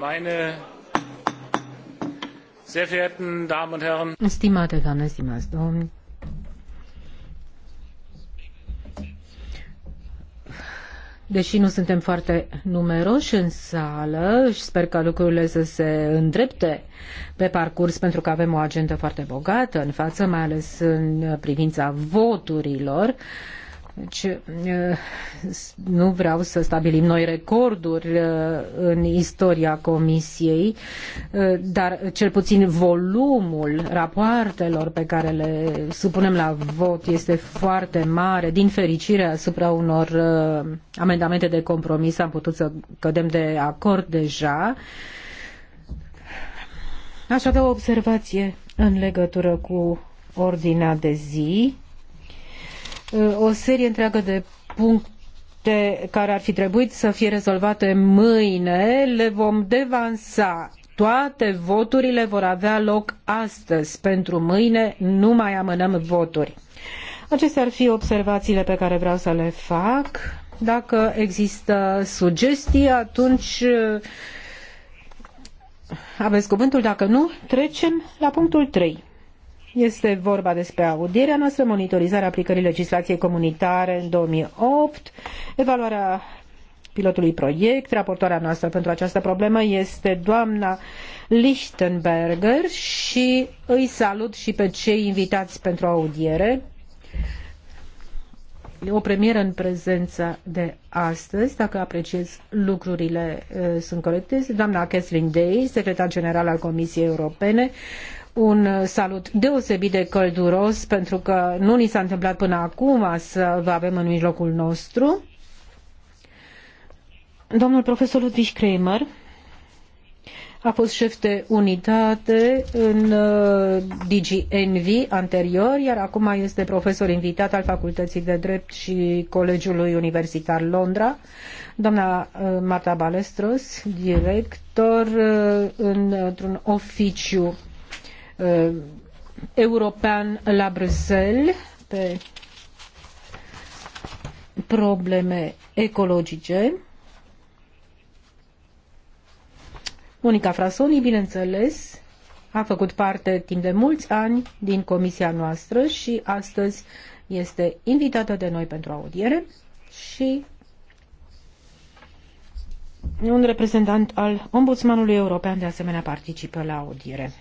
Meine sehr verehrten Damen und Herren. Stimate doamne, stimați domni. Deși nu suntem foarte numeroși în sală și sper ca lucrurile să se îndrepte pe parcurs pentru că avem o agendă foarte bogată în față, mai ales în privința voturilor, uh, deci, nu vreau să stabilim noi recorduri în istoria Comisiei, dar cel puțin volumul rapoartelor pe care le supunem la vot este foarte mare. Din fericire, asupra unor amendamente de compromis am putut să cădem de acord deja. Aș avea o observație în legătură cu ordinea de zi o serie întreagă de puncte care ar fi trebuit să fie rezolvate mâine, le vom devansa. Toate voturile vor avea loc astăzi. Pentru mâine nu mai amânăm voturi. Acestea ar fi observațiile pe care vreau să le fac. Dacă există sugestii, atunci eh, aveți cuvântul. Dacă nu, trecem la punctul 3. Este vorba despre audierea noastră, monitorizarea aplicării legislației comunitare în 2008, evaluarea pilotului proiect. Raportoarea noastră pentru această problemă este doamna Lichtenberger și îi salut și pe cei invitați pentru audiere. O premieră în prezența de astăzi, dacă apreciez lucrurile eh, sunt corecte, este doamna Kathleen Day, secretar general al Comisiei Europene, un salut deosebit de călduros pentru că nu ni s-a întâmplat până acum să vă avem în mijlocul nostru. Domnul profesor Ludwig Kramer a fost șef de unitate în uh, DGNV anterior, iar acum este profesor invitat al Facultății de Drept și Colegiului Universitar Londra. Doamna uh, Marta Balestros, director uh, într-un oficiu uh, european la Bruxelles pe probleme ecologice. Monica Frasoni, bineînțeles, a făcut parte timp de mulți ani din comisia noastră și astăzi este invitată de noi pentru audiere și un reprezentant al Ombudsmanului European de asemenea participă la audiere.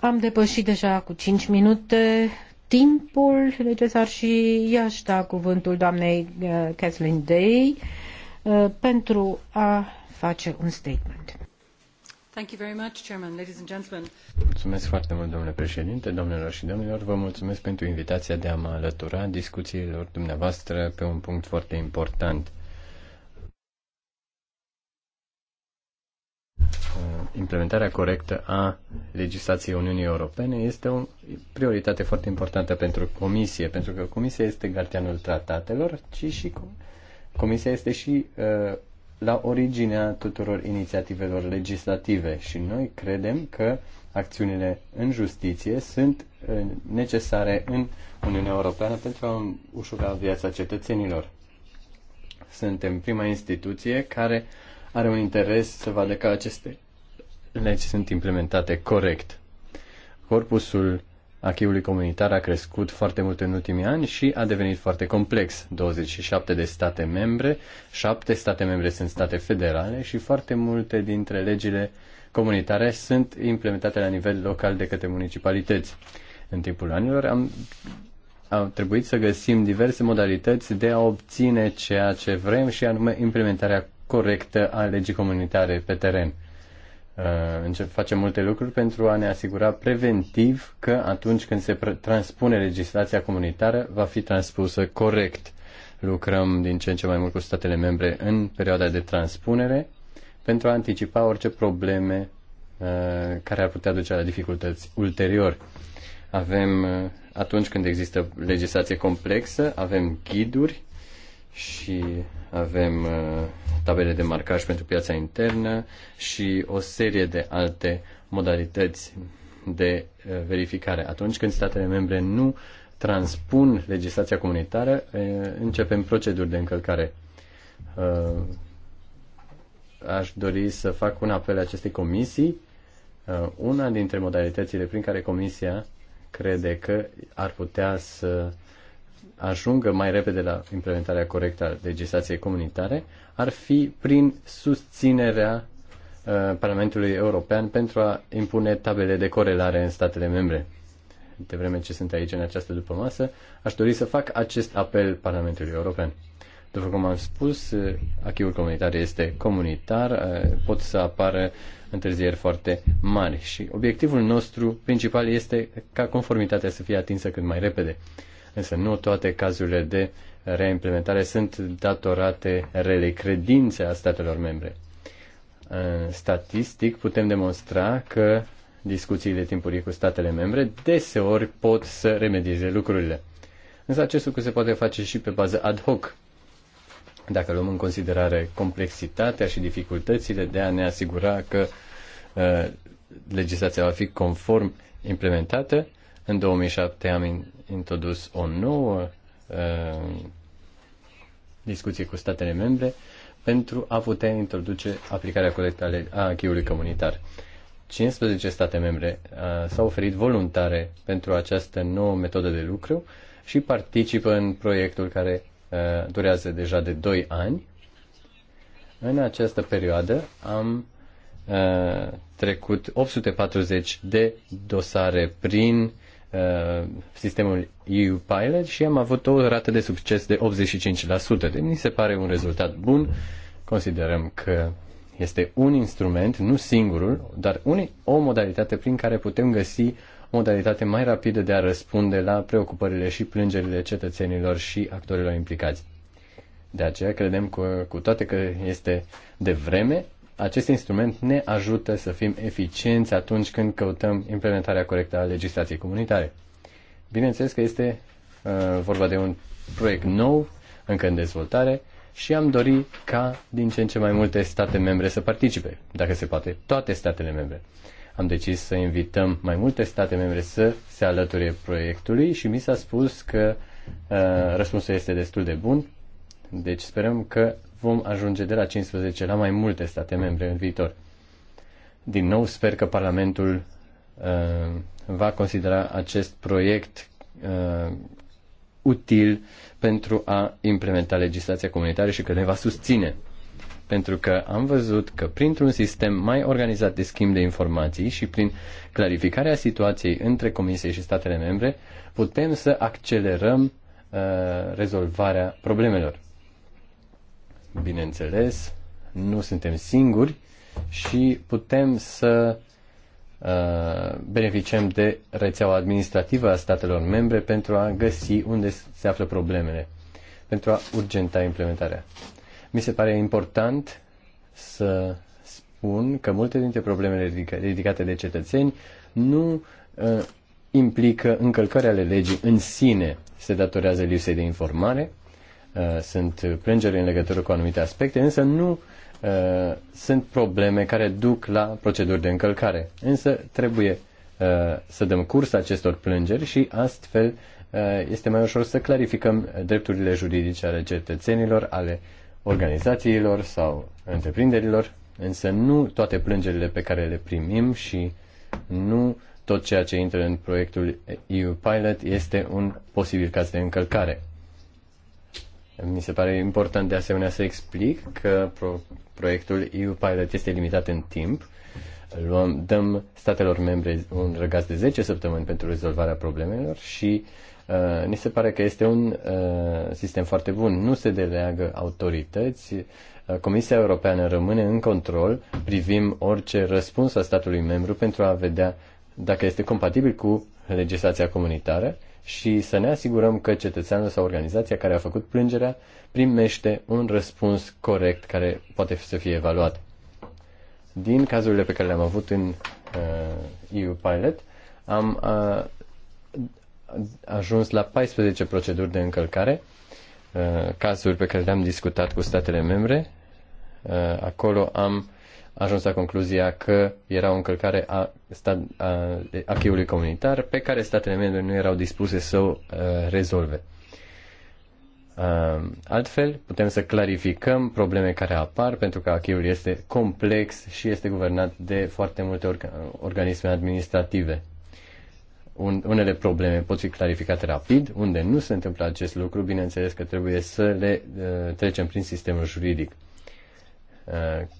Am depășit deja cu 5 minute timpul necesar și i da cuvântul doamnei Kathleen uh, Day uh, pentru a face un statement. Mulțumesc foarte mult, domnule președinte, domnilor și domnilor. Vă mulțumesc pentru invitația de a mă alătura discuțiilor dumneavoastră pe un punct foarte important. implementarea corectă a legislației Uniunii Europene este o prioritate foarte importantă pentru Comisie, pentru că Comisia este gardianul tratatelor, ci și Comisia este și uh, la originea tuturor inițiativelor legislative și noi credem că acțiunile în justiție sunt uh, necesare în Uniunea Europeană pentru a ușura viața cetățenilor. Suntem prima instituție care uh, are un interes să vadă că aceste legi sunt implementate corect. Corpusul acheiului comunitar a crescut foarte mult în ultimii ani și a devenit foarte complex. 27 de state membre, 7 state membre sunt state federale și foarte multe dintre legile comunitare sunt implementate la nivel local de către municipalități. În timpul anilor am, am trebuit să găsim diverse modalități de a obține ceea ce vrem și anume implementarea corectă a legii comunitare pe teren. Uh, Încep, facem multe lucruri pentru a ne asigura preventiv că atunci când se transpune legislația comunitară va fi transpusă corect. Lucrăm din ce în ce mai mult cu statele membre în perioada de transpunere pentru a anticipa orice probleme uh, care ar putea duce la dificultăți ulterior. Avem, uh, atunci când există legislație complexă, avem ghiduri și avem tabele de marcaj pentru piața internă și o serie de alte modalități de eh, verificare. Atunci când statele membre nu transpun legislația comunitară, eh, începem proceduri de încălcare. Eh, aș dori să fac un apel acestei comisii. Una dintre modalitățile prin care comisia crede că ar putea să ajungă mai repede la implementarea corectă a legislației comunitare ar fi prin susținerea uh, Parlamentului European pentru a impune tabele de corelare în statele membre. De vreme ce sunt aici în această dupămasă, aș dori să fac acest apel Parlamentului European. După cum am spus, uh, achiul comunitar este comunitar, uh, pot să apară întârzieri foarte mari și obiectivul nostru principal este ca conformitatea să fie atinsă cât mai repede. Însă nu toate cazurile de reimplementare sunt datorate rele credințe a statelor membre. Statistic putem demonstra că discuțiile timpurii cu statele membre deseori pot să remedieze lucrurile. Însă acest lucru se poate face și pe bază ad hoc. Dacă luăm în considerare complexitatea și dificultățile de a ne asigura că uh, legislația va fi conform implementată, în 2007 am introdus o nouă uh, discuții cu statele membre pentru a putea introduce aplicarea corectă a acquis comunitar. 15 state membre uh, s-au oferit voluntare pentru această nouă metodă de lucru și participă în proiectul care uh, durează deja de 2 ani. În această perioadă am uh, trecut 840 de dosare prin Uh, sistemul EU Pilot și am avut o rată de succes de 85%. De mi se pare un rezultat bun. Considerăm că este un instrument, nu singurul, dar un, o modalitate prin care putem găsi o modalitate mai rapidă de a răspunde la preocupările și plângerile cetățenilor și actorilor implicați. De aceea credem că, cu toate că este de vreme, acest instrument ne ajută să fim eficienți atunci când căutăm implementarea corectă a legislației comunitare. Bineînțeles că este uh, vorba de un proiect nou, încă în dezvoltare, și am dori ca din ce în ce mai multe state membre să participe, dacă se poate, toate statele membre. Am decis să invităm mai multe state membre să se alăture proiectului și mi s-a spus că uh, răspunsul este destul de bun, deci sperăm că vom ajunge de la 15 la mai multe state membre în viitor. Din nou, sper că Parlamentul uh, va considera acest proiect uh, util pentru a implementa legislația comunitară și că ne va susține. Pentru că am văzut că printr-un sistem mai organizat de schimb de informații și prin clarificarea situației între Comisie și statele membre, putem să accelerăm uh, rezolvarea problemelor bineînțeles, nu suntem singuri și putem să uh, beneficiem de rețeaua administrativă a statelor membre pentru a găsi unde se află problemele, pentru a urgenta implementarea. Mi se pare important să spun că multe dintre problemele ridicate de cetățeni nu uh, implică încălcarea ale legii în sine, se datorează lipsei de informare, Uh, sunt plângeri în legătură cu anumite aspecte, însă nu uh, sunt probleme care duc la proceduri de încălcare. Însă trebuie uh, să dăm curs acestor plângeri și astfel este mai ușor să clarificăm drepturile juridice ale cetățenilor, ale organizațiilor sau întreprinderilor, însă nu toate plângerile pe care le primim și nu tot ceea ce intră în proiectul EU Pilot este un posibil caz de încălcare. Mi se pare important de asemenea să explic că pro- proiectul EU Pilot este limitat în timp. Luăm, dăm statelor membre un răgaz de 10 săptămâni pentru rezolvarea problemelor și uh, ni se pare că este un uh, sistem foarte bun. Nu se deleagă autorități, uh, Comisia Europeană rămâne în control, privim orice răspuns a statului membru pentru a vedea dacă este compatibil cu legislația comunitară și să ne asigurăm că cetățeanul sau organizația care a făcut plângerea primește un răspuns corect care poate să fie evaluat. Din cazurile pe care le-am avut în uh, EU Pilot, am uh, ajuns la 14 proceduri de încălcare, uh, cazuri pe care le-am discutat cu statele membre. Uh, acolo am a ajuns la concluzia că era o încălcare a, stat, a acheiului comunitar pe care statele membre nu erau dispuse să o uh, rezolve. Um, altfel, putem să clarificăm probleme care apar, pentru că acheiul este complex și este guvernat de foarte multe orga- organisme administrative. Un, unele probleme pot fi clarificate rapid, unde nu se întâmplă acest lucru, bineînțeles că trebuie să le uh, trecem prin sistemul juridic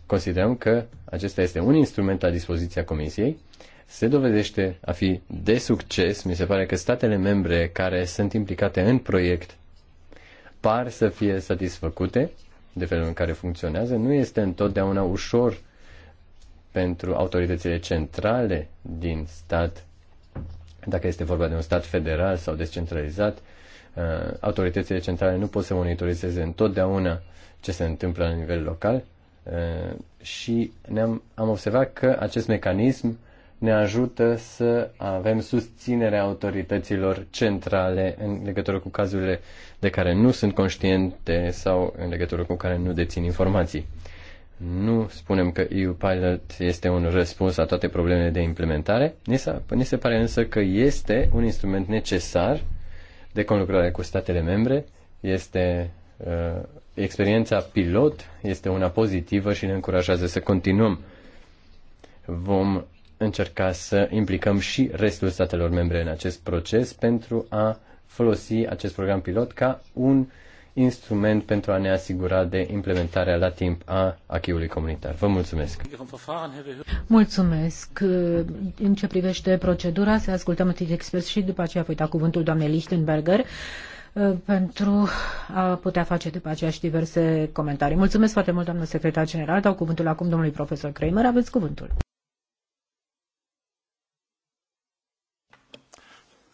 considerăm că acesta este un instrument la dispoziția Comisiei, se dovedește a fi de succes. Mi se pare că statele membre care sunt implicate în proiect par să fie satisfăcute de felul în care funcționează. Nu este întotdeauna ușor pentru autoritățile centrale din stat, dacă este vorba de un stat federal sau descentralizat, uh, autoritățile centrale nu pot să monitorizeze întotdeauna ce se întâmplă la nivel local Eh, și ne-am am observat că acest mecanism ne ajută să avem susținerea autorităților centrale în legătură cu cazurile de care nu sunt conștiente sau în legătură cu care nu dețin informații. Nu spunem că EU Pilot este un răspuns la toate problemele de implementare, ni se pare însă că este un instrument necesar de conlucrare cu statele membre, este uh, experiența pilot este una pozitivă și ne încurajează să continuăm. Vom încerca să implicăm și restul statelor membre în acest proces pentru a folosi acest program pilot ca un instrument pentru a ne asigura de implementarea la timp a acquis comunitar. Vă mulțumesc! Mulțumesc! În ce privește procedura, să ascultăm atât expert și după aceea voi da cuvântul doamnei Lichtenberger Uh, pentru a putea face după aceeași și diverse comentarii. Mulțumesc foarte mult, doamnă secretar general. Dau cuvântul acum domnului profesor Kramer. Aveți cuvântul.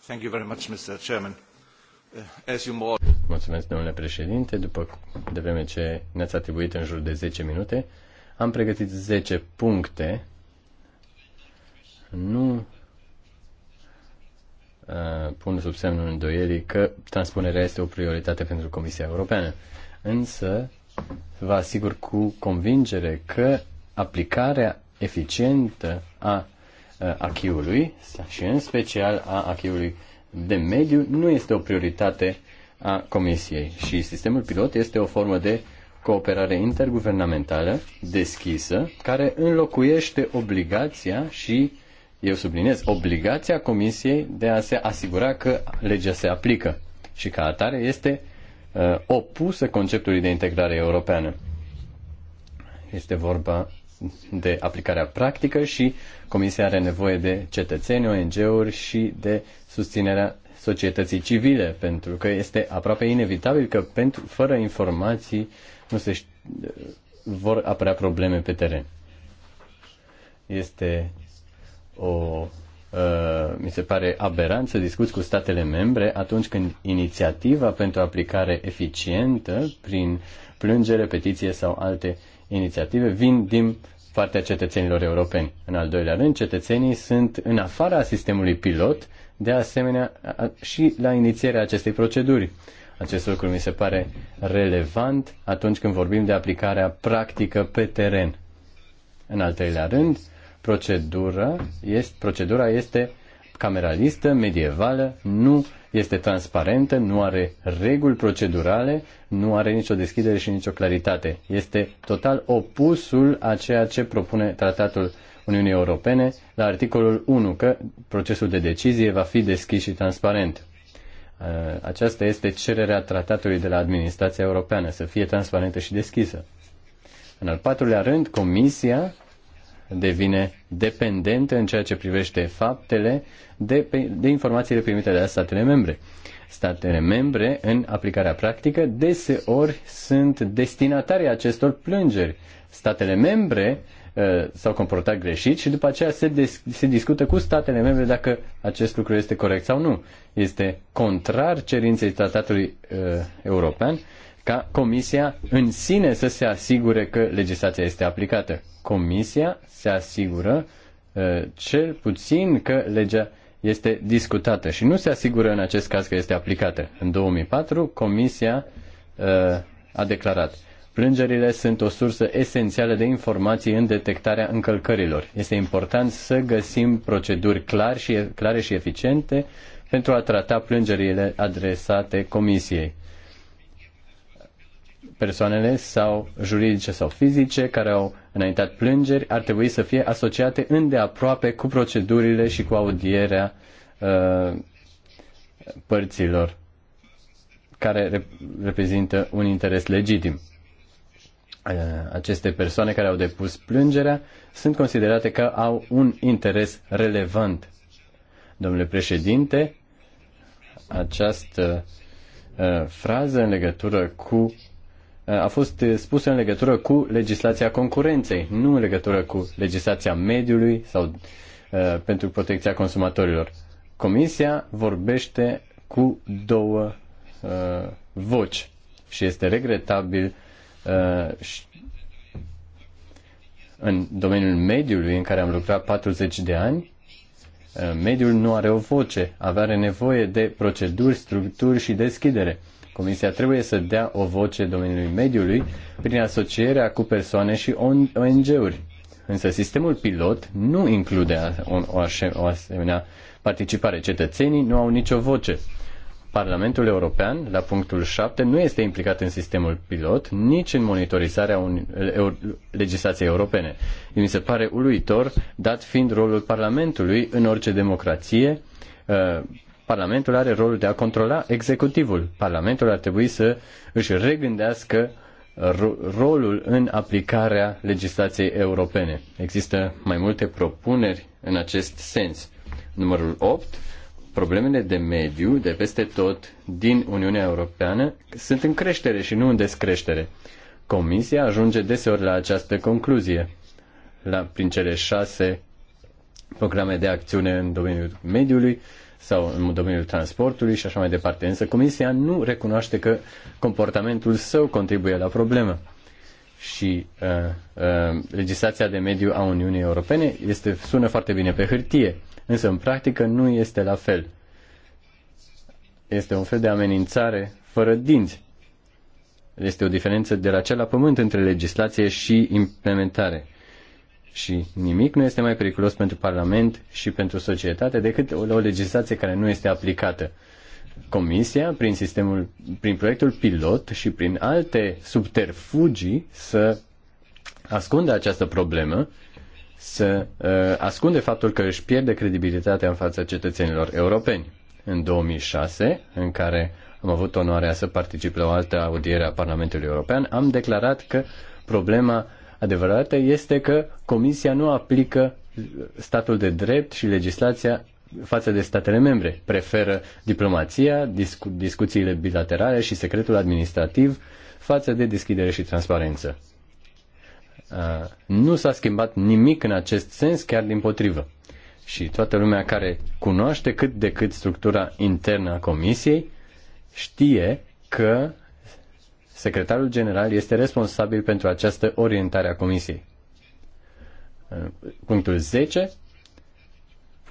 Thank you very much, Mr. Chairman. Uh, as you more... Mulțumesc, domnule președinte. După de vreme ce ne-ați atribuit în jur de 10 minute, am pregătit 10 puncte. Nu Uh, pun sub semnul îndoierii că transpunerea este o prioritate pentru Comisia Europeană. Însă, vă asigur cu convingere că aplicarea eficientă a uh, achiului și în special a achiului de mediu nu este o prioritate a Comisiei și sistemul pilot este o formă de cooperare interguvernamentală deschisă care înlocuiește obligația și eu subliniez obligația Comisiei de a se asigura că legea se aplică și ca atare este uh, opusă conceptului de integrare europeană. Este vorba de aplicarea practică și Comisia are nevoie de cetățeni, ONG-uri și de susținerea societății civile, pentru că este aproape inevitabil că pentru, fără informații nu se știe, uh, vor apărea probleme pe teren. Este o ă, mi se pare aberant să discuți cu statele membre atunci când inițiativa pentru aplicare eficientă prin plângere, petiție sau alte inițiative vin din partea cetățenilor europeni. În al doilea rând, cetățenii sunt în afara sistemului pilot, de asemenea și la inițierea acestei proceduri. Acest lucru mi se pare relevant atunci când vorbim de aplicarea practică pe teren. În al treilea rând, procedură este, procedura este cameralistă, medievală, nu este transparentă, nu are reguli procedurale, nu are nicio deschidere și nicio claritate. Este total opusul a ceea ce propune tratatul Uniunii Europene la articolul 1, că procesul de decizie va fi deschis și transparent. Uh, aceasta este cererea tratatului de la administrația europeană, să fie transparentă și deschisă. În al patrulea rând, Comisia devine dependentă în ceea ce privește faptele de, de informațiile primite de la statele membre. Statele membre, în aplicarea practică, deseori sunt destinatarii acestor plângeri. Statele membre uh, s-au comportat greșit și după aceea se, des, se discută cu statele membre dacă acest lucru este corect sau nu. Este contrar cerinței tratatului uh, european ca Comisia în sine să se asigure că legislația este aplicată. Comisia se asigură uh, cel puțin că legea este discutată și nu se asigură în acest caz că este aplicată. În 2004, Comisia uh, a declarat Plângerile sunt o sursă esențială de informații în detectarea încălcărilor. Este important să găsim proceduri clar și, clare și eficiente pentru a trata plângerile adresate Comisiei persoanele sau juridice sau fizice care au înaintat plângeri ar trebui să fie asociate îndeaproape cu procedurile și cu audierea uh, părților care reprezintă un interes legitim. Uh, aceste persoane care au depus plângerea sunt considerate că au un interes relevant. Domnule președinte, această uh, frază în legătură cu a fost eh, spusă în legătură cu legislația concurenței, nu în legătură cu legislația mediului sau eh, pentru protecția consumatorilor. Comisia vorbește cu două uh, voci și este regretabil uh, în domeniul mediului în care am lucrat 40 de ani, mediul nu are o voce, avea nevoie de proceduri, structuri și deschidere. Comisia trebuie să dea o voce domeniului mediului prin asocierea cu persoane și ONG-uri. Însă sistemul pilot nu include o asemenea participare. Cetățenii nu au nicio voce. Parlamentul European, la punctul 7, nu este implicat în sistemul pilot, nici în monitorizarea un, legislației europene. Mi se pare uluitor, dat fiind rolul Parlamentului în orice democrație, uh, Parlamentul are rolul de a controla executivul. Parlamentul ar trebui să își regândească rolul în aplicarea legislației europene. Există mai multe propuneri în acest sens. Numărul 8. Problemele de mediu de peste tot din Uniunea Europeană sunt în creștere și nu în descreștere. Comisia ajunge deseori la această concluzie. La, prin cele șase programe de acțiune în domeniul mediului, sau în domeniul transportului și așa mai departe. Însă Comisia nu recunoaște că comportamentul său contribuie la problemă. Și uh, uh, legislația de mediu a Uniunii Europene este, sună foarte bine pe hârtie, însă în practică nu este la fel. Este un fel de amenințare fără dinți. Este o diferență de la cel la pământ între legislație și implementare. Și nimic nu este mai periculos pentru Parlament și pentru societate decât o, o legislație care nu este aplicată. Comisia, prin, sistemul, prin proiectul pilot și prin alte subterfugii, să ascundă această problemă, să uh, ascunde faptul că își pierde credibilitatea în fața cetățenilor europeni. În 2006, în care am avut onoarea să particip la o altă audiere a Parlamentului European, am declarat că problema uh, adevărată este că Comisia nu aplică statul de drept și legislația față de statele membre. Preferă diplomația, discu- discuțiile bilaterale și secretul administrativ față de deschidere și transparență. Nu s-a schimbat nimic în acest sens, chiar din potrivă. Și toată lumea care cunoaște cât de cât structura internă a Comisiei știe că Secretarul general este responsabil pentru această orientare a Comisiei. Punctul 10.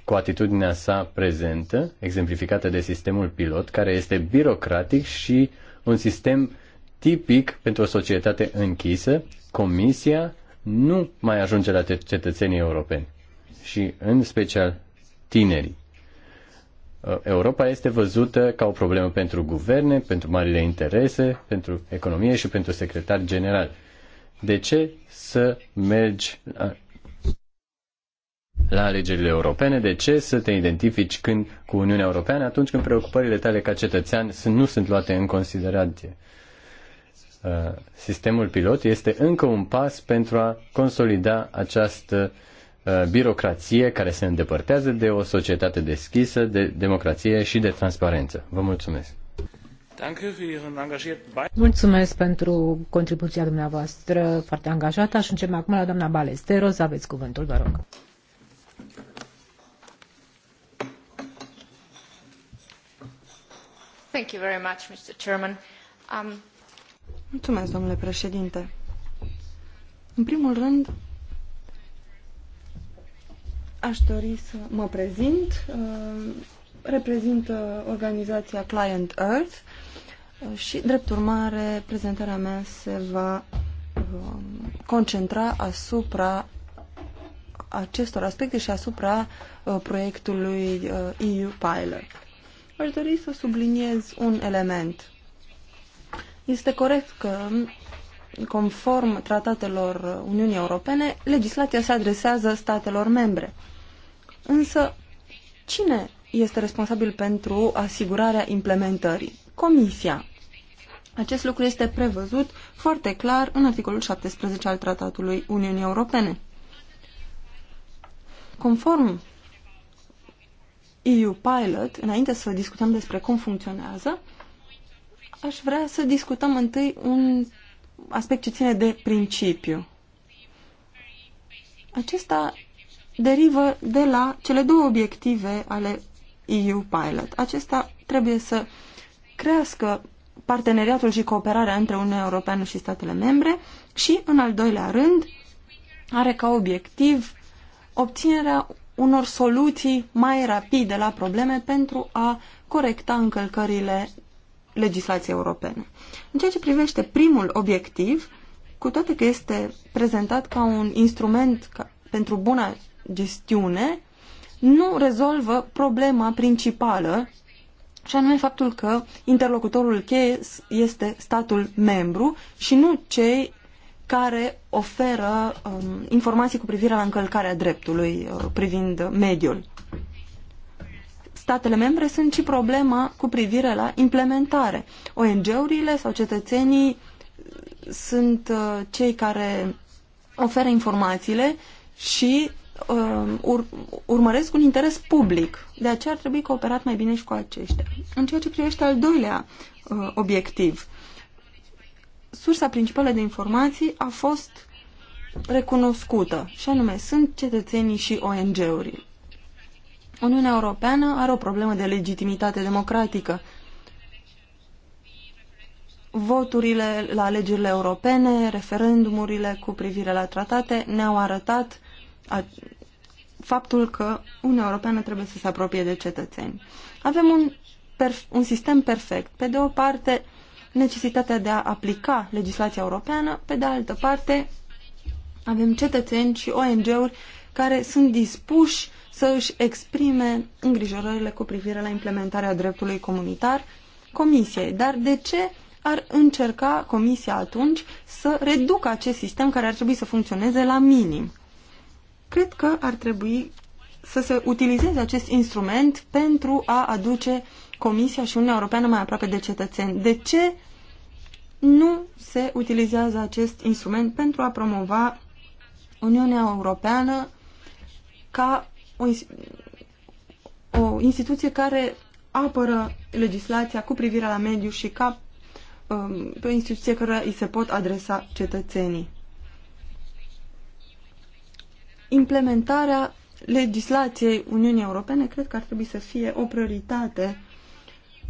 Cu atitudinea sa prezentă, exemplificată de sistemul pilot, care este birocratic și un sistem tipic pentru o societate închisă, Comisia nu mai ajunge la cetățenii europeni și în special tinerii. Uh, Europa este văzută ca o problemă pentru guverne, pentru marile interese, pentru economie și pentru secretar general. De ce să mergi la, uh, la alegerile europene? De ce să te identifici când, cu Uniunea Europeană atunci când preocupările tale ca cetățean nu sunt luate în considerație? Uh, sistemul pilot este încă un pas pentru a consolida această uh, Uh, birocrație care se îndepărtează de o societate deschisă, de democrație și de transparență. Vă mulțumesc! Mulțumesc pentru contribuția dumneavoastră foarte angajată. Ajungem acum la doamna Balesteros. Aveți cuvântul, vă rog. Thank you very much, Mr. Chairman. Um... Mulțumesc, domnule președinte. În primul rând, Aș dori să mă prezint. Uh, Reprezint organizația Client Earth uh, și, drept urmare, prezentarea mea se va um, concentra asupra acestor aspecte și asupra uh, proiectului EU Pilot. Aș dori să subliniez un element. Este corect că conform tratatelor Uniunii Europene, legislația se adresează statelor membre. Însă, cine este responsabil pentru asigurarea implementării? Comisia. Acest lucru este prevăzut foarte clar în articolul 17 al Tratatului Uniunii Europene. Conform EU Pilot, înainte să discutăm despre cum funcționează, aș vrea să discutăm întâi un aspect ce ține de principiu. Acesta derivă de la cele două obiective ale EU Pilot. Acesta trebuie să crească parteneriatul și cooperarea între Uniunea Europeană și statele membre și, în al doilea rând, are ca obiectiv obținerea unor soluții mai rapide la probleme pentru a corecta încălcările legislației europene. În ceea ce privește primul obiectiv, cu toate că este prezentat ca un instrument ca, pentru buna gestiune nu rezolvă problema principală și anume faptul că interlocutorul cheie este statul membru și nu cei care oferă um, informații cu privire la încălcarea dreptului uh, privind mediul. Statele membre sunt și problema cu privire la implementare. ONG-urile sau cetățenii sunt uh, cei care oferă informațiile și Um, ur, urmăresc un interes public. De aceea ar trebui cooperat mai bine și cu aceștia. În ceea ce privește al doilea uh, obiectiv, sursa principală de informații a fost recunoscută, și anume sunt cetățenii și ONG-urile. Uniunea Europeană are o problemă de legitimitate democratică. Voturile la alegerile europene, referendumurile cu privire la tratate ne-au arătat faptul că Uniunea Europeană trebuie să se apropie de cetățeni. Avem un, perf, un sistem perfect. Pe de o parte, necesitatea de a aplica legislația europeană, pe de altă parte, avem cetățeni și ONG-uri care sunt dispuși să își exprime îngrijorările cu privire la implementarea dreptului comunitar Comisiei. Dar de ce ar încerca Comisia atunci să reducă acest sistem care ar trebui să funcționeze la minim? Cred că ar trebui să se utilizeze acest instrument pentru a aduce Comisia și Uniunea Europeană mai aproape de cetățeni. De ce nu se utilizează acest instrument pentru a promova Uniunea Europeană ca o, o instituție care apără legislația cu privire la mediu și ca um, pe o instituție care îi se pot adresa cetățenii implementarea legislației Uniunii Europene cred că ar trebui să fie o prioritate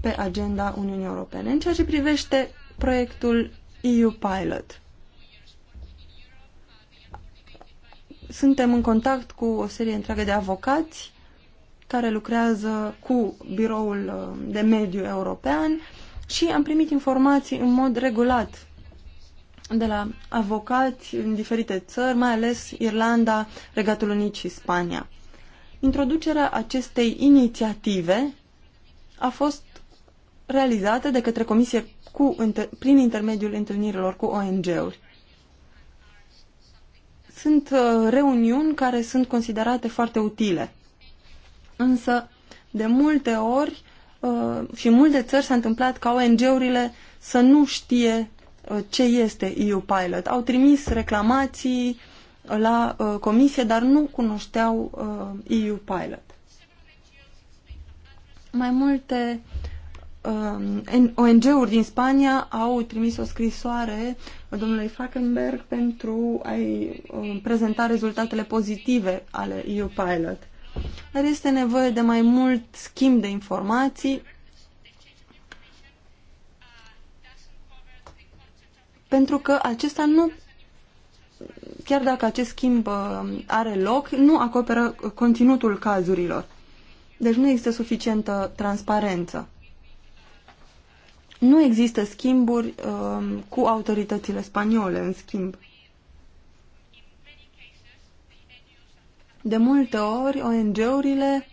pe agenda Uniunii Europene. În ceea ce privește proiectul EU Pilot, suntem în contact cu o serie întreagă de avocați care lucrează cu biroul uh, de mediu european și am primit informații în mod regulat de la avocați în diferite țări, mai ales Irlanda, Regatul Unit și Spania. Introducerea acestei inițiative a fost realizată de către Comisie cu, prin intermediul întâlnirilor cu ONG-uri. Sunt uh, reuniuni care sunt considerate foarte utile, însă de multe ori uh, și în multe țări s-a întâmplat ca ONG-urile să nu știe Uh, ce este EU Pilot. Au trimis reclamații la uh, comisie, dar nu cunoșteau uh, EU Pilot. Mai multe uh, um, ONG-uri din Spania au trimis o scrisoare domnului Frankenberg pentru a-i uh, prezenta rezultatele pozitive ale EU Pilot. Dar este nevoie de mai mult schimb de informații pentru că acesta nu, chiar dacă acest schimb uh, are loc, nu acoperă uh, conținutul cazurilor. Deci nu există suficientă transparență. Nu există schimburi uh, cu autoritățile spaniole, în schimb. De multe ori, ONG-urile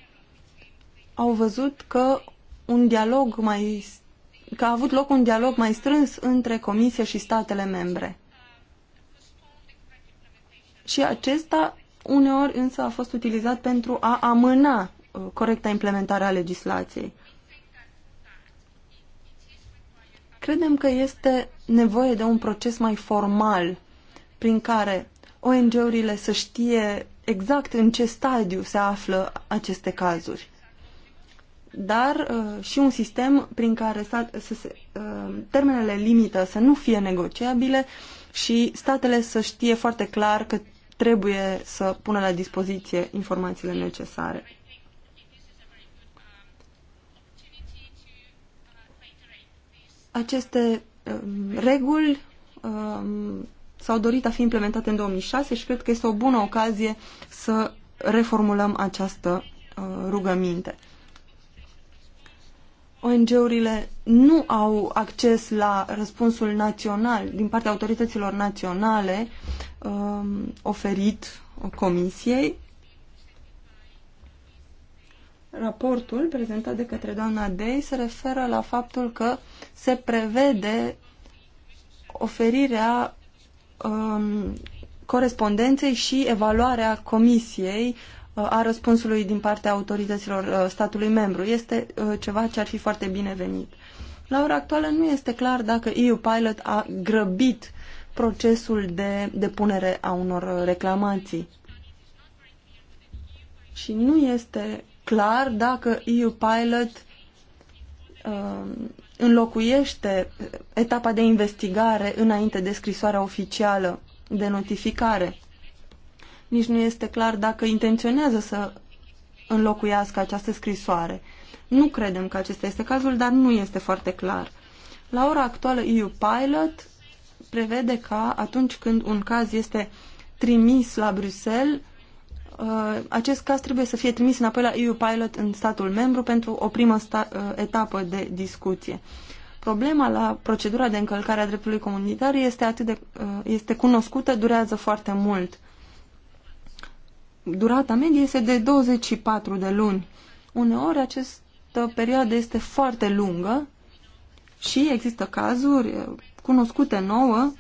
au văzut că un dialog mai că a avut loc un dialog mai strâns între Comisie și statele membre. Și acesta uneori însă a fost utilizat pentru a amâna uh, corecta implementare a legislației. Credem că este nevoie de un proces mai formal prin care ONG-urile să știe exact în ce stadiu se află aceste cazuri dar uh, și un sistem prin care stat, să se, uh, termenele limită să nu fie negociabile și statele să știe foarte clar că trebuie să pună la dispoziție informațiile necesare. Aceste uh, reguli uh, s-au dorit a fi implementate în 2006 și cred că este o bună ocazie să reformulăm această uh, rugăminte. ONG-urile nu au acces la răspunsul național, din partea autorităților naționale, um, oferit comisiei. Raportul prezentat de către doamna Dei se referă la faptul că se prevede oferirea um, corespondenței și evaluarea comisiei uh, a răspunsului din partea autorităților uh, statului membru. Este uh, ceva ce ar fi foarte binevenit. La ora actuală nu este clar dacă EU Pilot a grăbit procesul de depunere a unor uh, reclamații. Și nu este clar dacă EU Pilot uh, înlocuiește etapa de investigare înainte de scrisoarea oficială de notificare nici nu este clar dacă intenționează să înlocuiască această scrisoare. Nu credem că acesta este cazul, dar nu este foarte clar. La ora actuală, EU Pilot prevede ca atunci când un caz este trimis la Bruxelles, uh, acest caz trebuie să fie trimis înapoi la EU Pilot în statul membru pentru o primă uh, etapă de discuție. Problema la procedura de încălcare a dreptului comunitar este, atât de, uh, este cunoscută, durează foarte mult durata medie este de 24 de luni. Uneori această perioadă este foarte lungă și există cazuri eh, cunoscute nouă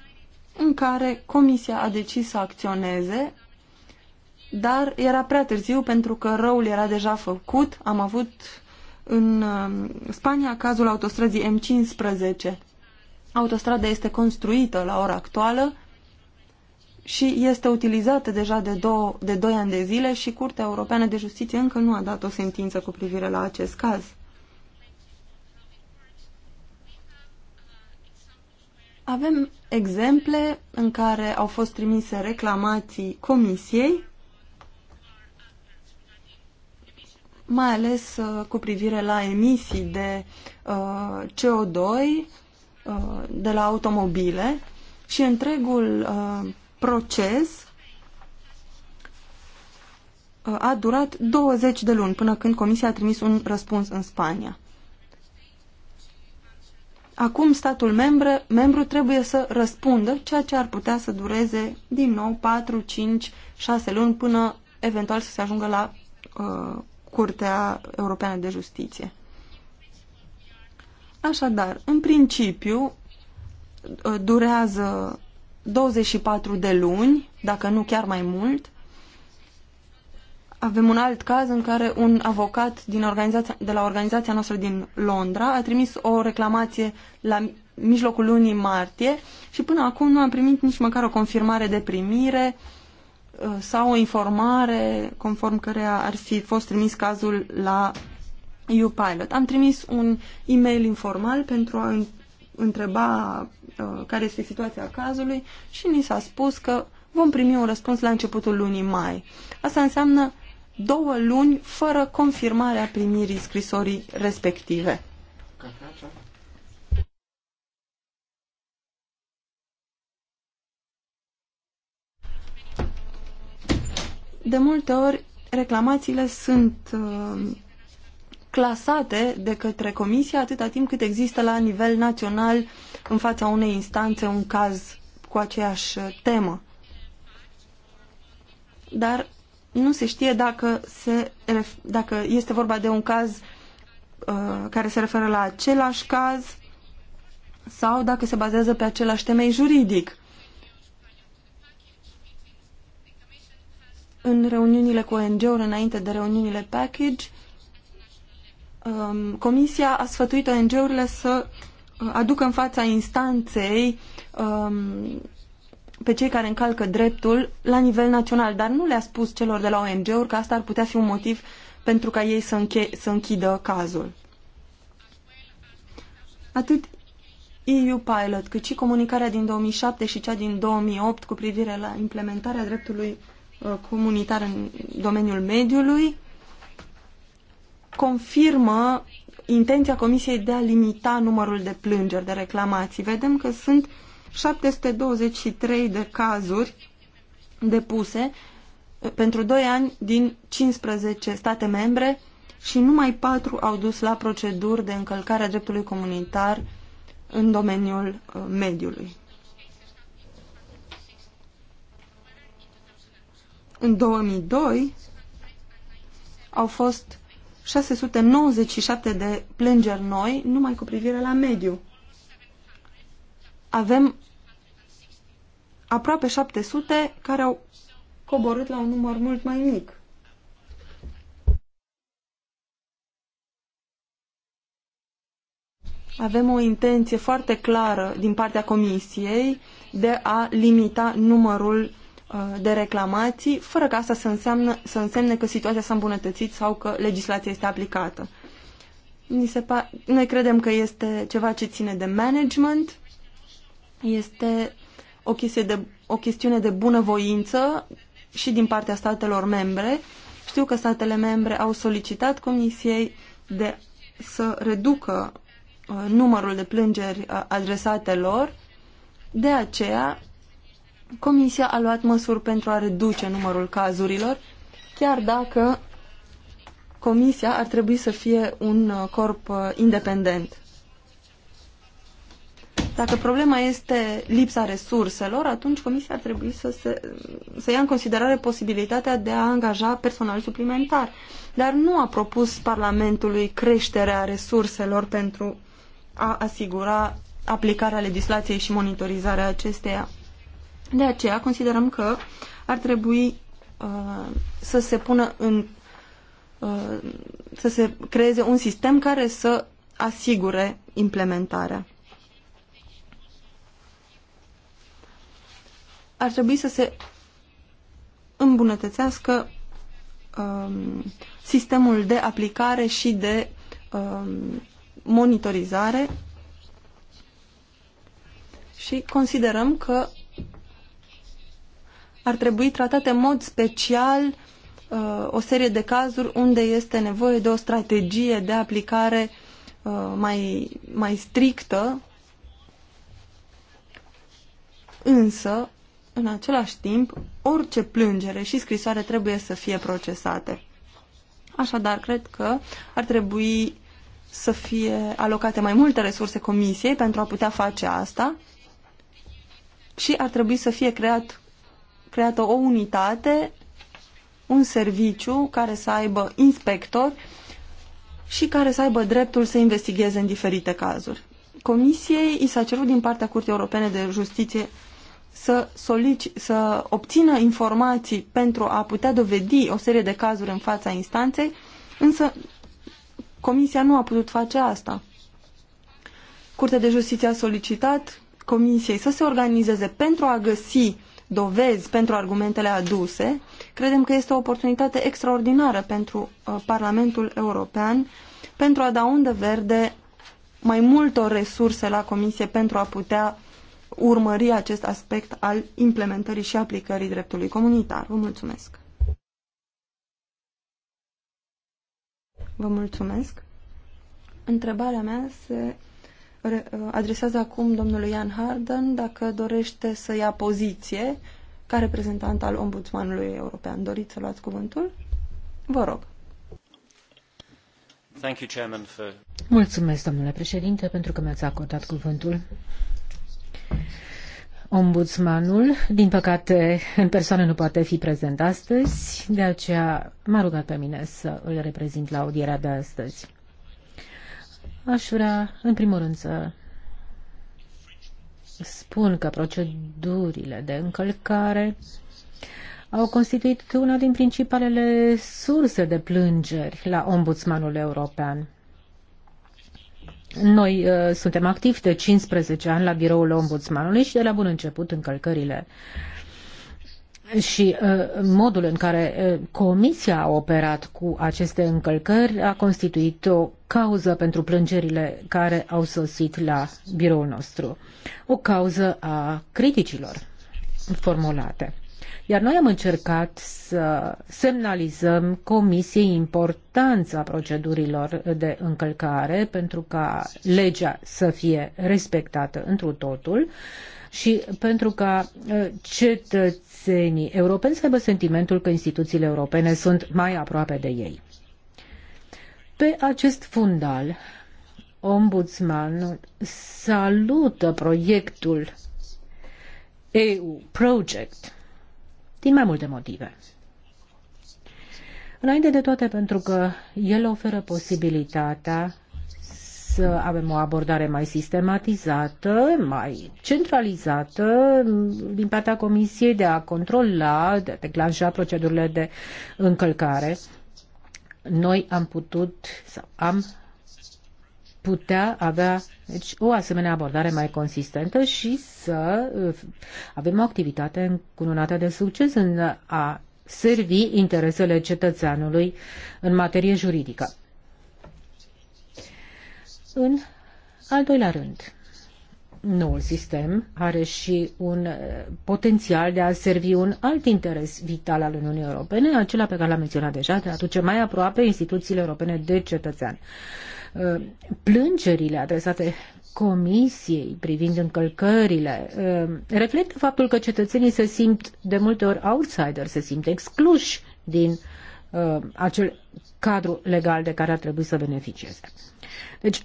în care comisia a decis să acționeze, dar era prea târziu pentru că răul era deja făcut. Am avut în eh, Spania cazul autostrăzii M15. Autostrada este construită la ora actuală, și este utilizată deja de, două, de doi ani de zile și Curtea Europeană de Justiție încă nu a dat o sentință cu privire la acest caz. Avem exemple în care au fost trimise reclamații comisiei, mai ales uh, cu privire la emisii de uh, CO2 uh, de la automobile și întregul uh, proces uh, a durat 20 de luni până când Comisia a trimis un răspuns în Spania. Acum statul membre, membru trebuie să răspundă, ceea ce ar putea să dureze din nou 4, 5, 6 luni până eventual să se ajungă la uh, Curtea Europeană de Justiție. Așadar, în principiu, uh, durează 24 de luni, dacă nu chiar mai mult. Avem un alt caz în care un avocat din organizația, de la organizația noastră din Londra a trimis o reclamație la mijlocul lunii martie și până acum nu am primit nici măcar o confirmare de primire uh, sau o informare conform căreia ar fi fost trimis cazul la U-Pilot. Am trimis un e-mail informal pentru a întreba Uh, care este situația cazului și ni s-a spus că vom primi un răspuns la începutul lunii mai. Asta înseamnă două luni fără confirmarea primirii scrisorii respective. De multe ori, reclamațiile sunt uh, clasate de către comisie atâta timp cât există la nivel național în fața unei instanțe un caz cu aceeași uh, temă. Dar nu se știe dacă, se, dacă este vorba de un caz uh, care se referă la același caz sau dacă se bazează pe același temei juridic. În reuniunile cu ONG-uri, înainte de reuniunile package, uh, Um, comisia a sfătuit ONG-urile să uh, aducă în fața instanței um, pe cei care încalcă dreptul la nivel național, dar nu le-a spus celor de la ONG-uri că asta ar putea fi un motiv pentru ca ei să, înche- să închidă cazul. Atât EU Pilot, cât și comunicarea din 2007 și cea din 2008 cu privire la implementarea dreptului uh, comunitar în domeniul mediului, confirmă intenția Comisiei de a limita numărul de plângeri, de reclamații. Vedem că sunt 723 de cazuri depuse eh, pentru 2 ani din 15 state membre și numai 4 au dus la proceduri de încălcare a dreptului comunitar în domeniul eh, mediului. În 2002 au fost 697 de plângeri noi numai cu privire la mediu. Avem aproape 700 care au coborât la un număr mult mai mic. Avem o intenție foarte clară din partea Comisiei de a limita numărul Uh, de reclamații, fără ca asta să, înseamnă, să însemne că situația s-a îmbunătățit sau că legislația este aplicată. Ni se Noi credem că este ceva ce ține de management, este o, chestie de, o chestiune de bunăvoință și din partea statelor membre. Știu că statele membre au solicitat Comisiei de să reducă uh, numărul de plângeri uh, adresate lor, de aceea Comisia a luat măsuri pentru a reduce numărul cazurilor, chiar dacă Comisia ar trebui să fie un uh, corp uh, independent. Dacă problema este lipsa resurselor, atunci Comisia ar trebui să, se, să ia în considerare posibilitatea de a angaja personal suplimentar. Dar nu a propus Parlamentului creșterea resurselor pentru a asigura aplicarea legislației și monitorizarea acesteia. De aceea considerăm că ar trebui uh, să se pună în uh, să se creeze un sistem care să asigure implementarea. Ar trebui să se îmbunătățească um, sistemul de aplicare și de um, monitorizare și considerăm că ar trebui tratate în mod special uh, o serie de cazuri unde este nevoie de o strategie de aplicare uh, mai, mai strictă, însă, în același timp, orice plângere și scrisoare trebuie să fie procesate. Așadar, cred că ar trebui să fie alocate mai multe resurse comisiei pentru a putea face asta și ar trebui să fie creat creată o unitate, un serviciu care să aibă inspector și care să aibă dreptul să investigheze în diferite cazuri. Comisiei i s-a cerut din partea Curții Europene de Justiție să, solici, să obțină informații pentru a putea dovedi o serie de cazuri în fața instanței, însă Comisia nu a putut face asta. Curtea de Justiție a solicitat Comisiei să se organizeze pentru a găsi dovezi pentru argumentele aduse, credem că este o oportunitate extraordinară pentru uh, Parlamentul European pentru a da undă verde mai multor resurse la Comisie pentru a putea urmări acest aspect al implementării și aplicării dreptului comunitar. Vă mulțumesc! Vă mulțumesc! Întrebarea mea se adresează acum domnului Ian Harden dacă dorește să ia poziție ca reprezentant al ombudsmanului european. Doriți să luați cuvântul? Vă rog. Thank you, Chairman, for... Mulțumesc, domnule președinte, pentru că mi-ați acordat cuvântul. Ombudsmanul, din păcate, în persoană nu poate fi prezent astăzi, de aceea m-a rugat pe mine să îl reprezint la audierea de astăzi. Aș vrea, în primul rând, să spun că procedurile de încălcare au constituit una din principalele surse de plângeri la Ombudsmanul European. Noi uh, suntem activi de 15 ani la biroul ombudsmanului și de la bun început încălcările și uh, modul în care uh, Comisia a operat cu aceste încălcări a constituit o cauză pentru plângerile care au sosit la biroul nostru, o cauză a criticilor formulate. Iar noi am încercat să semnalizăm Comisiei importanța procedurilor de încălcare pentru ca legea să fie respectată întru totul și pentru ca uh, cetățenii cetățenii europeni să aibă sentimentul că instituțiile europene sunt mai aproape de ei. Pe acest fundal, Ombudsman salută proiectul EU Project din mai multe motive. Înainte de toate pentru că el oferă posibilitatea să avem o abordare mai sistematizată, mai centralizată din partea Comisiei de a controla, de a declanșa procedurile de încălcare. Noi am putut sau am putea avea deci, o asemenea abordare mai consistentă și să uh, avem o activitate încununată de succes în a servi interesele cetățeanului în materie juridică. În al doilea rând, noul sistem are și un eh, potențial de a servi un alt interes vital al Uniunii Europene, acela pe care l-am menționat deja, de a aduce mai aproape instituțiile europene de cetățean. Eh, plângerile adresate Comisiei privind încălcările eh, reflectă faptul că cetățenii se simt de multe ori outsider, se simt excluși din acel cadru legal de care ar trebui să beneficieze. Deci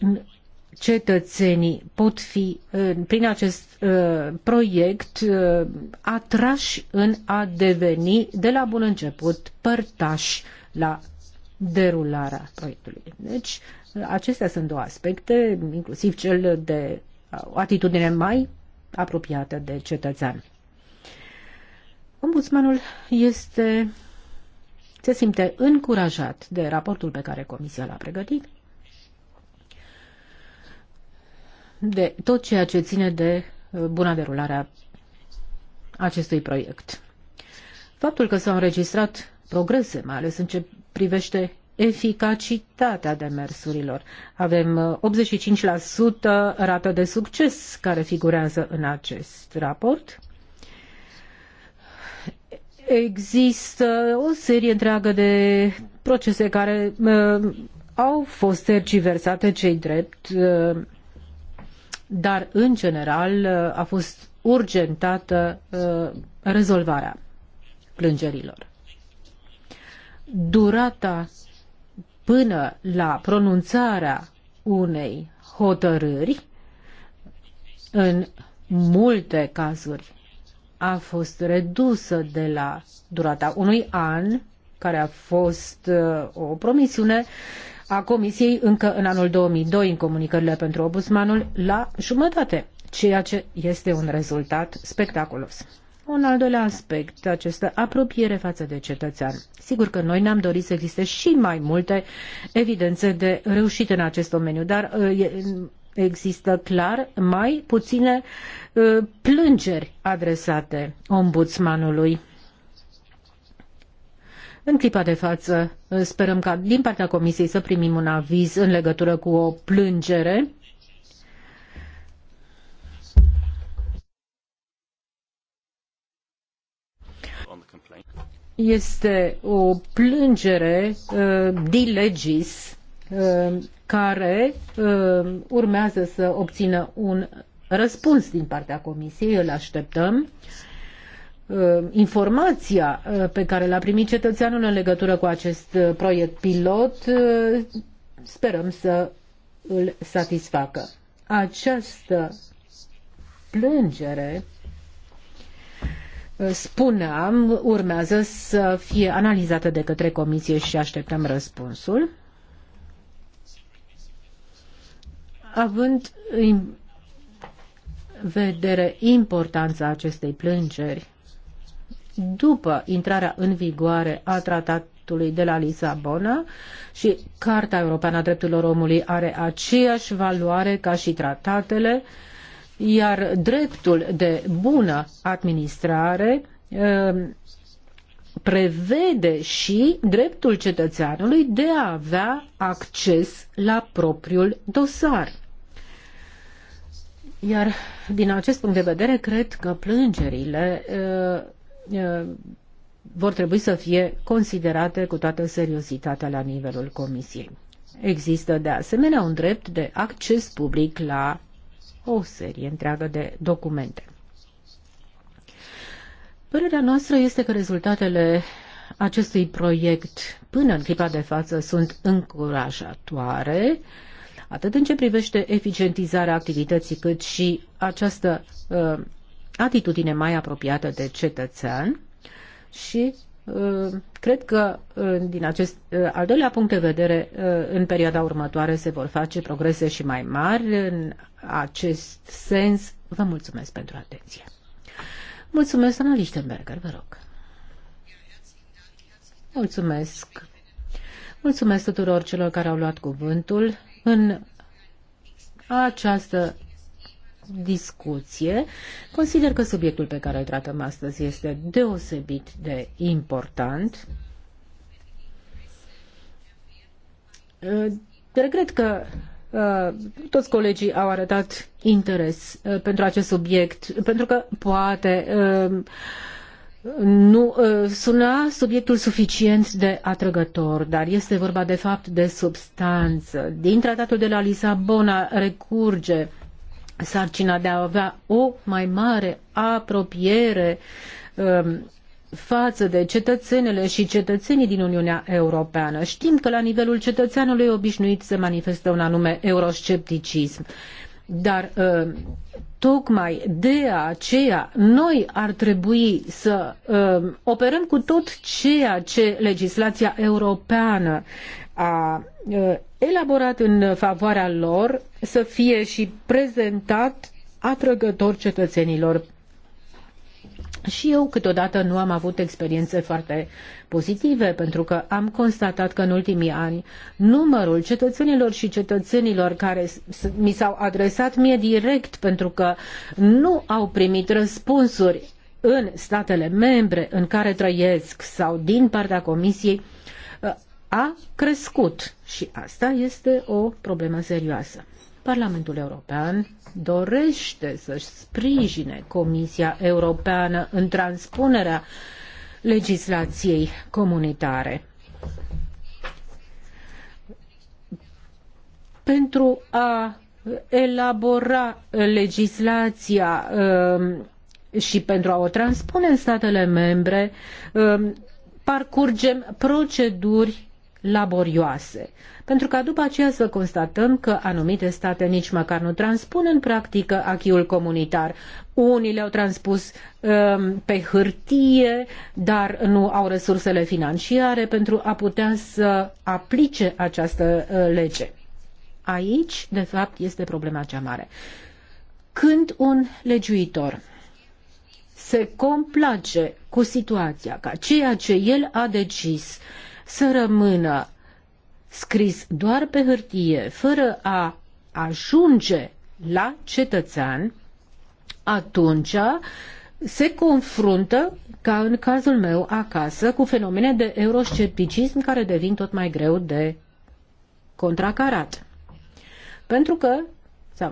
cetățenii pot fi prin acest uh, proiect uh, atrași în a deveni de la bun început părtași la derularea proiectului. Deci uh, acestea sunt două aspecte, inclusiv cel de o atitudine mai apropiată de cetățean. Ombudsmanul este, se simte încurajat de raportul pe care Comisia l-a pregătit de tot ceea ce ține de uh, buna derulare a acestui proiect. Faptul că s-au înregistrat progrese, mai ales în ce privește eficacitatea demersurilor. Avem 85% uh, rată de succes care figurează în acest raport. Există o serie întreagă de procese care uh, au fost tergiversate cei drept uh, dar în general a fost urgentată uh, rezolvarea plângerilor. Durata până la pronunțarea unei hotărâri în multe cazuri a fost redusă de la durata unui an, care a fost uh, o promisiune a Comisiei încă în anul 2002 în comunicările pentru obusmanul la jumătate, ceea ce este un rezultat spectaculos. Un al doilea aspect, această apropiere față de cetățean. Sigur că noi ne-am dorit să existe și mai multe evidențe de reușită în acest domeniu, dar uh, există clar mai puține uh, plângeri adresate ombudsmanului în clipa de față uh, sperăm ca din partea Comisiei să primim un aviz în legătură cu o plângere este o plângere uh, legis uh, care uh, urmează să obțină un răspuns din partea Comisiei, îl așteptăm. Uh, Uh, informația uh, pe care l-a primit cetățeanul în legătură cu acest uh, proiect pilot, sperăm să îl satisfacă. Această plângere spuneam, urmează să fie analizată de către comisie și așteptăm răspunsul. Având în vedere importanța acestei plângeri, după intrarea în vigoare a tratatului de la Lisabona și Carta Europeană a Drepturilor Omului are aceeași valoare ca și tratatele, iar dreptul de bună administrare ehm, prevede și dreptul cetățeanului de a avea acces la propriul dosar. Iar din acest punct de vedere, cred că plângerile uh, vor trebui să fie considerate cu toată seriozitatea la nivelul Comisiei. Există de asemenea un drept de acces public la o serie întreagă de documente. Părerea noastră este că rezultatele acestui proiect până în clipa de față sunt încurajatoare, atât în ce privește eficientizarea activității, cât și această uh, atitudine mai apropiată de cetățean și uh, cred că uh, din acest uh, al doilea punct de vedere în perioada următoare se vor face progrese și mai mari în acest sens. Vă mulțumesc pentru atenție. Mulțumesc, Ana Lichtenberger, vă rog. Mulțumesc. Mulțumesc tuturor celor care au luat cuvântul în această discuție, consider că subiectul pe care îl tratăm astăzi este deosebit de important. Eh, regret că eh, toți colegii au arătat interes eh, pentru acest subiect, pentru că poate nu suna subiectul suficient de atrăgător, dar este vorba de fapt de substanță. Din tratatul de la Lisabona recurge sarcina de a avea o mai mare apropiere um, față de cetățenele și cetățenii din Uniunea Europeană. Știm că la nivelul cetățeanului obișnuit se manifestă un anume euroscepticism, dar uh, Tocmai de aceea noi ar trebui să uh, operăm cu tot ceea ce legislația europeană a uh, elaborat în favoarea lor să fie și prezentat atrăgător cetățenilor și eu câteodată nu am avut experiențe foarte pozitive, pentru că am constatat că în ultimii ani numărul cetățenilor și cetățenilor care mi s-au adresat mie direct pentru că nu au primit răspunsuri în statele membre în care trăiesc sau din partea Comisiei ă, a crescut și asta este o problemă serioasă. Parlamentul European dorește să-și sprijine Comisia Europeană în transpunerea legislației comunitare. Pentru a elabora legislația um, și pentru a o transpune în statele membre, um, parcurgem proceduri laborioase, pentru ca după aceea să constatăm că anumite state nici măcar nu transpun în practică achiul comunitar. Unii le-au transpus um, pe hârtie, dar nu au resursele financiare pentru a putea să aplice această uh, lege. Aici, de fapt, este problema cea mare. Când un legiuitor se complace cu situația ca ceea ce el a decis uh, să rămână scris doar pe hârtie, fără a ajunge la cetățean, atunci se confruntă, ca în cazul meu acasă, cu fenomene de euroscepticism care devin tot mai greu de contracarat. Pentru că,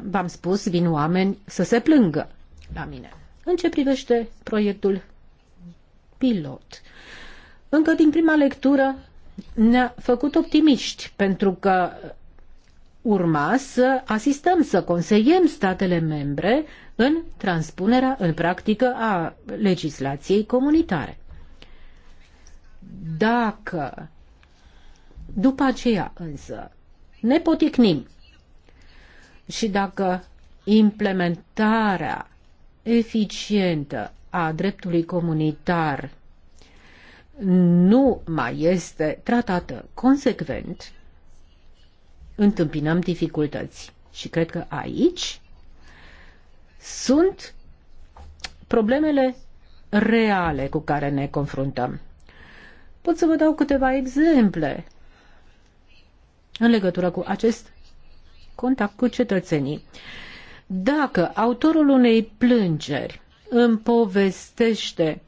v-am spus, vin oameni să se plângă la mine. În ce privește proiectul pilot, încă din prima lectură ne-a făcut optimiști, pentru că urma să asistăm, să conseiem statele membre în transpunerea în practică a legislației comunitare. Dacă după aceea însă ne poticnim și dacă implementarea eficientă a dreptului comunitar nu mai este tratată consecvent, întâmpinăm dificultăți. Și cred că aici sunt problemele reale cu care ne confruntăm. Pot să vă dau câteva exemple în legătură cu acest contact cu cetățenii. Dacă autorul unei plângeri îmi povestește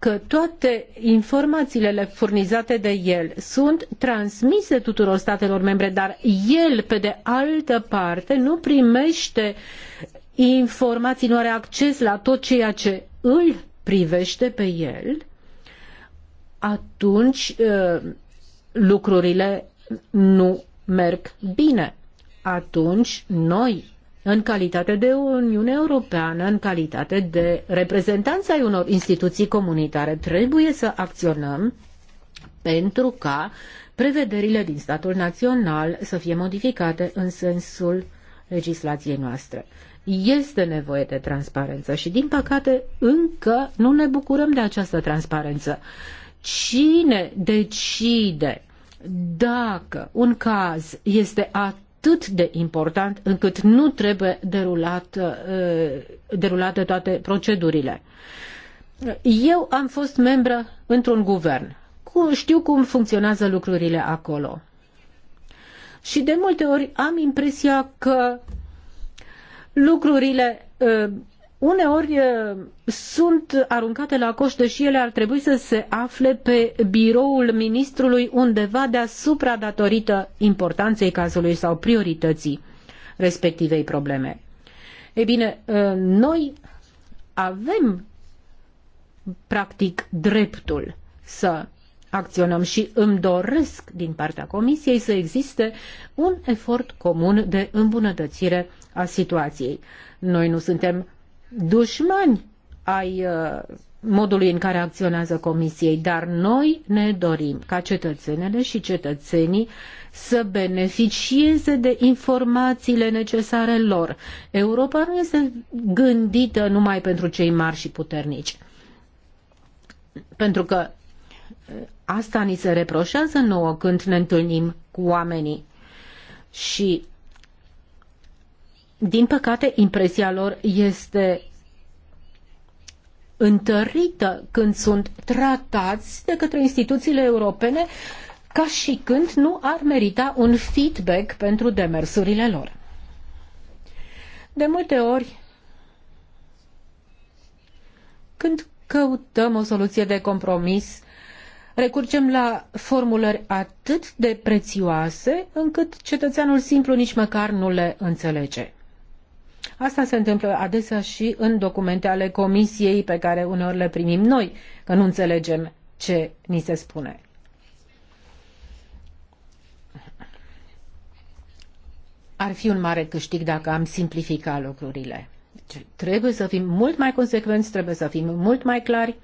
că toate informațiile furnizate de el sunt transmise tuturor statelor membre, dar el, pe de altă parte, nu primește informații, nu are acces la tot ceea ce îl privește pe el, atunci ă, lucrurile nu merg bine. Atunci noi în calitate de Uniune Europeană, în calitate de reprezentanța ai unor instituții comunitare, trebuie să acționăm pentru ca prevederile din statul național să fie modificate în sensul legislației noastre. Este nevoie de transparență și, din păcate, încă nu ne bucurăm de această transparență. Cine decide dacă un caz este atât atât de important încât nu trebuie derulat, uh, derulate toate procedurile. Eu am fost membră într-un guvern. Știu cum funcționează lucrurile acolo. Și de multe ori am impresia că lucrurile uh, uneori sunt aruncate la coș, deși ele ar trebui să se afle pe biroul ministrului undeva deasupra datorită importanței cazului sau priorității respectivei probleme. Ei bine, noi avem practic dreptul să acționăm și îmi doresc din partea Comisiei să existe un efort comun de îmbunătățire a situației. Noi nu suntem dușmani ai uh, modului în care acționează Comisiei, dar noi ne dorim ca cetățenele și cetățenii să beneficieze de informațiile necesare lor. Europa nu este gândită numai pentru cei mari și puternici. Pentru că uh, asta ni se reproșează nouă când ne întâlnim cu oamenii. Și din păcate, impresia lor este întărită când sunt tratați de către instituțiile europene ca și când nu ar merita un feedback pentru demersurile lor. De multe ori, când căutăm o soluție de compromis, recurgem la formulări atât de prețioase încât cetățeanul simplu nici măcar nu le înțelege. Asta se întâmplă adesea și în documente ale comisiei pe care uneori le primim noi, că nu înțelegem ce ni se spune. Ar fi un mare câștig dacă am simplifica lucrurile. Deci, trebuie să fim mult mai consecvenți, trebuie să fim mult mai clari,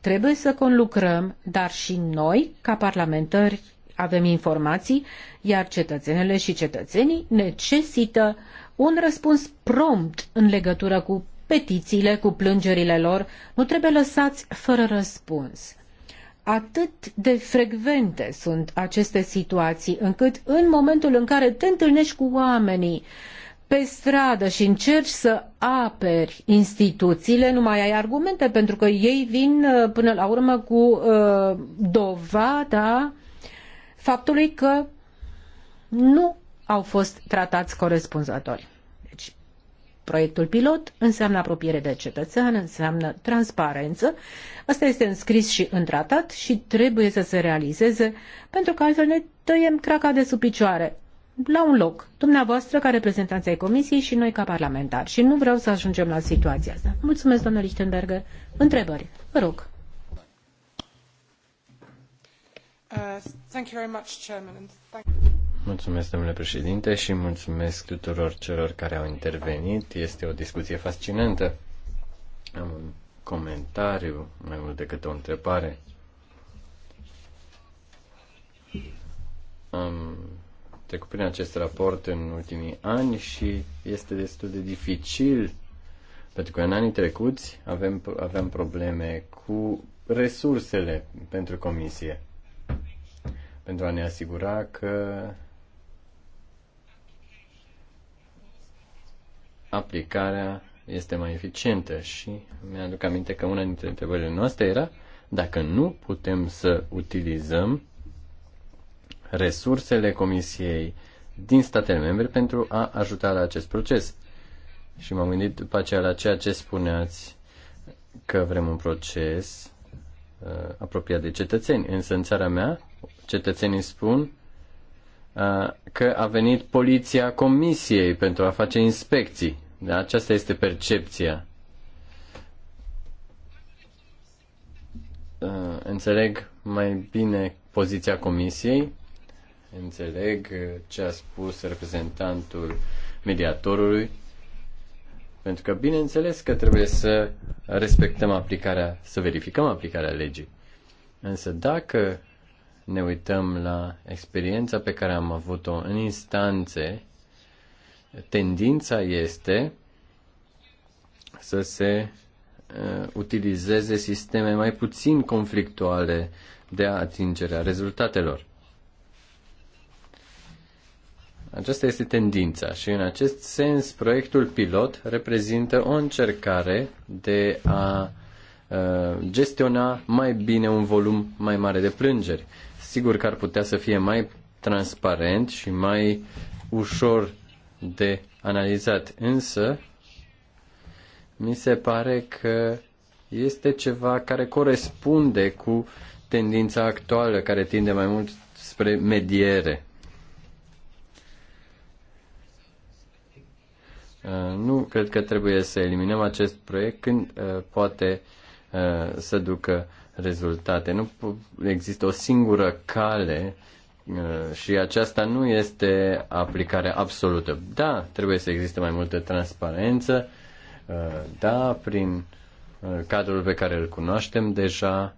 trebuie să conlucrăm, dar și noi, ca parlamentari, avem informații, iar cetățenele și cetățenii necesită uh, un răspuns prompt în legătură cu petițiile, cu plângerile lor, nu trebuie lăsați fără răspuns. Atât de frecvente sunt aceste situații, încât în momentul în care te întâlnești cu oamenii pe stradă și încerci să aperi instituțiile, nu mai ai argumente, pentru că ei vin uh, până la urmă cu uh, dovada faptului că nu au fost tratați corespunzători. Deci, proiectul pilot înseamnă apropiere de cetățean, înseamnă transparență. Asta este înscris și în tratat și trebuie să se realizeze, pentru că altfel ne tăiem craca de sub picioare la un loc, dumneavoastră ca reprezentanța ai Comisiei și noi ca parlamentari. Și nu vreau să ajungem la situația asta. Mulțumesc, doamnă Lichtenberger. Întrebări. Vă rog. Uh, thank you very much, Chairman, and thank you. Mulțumesc, domnule președinte, și mulțumesc tuturor celor care au intervenit. Este o discuție fascinantă. Am un comentariu mai mult decât o întrebare. Am trecut prin acest raport în ultimii ani și este destul de dificil pentru că în anii trecuți avem, aveam probleme cu resursele pentru comisie pentru a ne asigura că aplicarea este mai eficientă și mi-aduc aminte că una dintre întrebările noastre era dacă nu putem să utilizăm resursele Comisiei din statele membre pentru a ajuta la acest proces. Și m-am gândit după aceea la ceea ce spuneați că vrem un proces uh, apropiat de cetățeni. Însă în țara mea, cetățenii spun că a venit poliția comisiei pentru a face inspecții. Da? Aceasta este percepția. Înțeleg mai bine poziția comisiei, înțeleg ce a spus reprezentantul mediatorului, pentru că bineînțeles că trebuie să respectăm aplicarea, să verificăm aplicarea legii. Însă dacă ne uităm la experiența pe care am avut-o în instanțe, tendința este să se uh, utilizeze sisteme mai puțin conflictuale de atingerea rezultatelor. Aceasta este tendința și în acest sens proiectul pilot reprezintă o încercare de a uh, gestiona mai bine un volum mai mare de plângeri sigur că ar putea să fie mai transparent și mai ușor de analizat, însă mi se pare că este ceva care corespunde cu tendința actuală care tinde mai mult spre mediere. Uh, nu cred că trebuie să eliminăm acest proiect când uh, poate uh, să ducă rezultate. Nu există o singură cale uh, și aceasta nu este aplicare absolută. Da, trebuie să existe mai multă transparență, uh, da, prin uh, cadrul pe care îl cunoaștem deja,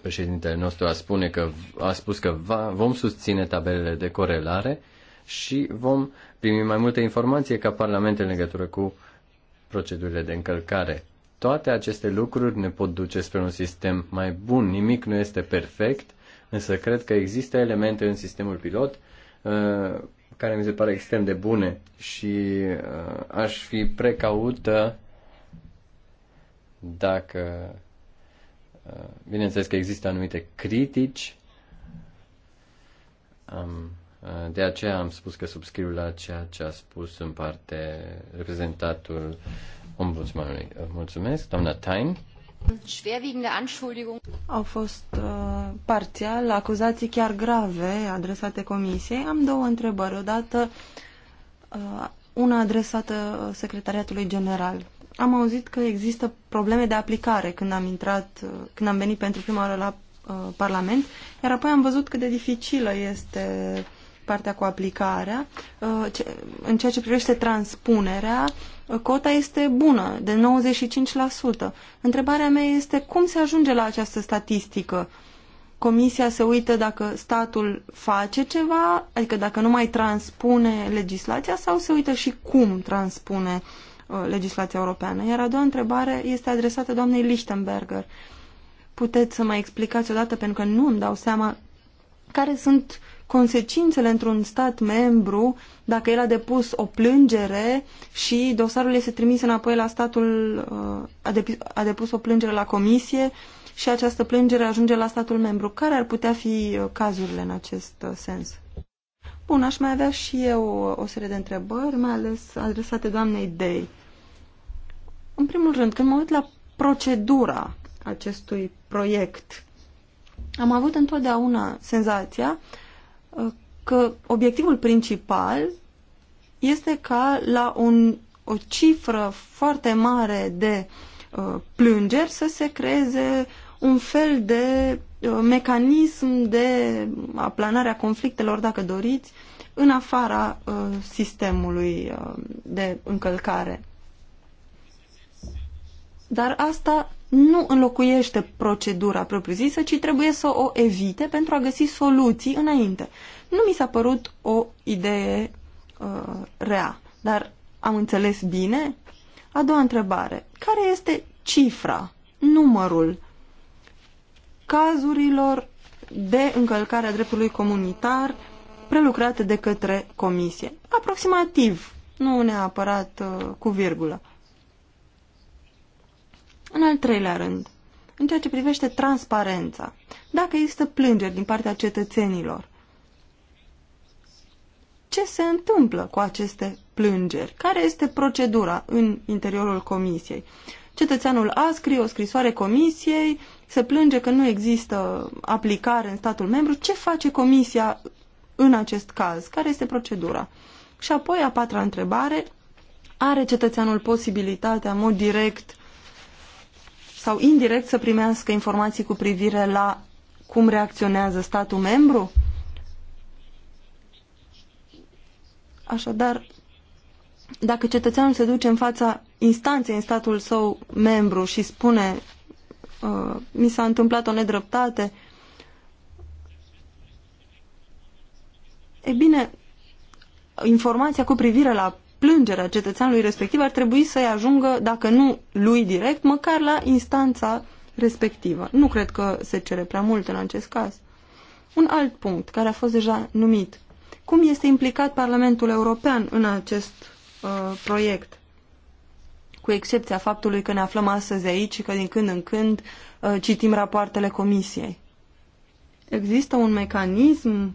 președintele nostru a, spune că, a spus că va, vom susține tabelele de corelare și vom primi mai multe informații ca Parlament în legătură cu procedurile de încălcare. Toate aceste lucruri ne pot duce spre un sistem mai bun. Nimic nu este perfect, însă cred că există elemente în sistemul pilot uh, care mi se pare extrem de bune și uh, aș fi precaută dacă. Uh, bineînțeles că există anumite critici. Am, uh, de aceea am spus că subscriu la ceea ce a spus în parte reprezentatul ombudsmanului. Mulțumesc, doamna Tain. Au fost uh, parțial acuzații chiar grave adresate comisiei. Am două întrebări. Odată, uh, una adresată Secretariatului General. Am auzit că există probleme de aplicare când am intrat, uh, când am venit pentru prima oară la uh, Parlament, iar apoi am văzut cât de dificilă este uh, partea cu aplicarea. Uh, în ceea ce privește transpunerea, uh, cota este bună, de 95%. Întrebarea mea este cum se ajunge la această statistică? Comisia se uită dacă statul face ceva, adică dacă nu mai transpune legislația sau se uită și cum transpune uh, legislația europeană. Iar a doua întrebare este adresată doamnei Lichtenberger. Puteți să mai explicați odată, pentru că nu îmi dau seama care sunt consecințele într-un stat membru dacă el a depus o plângere și dosarul este trimis înapoi la statul, uh, a depus o plângere la comisie și această plângere ajunge la statul membru. Care ar putea fi uh, cazurile în acest uh, sens? Bun, aș mai avea și eu o serie de întrebări, mai ales adresate doamnei Dei. În primul rând, când mă uit la procedura acestui proiect, am avut întotdeauna senzația că obiectivul principal este ca la un, o cifră foarte mare de uh, plângeri să se creeze un fel de uh, mecanism de aplanare a conflictelor, dacă doriți, în afara uh, sistemului de încălcare. Dar asta nu înlocuiește procedura propriu-zisă, ci trebuie să o evite pentru a găsi soluții înainte. Nu mi s-a părut o idee uh, rea, dar am înțeles bine? A doua întrebare. Care este cifra, numărul cazurilor de încălcare a dreptului comunitar prelucrate de către comisie? Aproximativ, nu neapărat uh, cu virgulă. În al treilea rând, în ceea ce privește transparența, dacă există plângeri din partea cetățenilor, ce se întâmplă cu aceste plângeri? Care este procedura în interiorul comisiei? Cetățeanul A scrie o scrisoare comisiei, se plânge că nu există aplicare în statul membru. Ce face comisia în acest caz? Care este procedura? Și apoi, a patra întrebare, are cetățeanul posibilitatea, în mod direct, sau indirect să primească informații cu privire la cum reacționează statul membru? Așadar, dacă cetățeanul se duce în fața instanței în statul său membru și spune uh, mi s-a întâmplat o nedreptate, e bine, informația cu privire la plângerea cetățeanului respectiv ar trebui să-i ajungă, dacă nu lui direct, măcar la instanța respectivă. Nu cred că se cere prea mult în acest caz. Un alt punct care a fost deja numit. Cum este implicat Parlamentul European în acest uh, proiect? Cu excepția faptului că ne aflăm astăzi aici și că din când în când uh, citim rapoartele Comisiei. Există un mecanism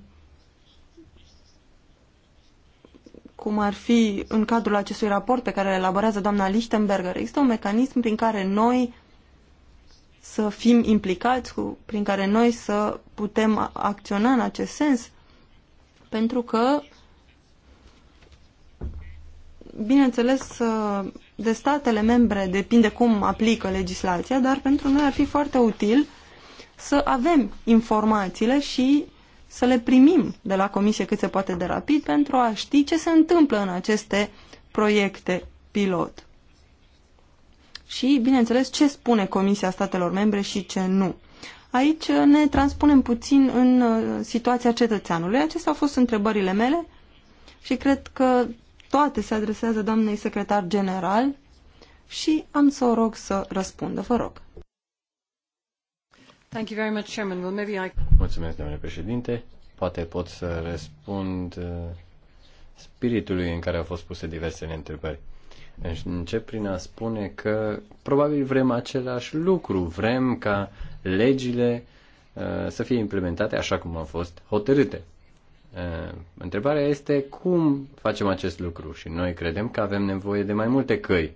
cum ar fi în cadrul acestui raport pe care îl elaborează doamna Lichtenberger, există un mecanism prin care noi să fim implicați, cu, prin care noi să putem acționa în acest sens, pentru că, bineînțeles, ă, de statele membre depinde cum aplică legislația, dar pentru noi ar fi foarte util să avem informațiile și să le primim de la Comisie cât se poate de rapid pentru a ști ce se întâmplă în aceste proiecte pilot. Și, bineînțeles, ce spune Comisia statelor membre și ce nu. Aici ne transpunem puțin în uh, situația cetățeanului. Acestea au fost întrebările mele și cred că toate se adresează doamnei secretar general și am să o rog să răspundă. Vă rog. Mulțumesc, domnule președinte. Poate pot să răspund uh, spiritului în care au fost puse diversele întrebări. Deci, încep prin a spune că probabil vrem același lucru. Vrem ca legile uh, să fie implementate așa cum au fost hotărâte. Uh, întrebarea este cum facem acest lucru și noi credem că avem nevoie de mai multe căi.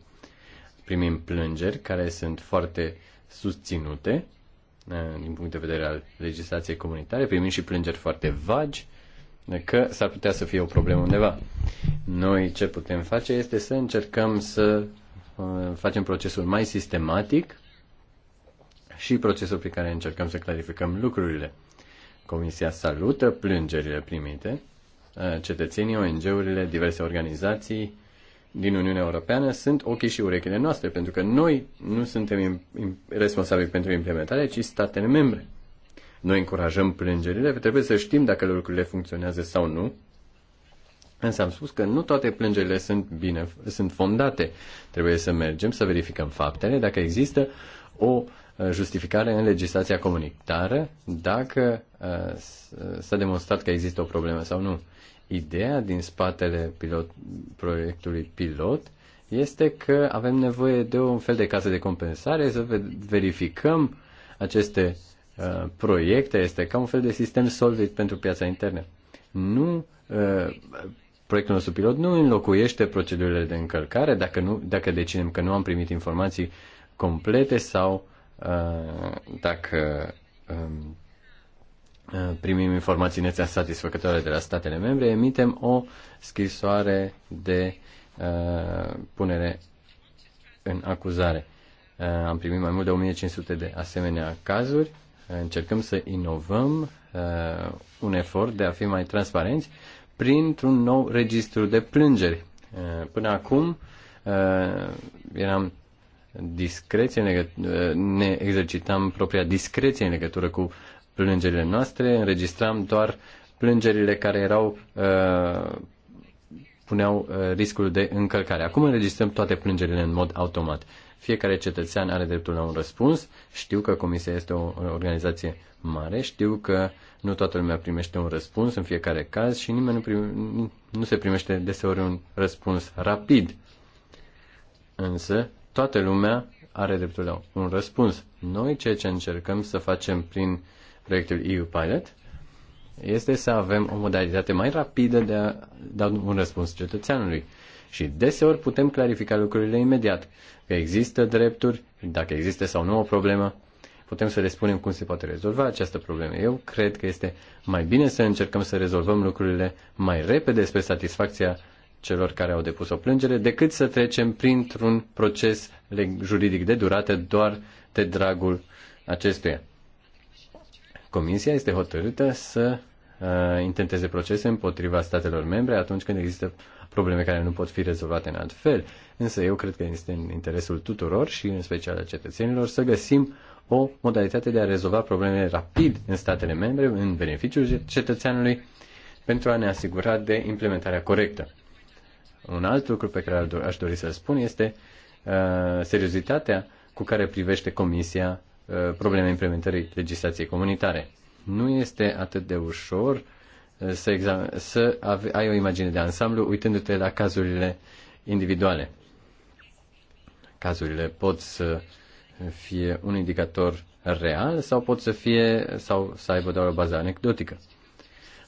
Primim plângeri care sunt foarte susținute Eh, din punct de vedere al legislației comunitare, primim și plângeri foarte vagi eh, că s-ar putea să fie o problemă undeva. Noi ce putem face este să încercăm să eh, facem procesul mai sistematic și procesul prin care încercăm să clarificăm lucrurile. Comisia salută plângerile primite, cetățenii, ONG-urile, diverse organizații din Uniunea Europeană sunt ochii și urechile noastre, pentru că noi nu suntem responsabili pentru implementare, ci statele membre. Noi încurajăm plângerile, trebuie să știm dacă lucrurile funcționează sau nu. Însă am spus că nu toate plângerile sunt bine, sunt fondate. Trebuie să mergem să verificăm faptele, dacă există o uh, justificare în legislația comunitară, dacă uh, uh, s-a demonstrat că există o problemă sau nu. Ideea din spatele pilot, proiectului pilot este că avem nevoie de un fel de casă de compensare să verificăm aceste uh, proiecte. Este ca un fel de sistem solvit pentru piața internă. Nu uh, proiectul nostru pilot nu înlocuiește procedurile de încălcare dacă, nu, dacă decidem că nu am primit informații complete sau uh, dacă uh, Eh, primim informații satisfăcătoare de la statele membre, emitem o scrisoare de uh, punere în acuzare. Uh, am primit mai mult de 1500 de asemenea cazuri. Uh, încercăm să inovăm uh, un efort de a fi mai transparenți printr-un nou registru de plângeri. Uh, până acum uh, eram discreție, ne exercitam propria discreție în legătură cu plângerile noastre, înregistram doar plângerile care erau uh, puneau uh, riscul de încălcare. Acum înregistrăm toate plângerile în mod automat. Fiecare cetățean are dreptul la un răspuns. Știu că Comisia este o organizație mare, știu că nu toată lumea primește un răspuns în fiecare caz și nimeni nu, prime, nu se primește deseori un răspuns rapid. Însă, toată lumea are dreptul la un răspuns. Noi ceea ce încercăm să facem prin uh, proiectul EU Pilot este să avem o modalitate mai rapidă de a da un răspuns cetățeanului. Și deseori putem clarifica lucrurile imediat. Că există drepturi, dacă există sau nu o problemă, putem să le spunem cum se poate rezolva această problemă. Eu cred că este mai bine să încercăm să rezolvăm lucrurile mai repede spre satisfacția celor care au depus o plângere, decât să trecem printr-un proces juridic de durată doar de dragul acestuia. Comisia este hotărâtă să uh, intenteze procese împotriva statelor membre atunci când există probleme care nu pot fi rezolvate în alt fel. Însă eu cred că este în interesul tuturor și în special a cetățenilor să găsim o modalitate de a rezolva problemele rapid în statele membre, în beneficiul cetățeanului, pentru a ne asigura de implementarea corectă. Un alt lucru pe care aș dori să-l spun este uh, seriozitatea cu care privește Comisia Uh, probleme implementării legislației comunitare. Nu este atât de ușor uh, să, exam- să ai o imagine de ansamblu uitându-te la cazurile individuale. Cazurile pot să fie un indicator real sau pot să fie sau să aibă doar o bază anecdotică.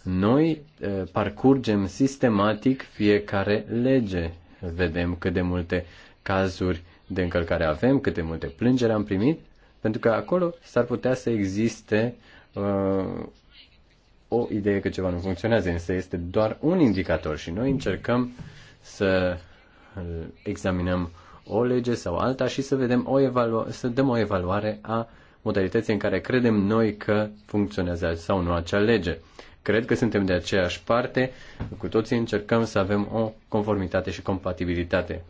Noi uh, parcurgem sistematic fiecare lege, vedem cât de multe cazuri de încălcare avem, cât de multe plângeri am primit pentru că acolo s-ar putea să existe uh, o idee că ceva nu funcționează, însă este doar un indicator și noi încercăm să examinăm o lege sau alta și să vedem o evalu- să dăm o evaluare a modalității în care credem noi că funcționează sau nu acea lege. Cred că suntem de aceeași parte, cu toții încercăm să avem o conformitate și compatibilitate.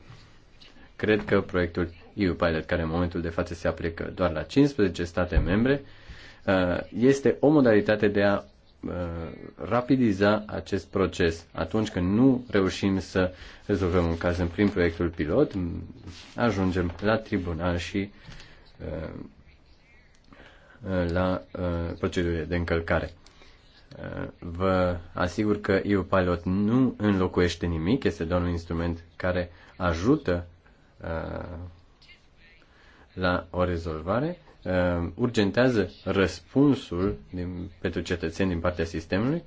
Cred că proiectul EU-Pilot, care în momentul de față se aplică doar la 15 state membre, uh, este o modalitate de a uh, rapidiza acest proces. Atunci când nu reușim să rezolvăm un caz în prim proiectul pilot, ajungem la tribunal și uh, la procedurile de încălcare. Vă asigur că EU-Pilot nu înlocuiește nimic, este doar un instrument care ajută la o rezolvare uh, urgentează răspunsul din, pentru cetățeni din partea sistemului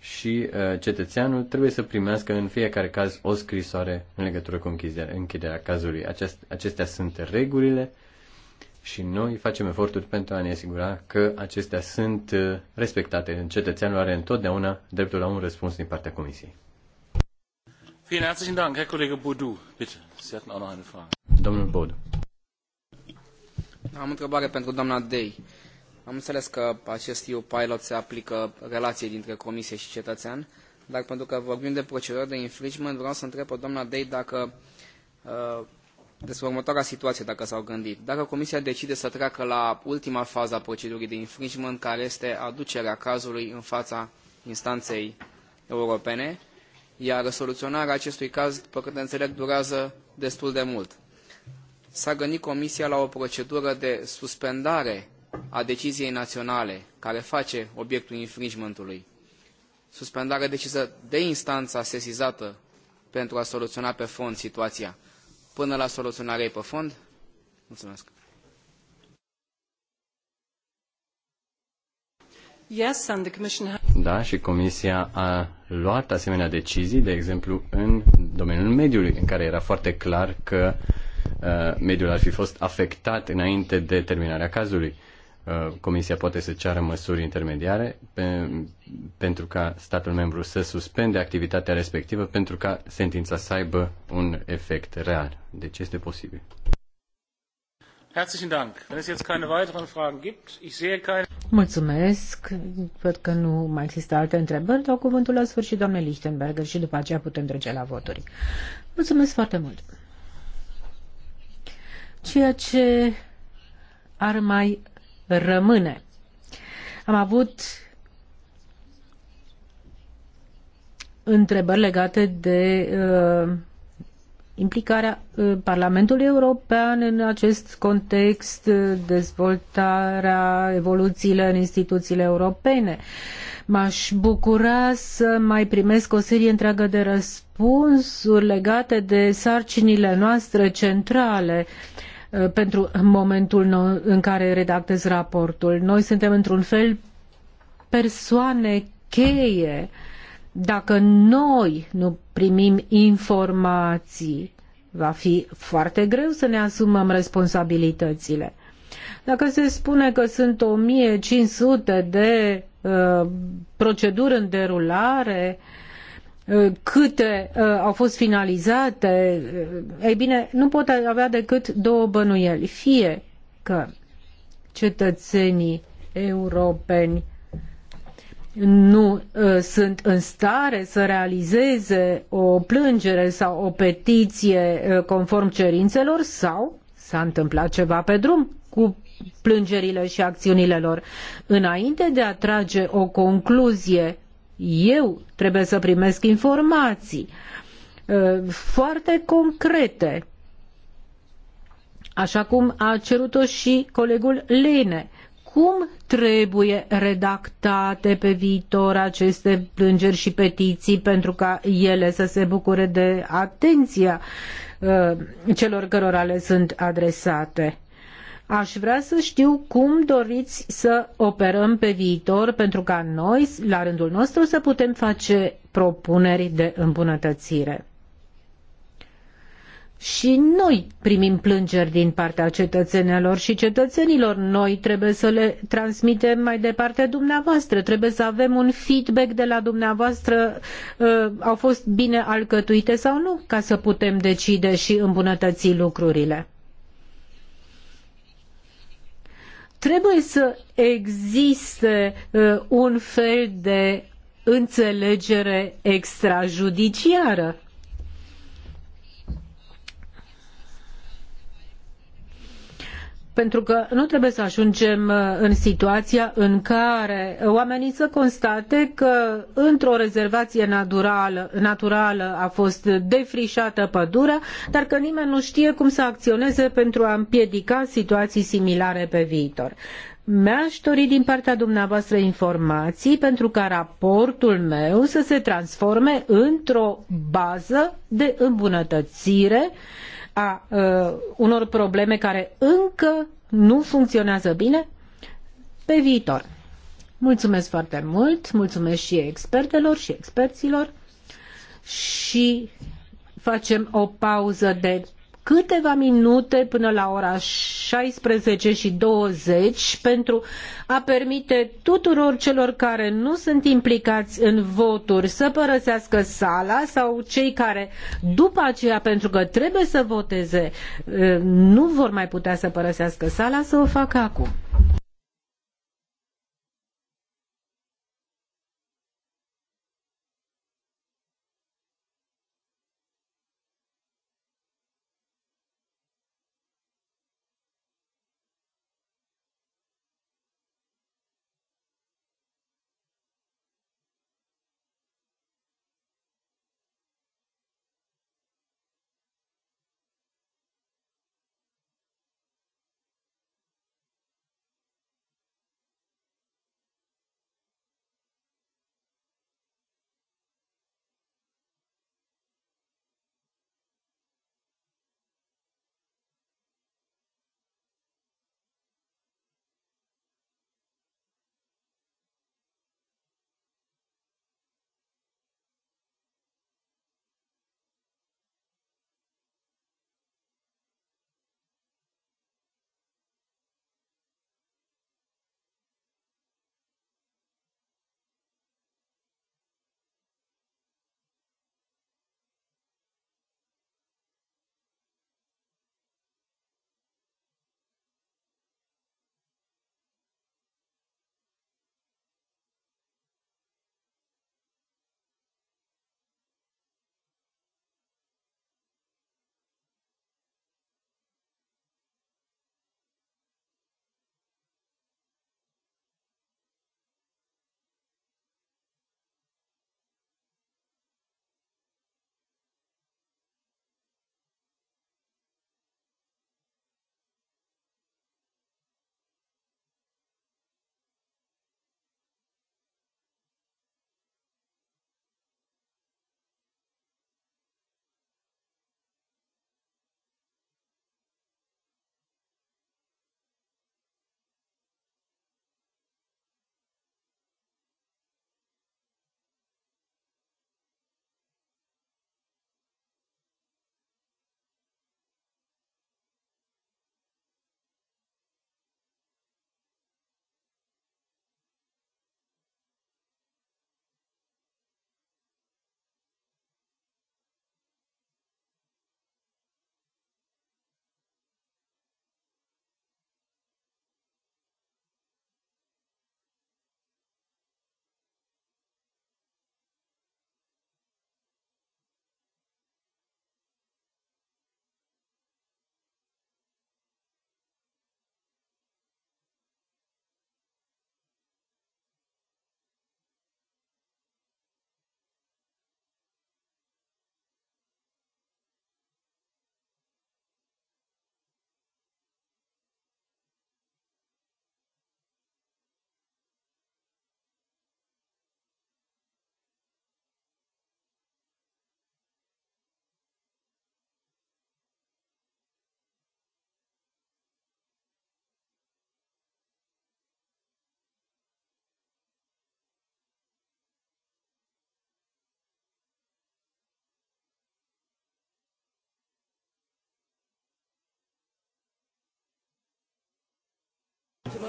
și uh, cetățeanul trebuie să primească în fiecare caz o scrisoare în legătură cu închiderea, închiderea cazului. Acest, acestea sunt regulile și noi facem eforturi pentru a ne asigura că acestea sunt uh, respectate. Cetățeanul are întotdeauna dreptul la un răspuns din partea Comisiei. Vielen herzlichen Dank, Herr Kollege Boudou. Bitte, Sie hatten auch noch eine Frage. Domnul Boudou. Am o întrebare pentru doamna Dei. Am înțeles că acest EU pilot se aplică relației dintre comisie și cetățean, dar pentru că vorbim de procedură de infringement, vreau să întreb pe doamna Dei dacă uh, despre următoarea situație, dacă s-au gândit. Dacă Comisia decide să treacă la ultima fază a procedurii de infringement, care este aducerea cazului în fața instanței europene, iar soluționarea acestui caz, pe cât înțeleg, durează destul de mult s-a gândit Comisia la o procedură de suspendare a deciziei naționale care face obiectul infringementului, suspendare decisă de instanța sesizată pentru a soluționa pe fond situația până la soluționarea ei pe fond? Mulțumesc. Yes, and the commission... Da, și Comisia a luat asemenea decizii, de exemplu, în domeniul mediului, în care era foarte clar că uh, Uh, mediul ar fi fost afectat înainte de terminarea cazului. Uh, comisia poate să ceară măsuri intermediare pe, pentru ca statul membru să suspende activitatea respectivă pentru ca sentința să aibă un efect real. Deci este posibil. Mulțumesc. Văd că nu mai există alte întrebări. Dau cuvântul la sfârșit, doamne Lichtenberger, și după aceea putem trece la voturi. Mulțumesc foarte mult ceea ce ar mai rămâne. Am avut întrebări legate de uh, implicarea uh, Parlamentului European în acest context, uh, dezvoltarea, evoluțiile în instituțiile europene. M-aș bucura să mai primesc o serie întreagă de răspunsuri legate de sarcinile noastre centrale. Uh, Uh, pentru momentul în care redactez raportul. Noi suntem într-un fel persoane cheie. Dacă noi nu primim informații, va fi foarte greu să ne asumăm responsabilitățile. Dacă se spune că sunt 1500 de uh, proceduri în derulare, uh, câte uh, au fost finalizate, uh, ei bine, nu pot avea decât două bănuieli. Fie că cetățenii europeni nu uh, sunt în stare să realizeze o plângere sau o petiție conform cerințelor sau s-a întâmplat ceva pe drum cu plângerile și acțiunile lor. Înainte de a trage o concluzie eu trebuie să primesc informații uh, foarte concrete, așa cum a cerut-o și colegul Lene. Cum trebuie redactate pe viitor aceste plângeri și petiții pentru ca ele să se bucure de atenția uh, celor cărora le sunt adresate? Aș vrea să știu cum doriți să operăm pe viitor pentru ca noi, la rândul nostru, să putem face propuneri de îmbunătățire. Și noi primim plângeri din partea cetățenilor și cetățenilor. Noi trebuie să le transmitem mai departe dumneavoastră. Trebuie să avem un feedback de la dumneavoastră. Uh, au fost bine alcătuite sau nu, ca să putem decide și îmbunătăți lucrurile. Trebuie să existe uh, un fel de înțelegere extrajudiciară pentru că nu trebuie să ajungem uh, în situația în care oamenii să constate că într-o rezervație naturală, naturală a fost defrișată pădurea, dar că nimeni nu știe cum să acționeze pentru a împiedica situații similare pe viitor. Mi-aș dori din partea dumneavoastră informații pentru ca raportul meu să se transforme într-o bază de îmbunătățire uh, a uh, unor probleme care încă nu funcționează bine pe viitor. Mulțumesc foarte mult, mulțumesc și expertelor și experților și facem o pauză de câteva minute până la ora 16 și 20 pentru a permite tuturor celor care nu sunt implicați în voturi să părăsească sala sau cei care după aceea, pentru că trebuie să voteze, eh, nu vor mai putea să părăsească sala, să o facă acum.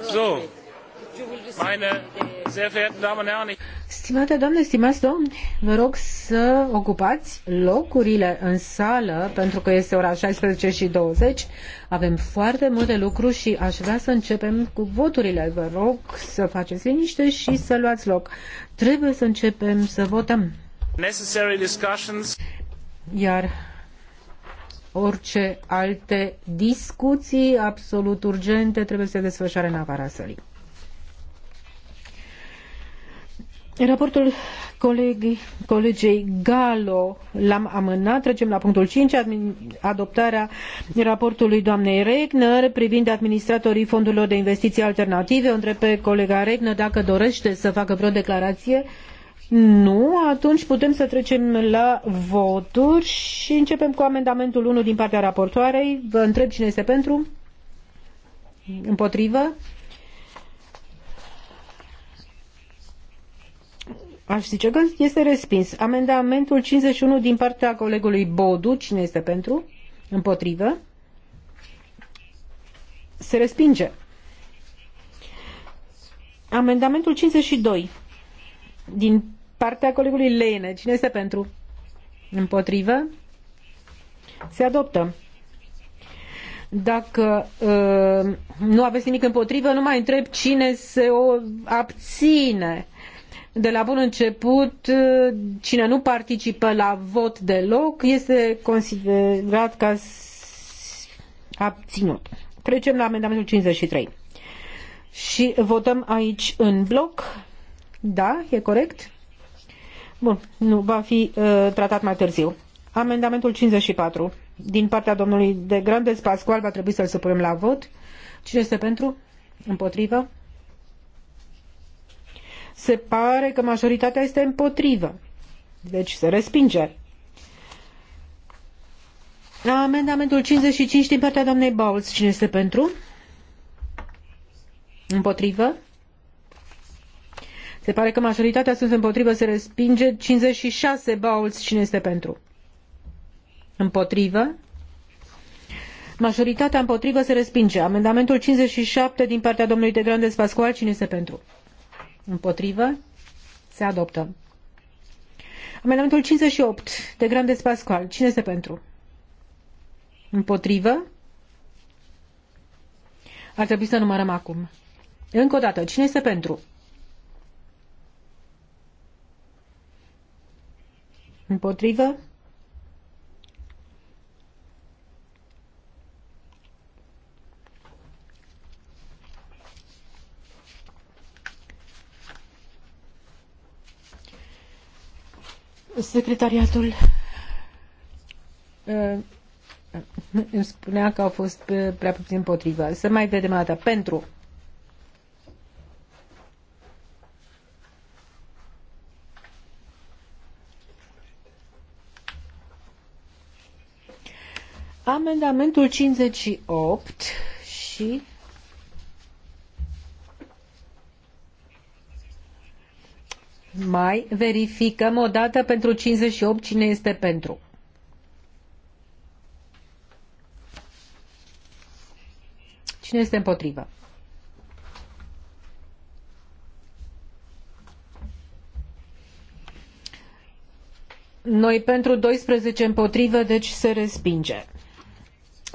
So, meine sehr verehrten Damen und Herren, ich Stimate doamne, stimați domn, vă rog să ocupați locurile în sală, pentru că este ora 16 și 20. Avem foarte multe lucruri și aș vrea să începem cu voturile. Vă rog să faceți liniște și să luați loc. Trebuie să începem să votăm. Iar orice alte discuții absolut urgente trebuie să se desfășoare în afara sălii. Raportul colegii, colegei Galo l-am amânat. Trecem la punctul 5, adoptarea raportului doamnei Regner privind administratorii fondurilor de investiții alternative. O întreb pe colega Regner dacă dorește să facă vreo declarație. Uh, nu, atunci putem să trecem la voturi și începem cu amendamentul 1 din partea raportoarei. Vă întreb cine este pentru? Împotrivă? Aș zice că este respins. Amendamentul 51 din partea colegului Bodu. Cine este pentru? Împotrivă? Se respinge. Amendamentul 52 din partea colegului Leine. Cine este pentru? Împotrivă? Se adoptă. Dacă uh, nu aveți nimic împotrivă, nu mai întreb cine se o abține. De la bun început, uh, cine nu participă la vot deloc este considerat ca abținut. Trecem la amendamentul 53. Și votăm aici în bloc. Da, e corect? Bun, nu, va fi uh, tratat mai târziu. Amendamentul 54 din partea domnului de Grandes Pascual va trebui să-l supunem la vot. Cine este pentru? Împotrivă? Se pare că majoritatea este împotrivă. Deci se respinge. Amendamentul 55 din partea doamnei Bowles. Cine este pentru? Împotrivă? Se pare că majoritatea sunt împotrivă, se respinge. 56 Bowles, cine este pentru? Împotrivă. Majoritatea împotrivă se respinge. Amendamentul 57 din partea domnului de Grandes Pascual, cine este pentru? Împotrivă. Se adoptă. Amendamentul 58 de Grandes Pascual, cine este pentru? Împotrivă. Ar trebui să numărăm acum. Încă o dată, cine este pentru? Împotrivă? Secretariatul uh, uh, îmi spunea că au fost uh, prea puțin potrivă. Să mai vedem o dată. Pentru Amendamentul 58 și mai verificăm o dată pentru 58 cine este pentru. Cine este împotrivă? Noi pentru 12 împotrivă, deci se respinge.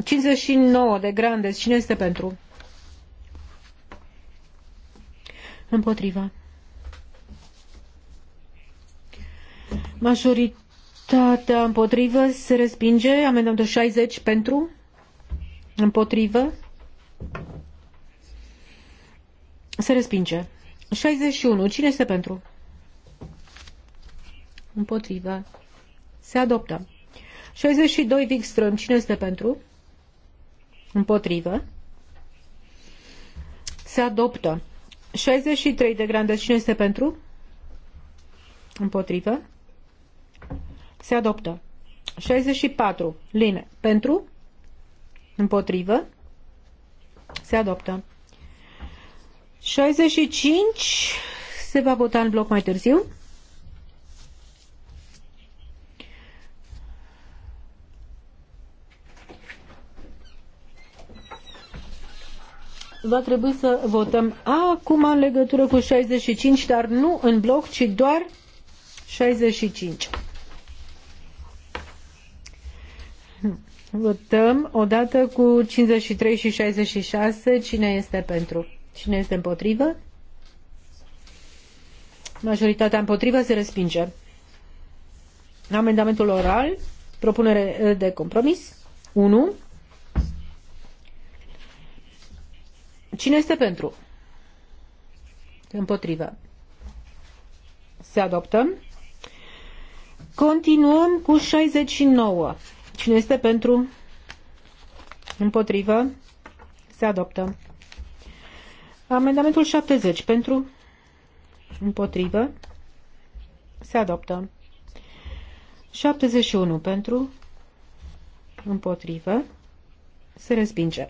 59 de Grandes. Cine este pentru? Împotriva. Majoritatea împotrivă se respinge. Amendamentul 60 pentru. Împotrivă. Se respinge. 61. Cine este pentru? Împotrivă. Se adoptă. 62 Wikström. Cine este pentru? Împotrivă. Se adoptă. 63 de grande. Cine este pentru? Împotrivă. Se adoptă. 64. Line. Pentru? Împotrivă. Se adoptă. 65. Se va vota în bloc mai târziu. va trebui să votăm acum în legătură cu 65, dar nu în bloc, ci doar 65. Votăm odată cu 53 și 66. Cine este pentru? Cine este împotrivă? Majoritatea împotrivă se respinge. Amendamentul oral, propunere de compromis. 1. Cine este pentru? Împotrivă. Se adoptă. Continuăm cu 69. Cine este pentru? Împotrivă. Se adoptă. Amendamentul 70. Pentru? Împotrivă. Se adoptă. 71. Pentru? Împotrivă. Se respinge.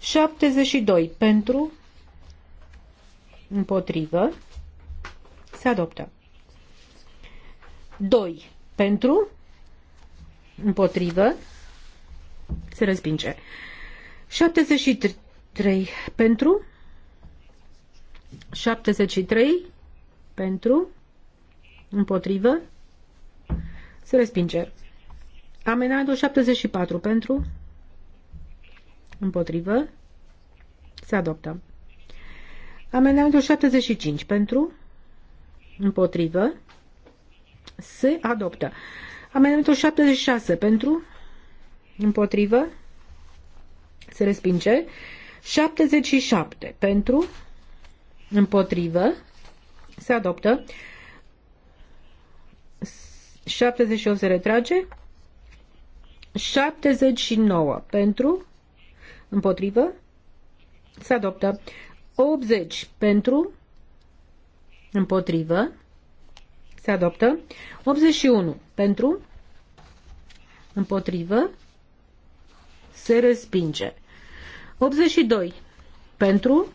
72 pentru, împotrivă, se adoptă. 2 pentru, împotrivă, se respinge. 73 pentru, 73 pentru, împotrivă, se respinge. Amenadul 74 pentru, Împotrivă. Se adoptă. Amendamentul 75 pentru. Împotrivă. Se adoptă. Amendamentul 76 pentru. Împotrivă. Se respinge. 77 pentru. Împotrivă. Se adoptă. 78 se retrage. 79 pentru. Împotrivă? Se adoptă. 80 pentru? Împotrivă? Se adoptă. 81 pentru? Împotrivă? Se respinge. 82 pentru?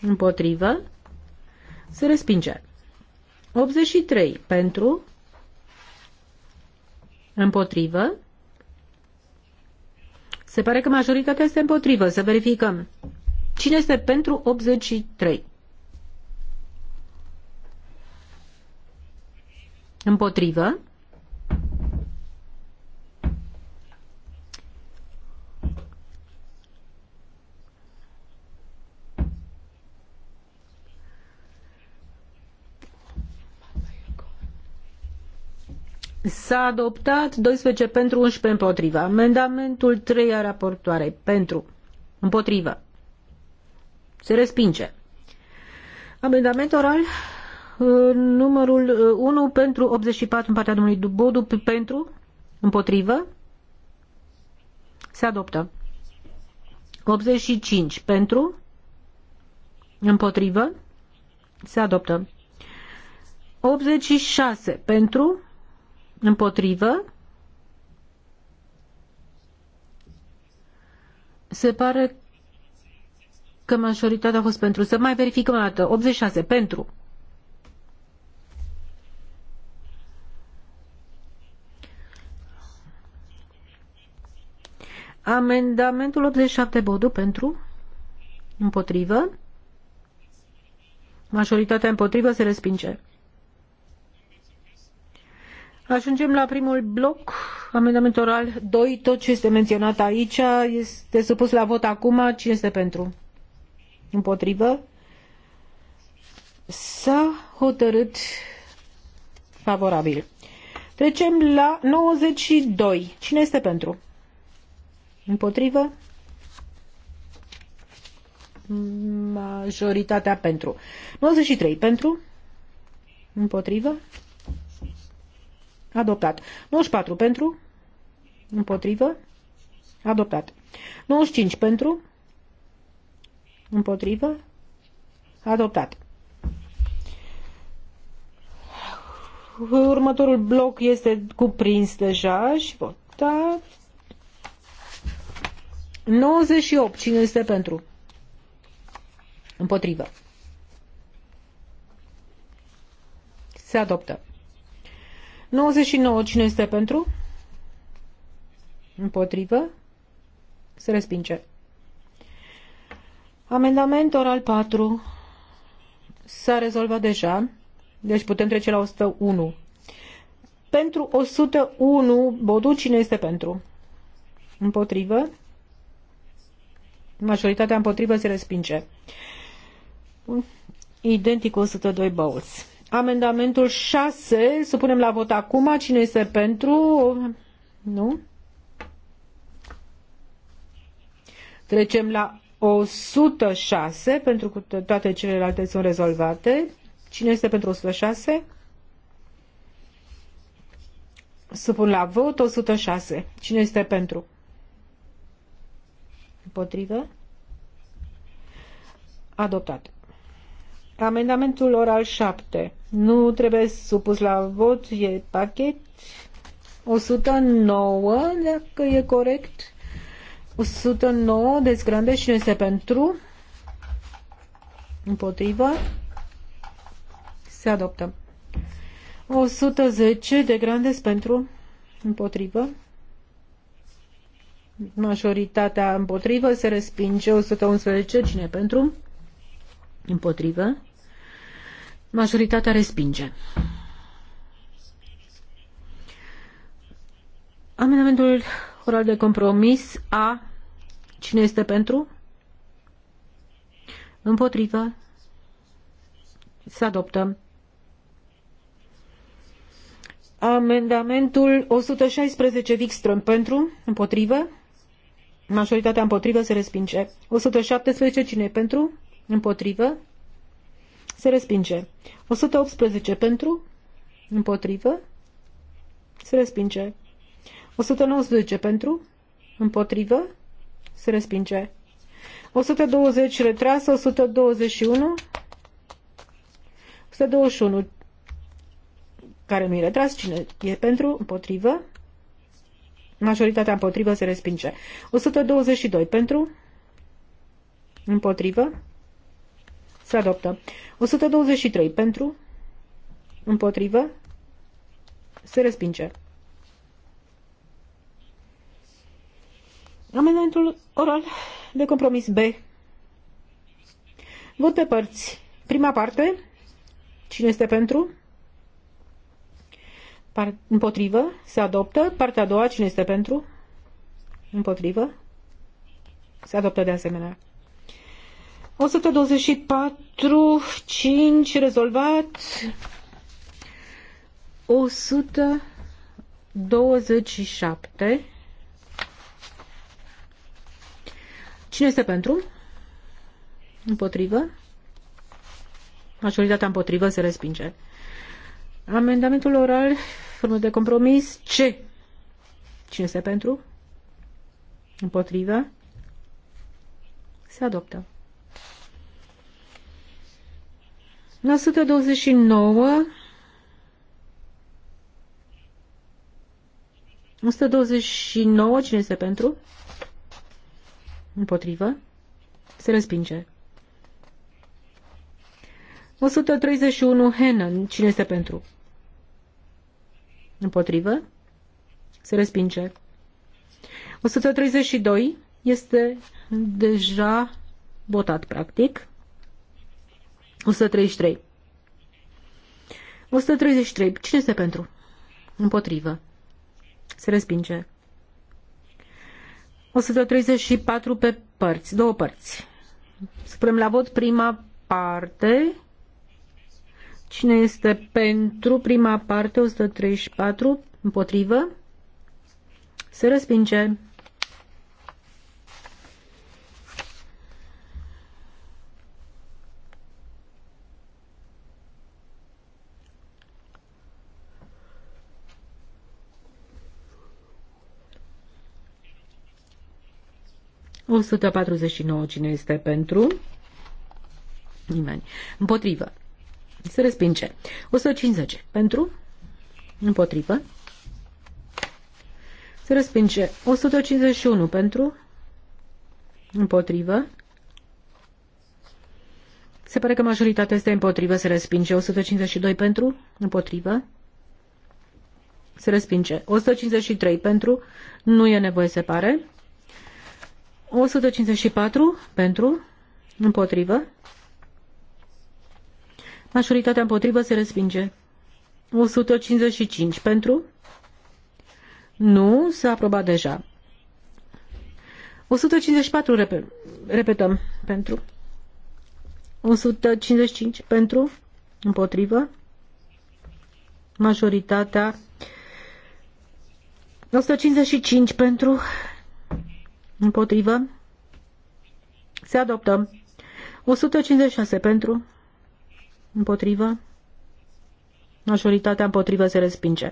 Împotrivă? Se respinge. 83 pentru? Împotrivă? Se pare că majoritatea este împotrivă. Să verificăm. Cine este pentru 83? Împotrivă. S-a adoptat 12 pentru 11 împotriva. Amendamentul 3 a raportoarei pentru împotrivă. Se respinge. Amendament oral uh, numărul 1 uh, pentru 84 în partea domnului Bodu pentru împotrivă. Se adoptă. 85 pentru împotrivă. Se adoptă. 86 pentru Împotrivă? Se pare că majoritatea a fost pentru. Să mai verificăm o dată. 86 pentru. Amendamentul 87 Bodu pentru. Împotrivă. Majoritatea împotrivă se respinge. Ajungem la primul bloc, amendament oral 2, tot ce este menționat aici este supus la vot acum, cine este pentru? Împotrivă? S-a hotărât favorabil. Trecem la 92. Cine este pentru? Împotrivă? Majoritatea pentru. 93 pentru? Împotrivă? Adoptat. 94 pentru. Împotrivă. Adoptat. 95 pentru. Împotrivă. Adoptat. Următorul bloc este cuprins deja și votat. 98. Cine este pentru? Împotrivă. Se adoptă. 99. Cine este pentru? Împotrivă? Se respinge. Amendament oral 4 s-a rezolvat deja, deci putem trece la 101. Pentru 101, Bodu, cine este pentru? Împotrivă? Majoritatea împotrivă se respinge. Identic 102 Bowles. Amendamentul 6, să punem la vot acum. Cine este pentru? Nu? Trecem la 106, pentru că toate celelalte sunt rezolvate. Cine este pentru 106? Să pun la vot 106. Cine este pentru? Împotrivă? Adoptat. Amendamentul oral 7 nu trebuie supus la vot, e pachet 109, dacă e corect. 109, dezgrande și nu este pentru. Împotrivă. Se adoptă. 110 de grande pentru împotrivă. Majoritatea împotrivă se respinge. 111 cine pentru? Împotrivă. Majoritatea respinge. Amendamentul oral de compromis A. Cine este pentru? Împotrivă. Se adoptă. Amendamentul 116 Wikström pentru, împotrivă. Majoritatea împotrivă se respinge. 117 cine pentru? Împotrivă se respinge. 118 pentru, împotrivă, se respinge. 119 pentru, împotrivă, se respinge. 120 retras, 121, 121 care nu e retras, cine e pentru, împotrivă, majoritatea împotrivă se respinge. 122 pentru, împotrivă, se adoptă. 123 pentru, împotrivă, se respinge. Amendamentul oral de compromis B. Vot pe părți. Prima parte. Cine este pentru? Par împotrivă. Se adoptă. Partea a doua. Cine este pentru? Împotrivă. Se adoptă de asemenea. 124, 5 rezolvat, 127. Cine este pentru? Împotrivă? Majoritatea împotrivă se respinge. Amendamentul oral, formă de compromis, ce? Cine este pentru? Împotrivă? Se adoptă. La 129 129, cine este pentru? Împotrivă. Se respinge. 131, Henan, cine este pentru? Împotrivă. Se respinge. 132 este deja votat, practic. 133. 133. Cine este pentru? Împotrivă. Se respinge. 134 pe părți, două părți. Suprem la vot prima parte. Cine este pentru prima parte, 134, împotrivă? Se respinge. 149. Cine este pentru? Nimeni. Împotrivă. Se respinge. 150. Pentru? Împotrivă. Se respinge. 151. Pentru? Împotrivă. Se pare că majoritatea este împotrivă. Se respinge. 152 pentru? Împotrivă. Se respinge. 153 pentru? Nu e nevoie, se pare. 154 pentru, împotrivă. Majoritatea împotrivă se respinge. 155 pentru. Nu, s-a aprobat deja. 154 rep repetăm pentru. 155 pentru, împotrivă. Majoritatea 155 pentru, Împotrivă. Se adoptă. 156 pentru. Împotrivă. Majoritatea împotrivă se respinge.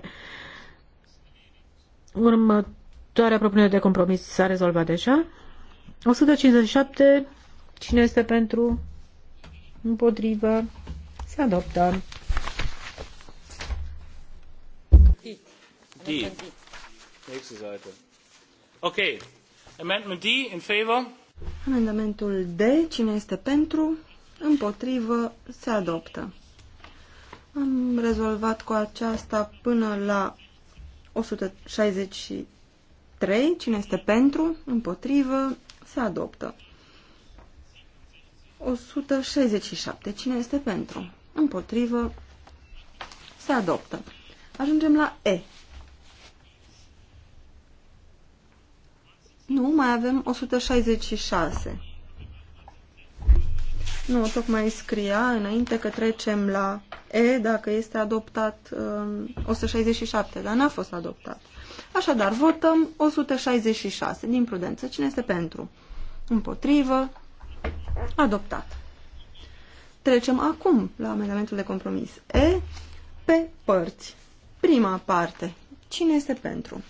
Următoarea propunere de compromis s-a rezolvat deja. 157. Cine este pentru? Împotrivă. Se adoptă. D. Nächste Seite. Okay, Amendment D, in favor. Amendamentul D, cine este pentru, împotrivă, se adoptă. Am rezolvat cu aceasta până la 163, cine este pentru, împotrivă, se adoptă. 167, cine este pentru, împotrivă, se adoptă. Ajungem la E. Nu, mai avem 166. Nu, tocmai scria înainte că trecem la E dacă este adoptat 167, um, dar n-a fost adoptat. Așadar, votăm 166 din prudență. Cine este pentru? Împotrivă? Adoptat. Trecem acum la amendamentul de compromis E pe părți. Prima parte. Cine este pentru?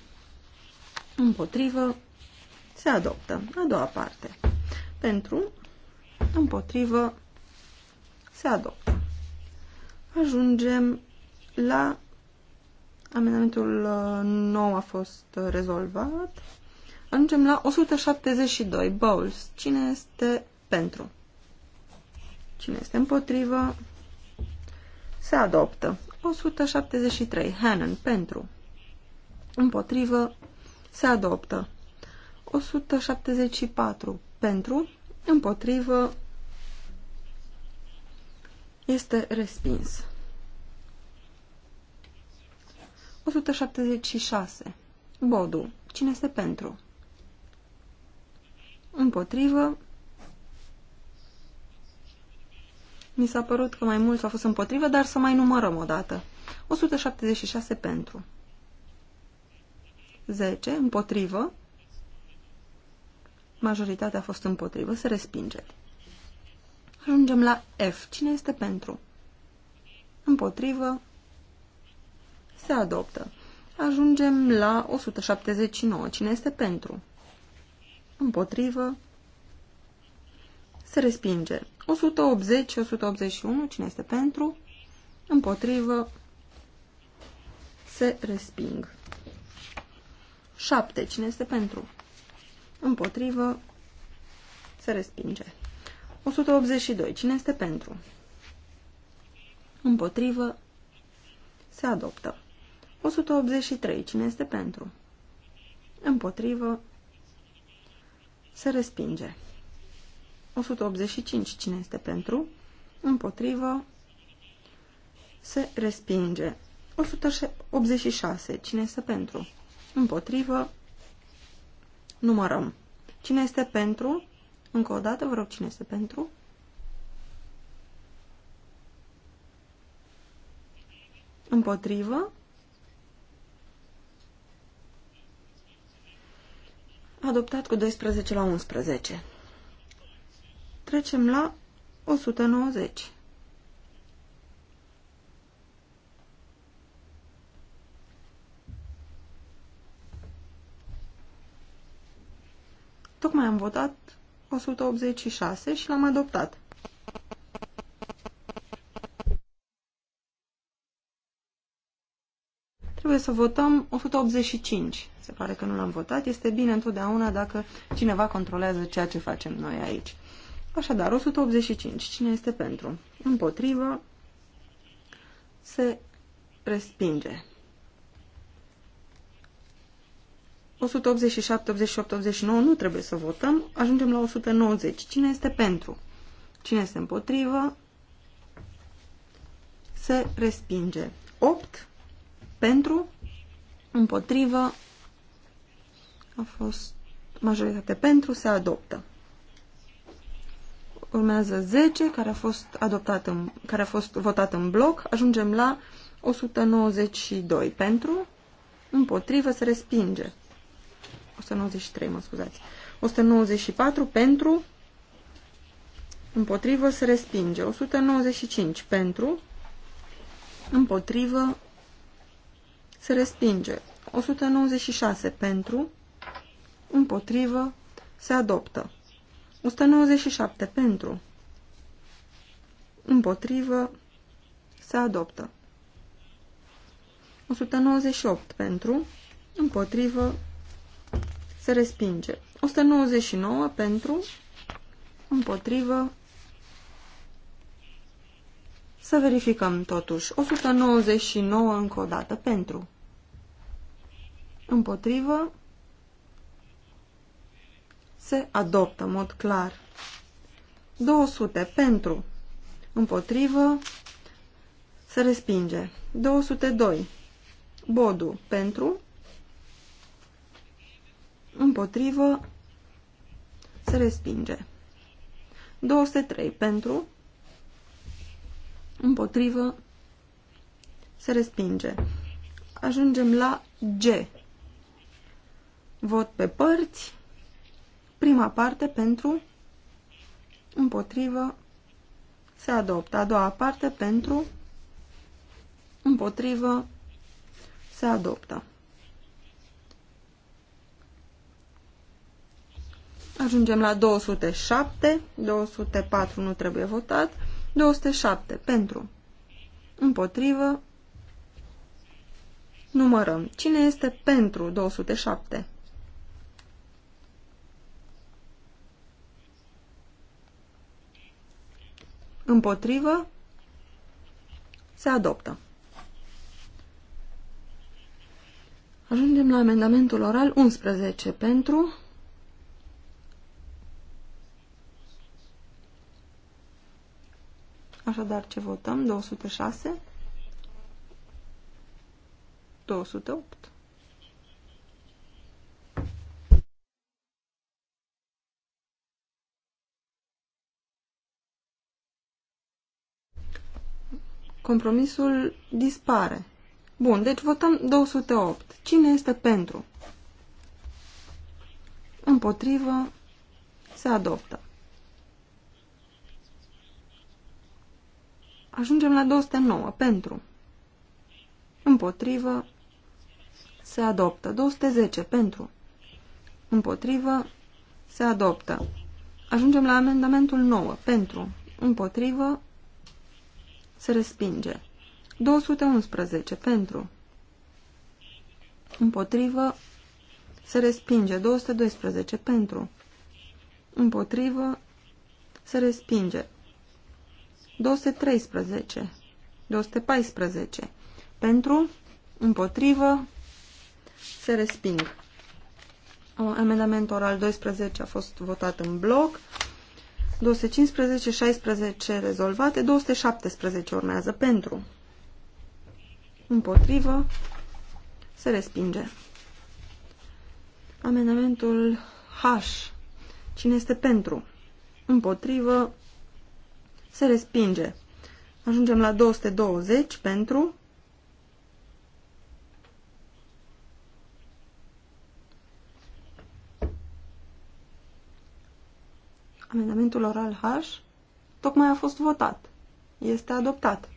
Împotrivă? Se adoptă. A doua parte. Pentru, împotrivă, se adoptă. Ajungem la amendamentul uh, nou a fost uh, rezolvat. Ajungem la 172. Bowles. Cine este pentru? Cine este împotrivă? Se adoptă. 173. Hannon. Pentru. Împotrivă. Se adoptă. 174 pentru, împotrivă, este respins. 176. Bodu. Cine este pentru? Împotrivă. Mi s-a părut că mai mulți au fost împotrivă, dar să mai numărăm o dată. 176 pentru. 10. Împotrivă. Majoritatea a fost împotrivă. Se respinge. Ajungem la F. Cine este pentru? Împotrivă. Se adoptă. Ajungem la 179. Cine este pentru? Împotrivă. Se respinge. 180 și 181. Cine este pentru? Împotrivă. Se resping. 7. Cine este pentru? Împotrivă. Se respinge. 182. Cine este pentru? Împotrivă. Se adoptă. 183. Cine este pentru? Împotrivă. Se respinge. 185. Cine este pentru? Împotrivă. Se respinge. 186. Cine este pentru? Împotrivă numărăm. Cine este pentru? Încă o dată, vă rog, cine este pentru? Împotrivă. Adoptat cu 12 la 11. Trecem la 190. Tocmai am votat 186 și l-am adoptat. Trebuie să votăm 185. Se pare că nu l-am votat. Este bine întotdeauna dacă cineva controlează ceea ce facem noi aici. Așadar, 185. Cine este pentru? Împotrivă se respinge. 187, 88, 89 nu trebuie să votăm. Ajungem la 190. Cine este pentru? Cine este împotrivă? Se respinge. 8 pentru, împotrivă, a fost majoritate pentru, se adoptă. Urmează 10, care a fost, adoptat în, care a fost votat în bloc. Ajungem la 192 pentru, împotrivă, se respinge. 193, mă scuzați. 194 pentru, împotrivă, se respinge. 195 pentru, împotrivă, se respinge. 196 pentru, împotrivă, se adoptă. 197 pentru, împotrivă, se adoptă. 198 pentru, împotrivă, se respinge. 199 pentru, împotrivă, să verificăm totuși. 199 încă o dată pentru, împotrivă, se adoptă în mod clar. 200 pentru, împotrivă, se respinge. 202 bodu pentru, împotrivă, se respinge. 203 pentru, împotrivă, se respinge. Ajungem la G. Vot pe părți. Prima parte pentru, împotrivă, se adoptă. A doua parte pentru, împotrivă, se adoptă. Ajungem la 207. 204 nu trebuie votat. 207 pentru. Împotrivă. Numărăm. Cine este pentru 207? Împotrivă. Se adoptă. Ajungem la amendamentul oral 11 pentru Așadar, ce votăm? 206? 208? Compromisul dispare. Bun, deci votăm 208. Cine este pentru? Împotrivă, se adoptă. Ajungem la 209. Pentru. Împotrivă. Se adoptă. 210. Pentru. Împotrivă. Se adoptă. Ajungem la amendamentul 9. Pentru. Împotrivă. Se respinge. 211. Pentru. Împotrivă. Se respinge. 212. Pentru. Împotrivă. Se respinge. 213, 214 pentru, împotrivă, se resping. Amendamentul oral 12 a fost votat în bloc. 215, 16 rezolvate, 217 urmează pentru. Împotrivă, se respinge. Amendamentul H. Cine este pentru? Împotrivă, se respinge. Ajungem la 220 pentru amendamentul oral H tocmai a fost votat. Este adoptat.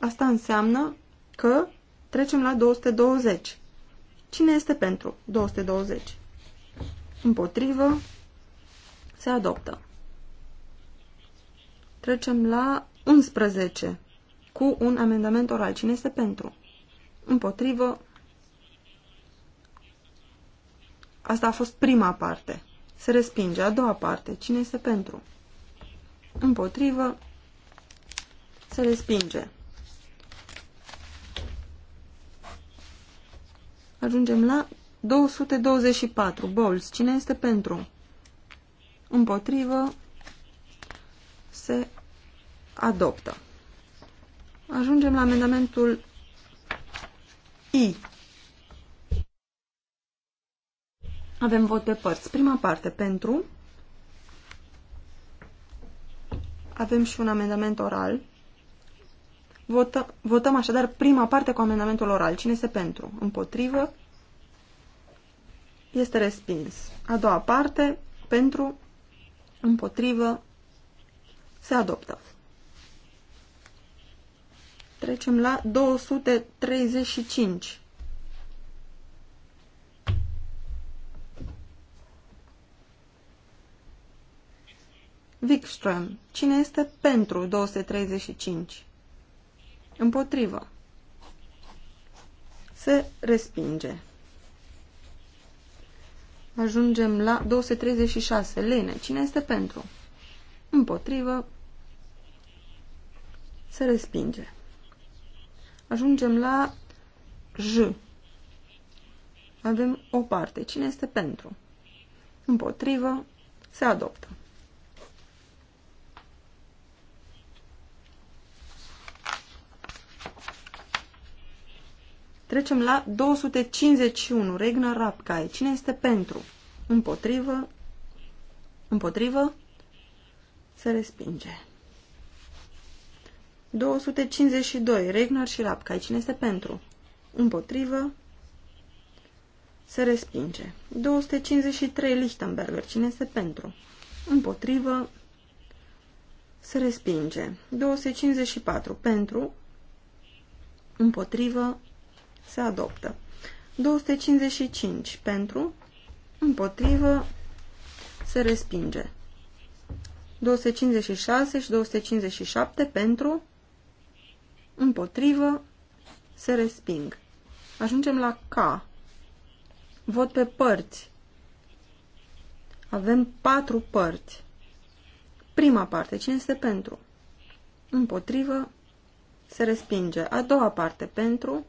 Asta înseamnă că trecem la 220. Cine este pentru 220? Împotrivă se adoptă. Trecem la 11 cu un amendament oral. Cine este pentru? Împotrivă. Asta a fost prima parte. Se respinge. A doua parte. Cine este pentru? Împotrivă. Se respinge. Ajungem la 224. Bowls. Cine este pentru? Împotrivă se adoptă. Ajungem la amendamentul I. Avem vot pe părți. Prima parte pentru. Avem și un amendament oral. Votă, votăm așadar prima parte cu amendamentul oral. Cine este pentru? Împotrivă? Este respins. A doua parte, pentru, împotrivă, se adoptă. Trecem la 235. Wikström. Cine este pentru 235? Împotrivă. Se respinge. Ajungem la 236. Lene. Cine este pentru? Pentru împotrivă, se respinge. Ajungem la J. Avem o parte. Cine este pentru? Împotrivă, se adoptă. Trecem la 251, Regna Rapcai. Cine este pentru? Împotrivă? Împotrivă? Se respinge. 252. Regnor și Rapcai. Cine este pentru? Împotrivă. Se respinge. 253. Lichtenberger. Cine este pentru? Împotrivă. Se respinge. 254. Pentru. Împotrivă. Se adoptă. 255. Pentru. Împotrivă. Se respinge. 256 și 257 pentru, împotrivă, se resping. Ajungem la K. Vot pe părți. Avem patru părți. Prima parte, cine este pentru? Împotrivă, se respinge. A doua parte, pentru,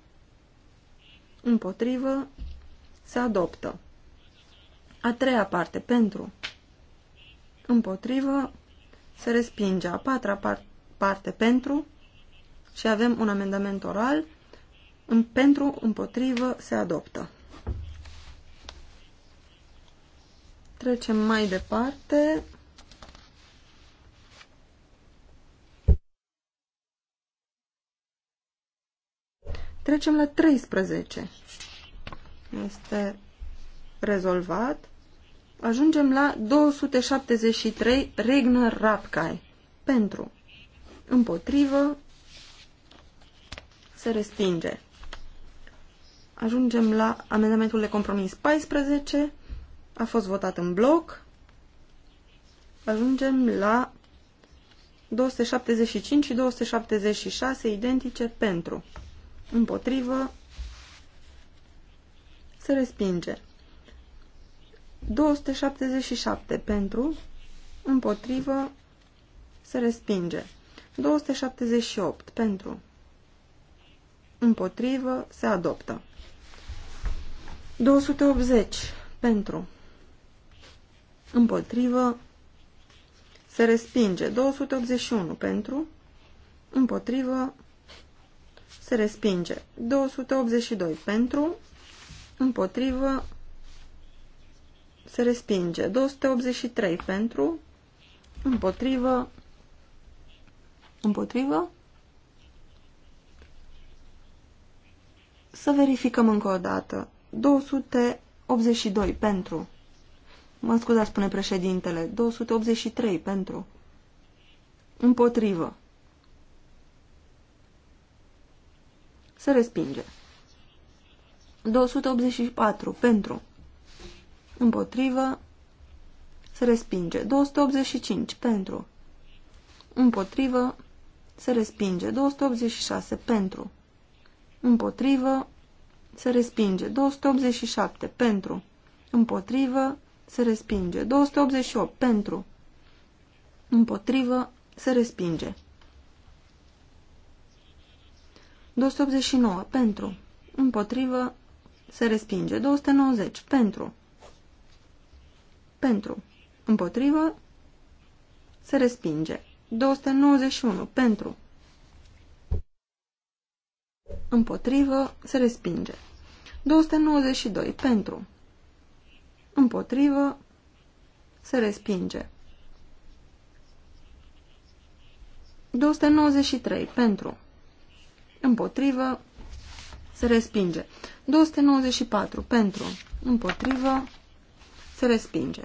împotrivă, se adoptă. A treia parte, pentru, împotrivă, se respinge. A patra par parte pentru și avem un amendament oral. În, pentru, împotrivă, se adoptă. Trecem mai departe. Trecem la 13. Este rezolvat. Ajungem la 273 regnă Rapcai. Pentru. Împotrivă. Se respinge. Ajungem la amendamentul de compromis 14. A fost votat în bloc. Ajungem la 275 și 276 identice pentru. Împotrivă. Se respinge. 277 pentru, împotrivă, se respinge. 278 pentru, împotrivă, se adoptă. 280 pentru, împotrivă, se respinge. 281 pentru, împotrivă, se respinge. 282 pentru, împotrivă, se respinge. 283 pentru, împotrivă, împotrivă. Să verificăm încă o dată. 282 pentru. Mă scuzați, spune președintele. 283 pentru. Împotrivă. Se respinge. 284 pentru împotrivă, se respinge. 285 pentru, împotrivă, se respinge. 286 pentru, împotrivă, se respinge. 287 pentru, împotrivă, se respinge. 288 pentru, împotrivă, se respinge. 289 pentru, împotrivă, se respinge. 290 pentru, pentru, împotrivă, se respinge. 291 pentru, împotrivă, se respinge. 292 pentru, împotrivă, se respinge. 293 pentru, împotrivă, se respinge. 294 pentru, împotrivă, se respinge.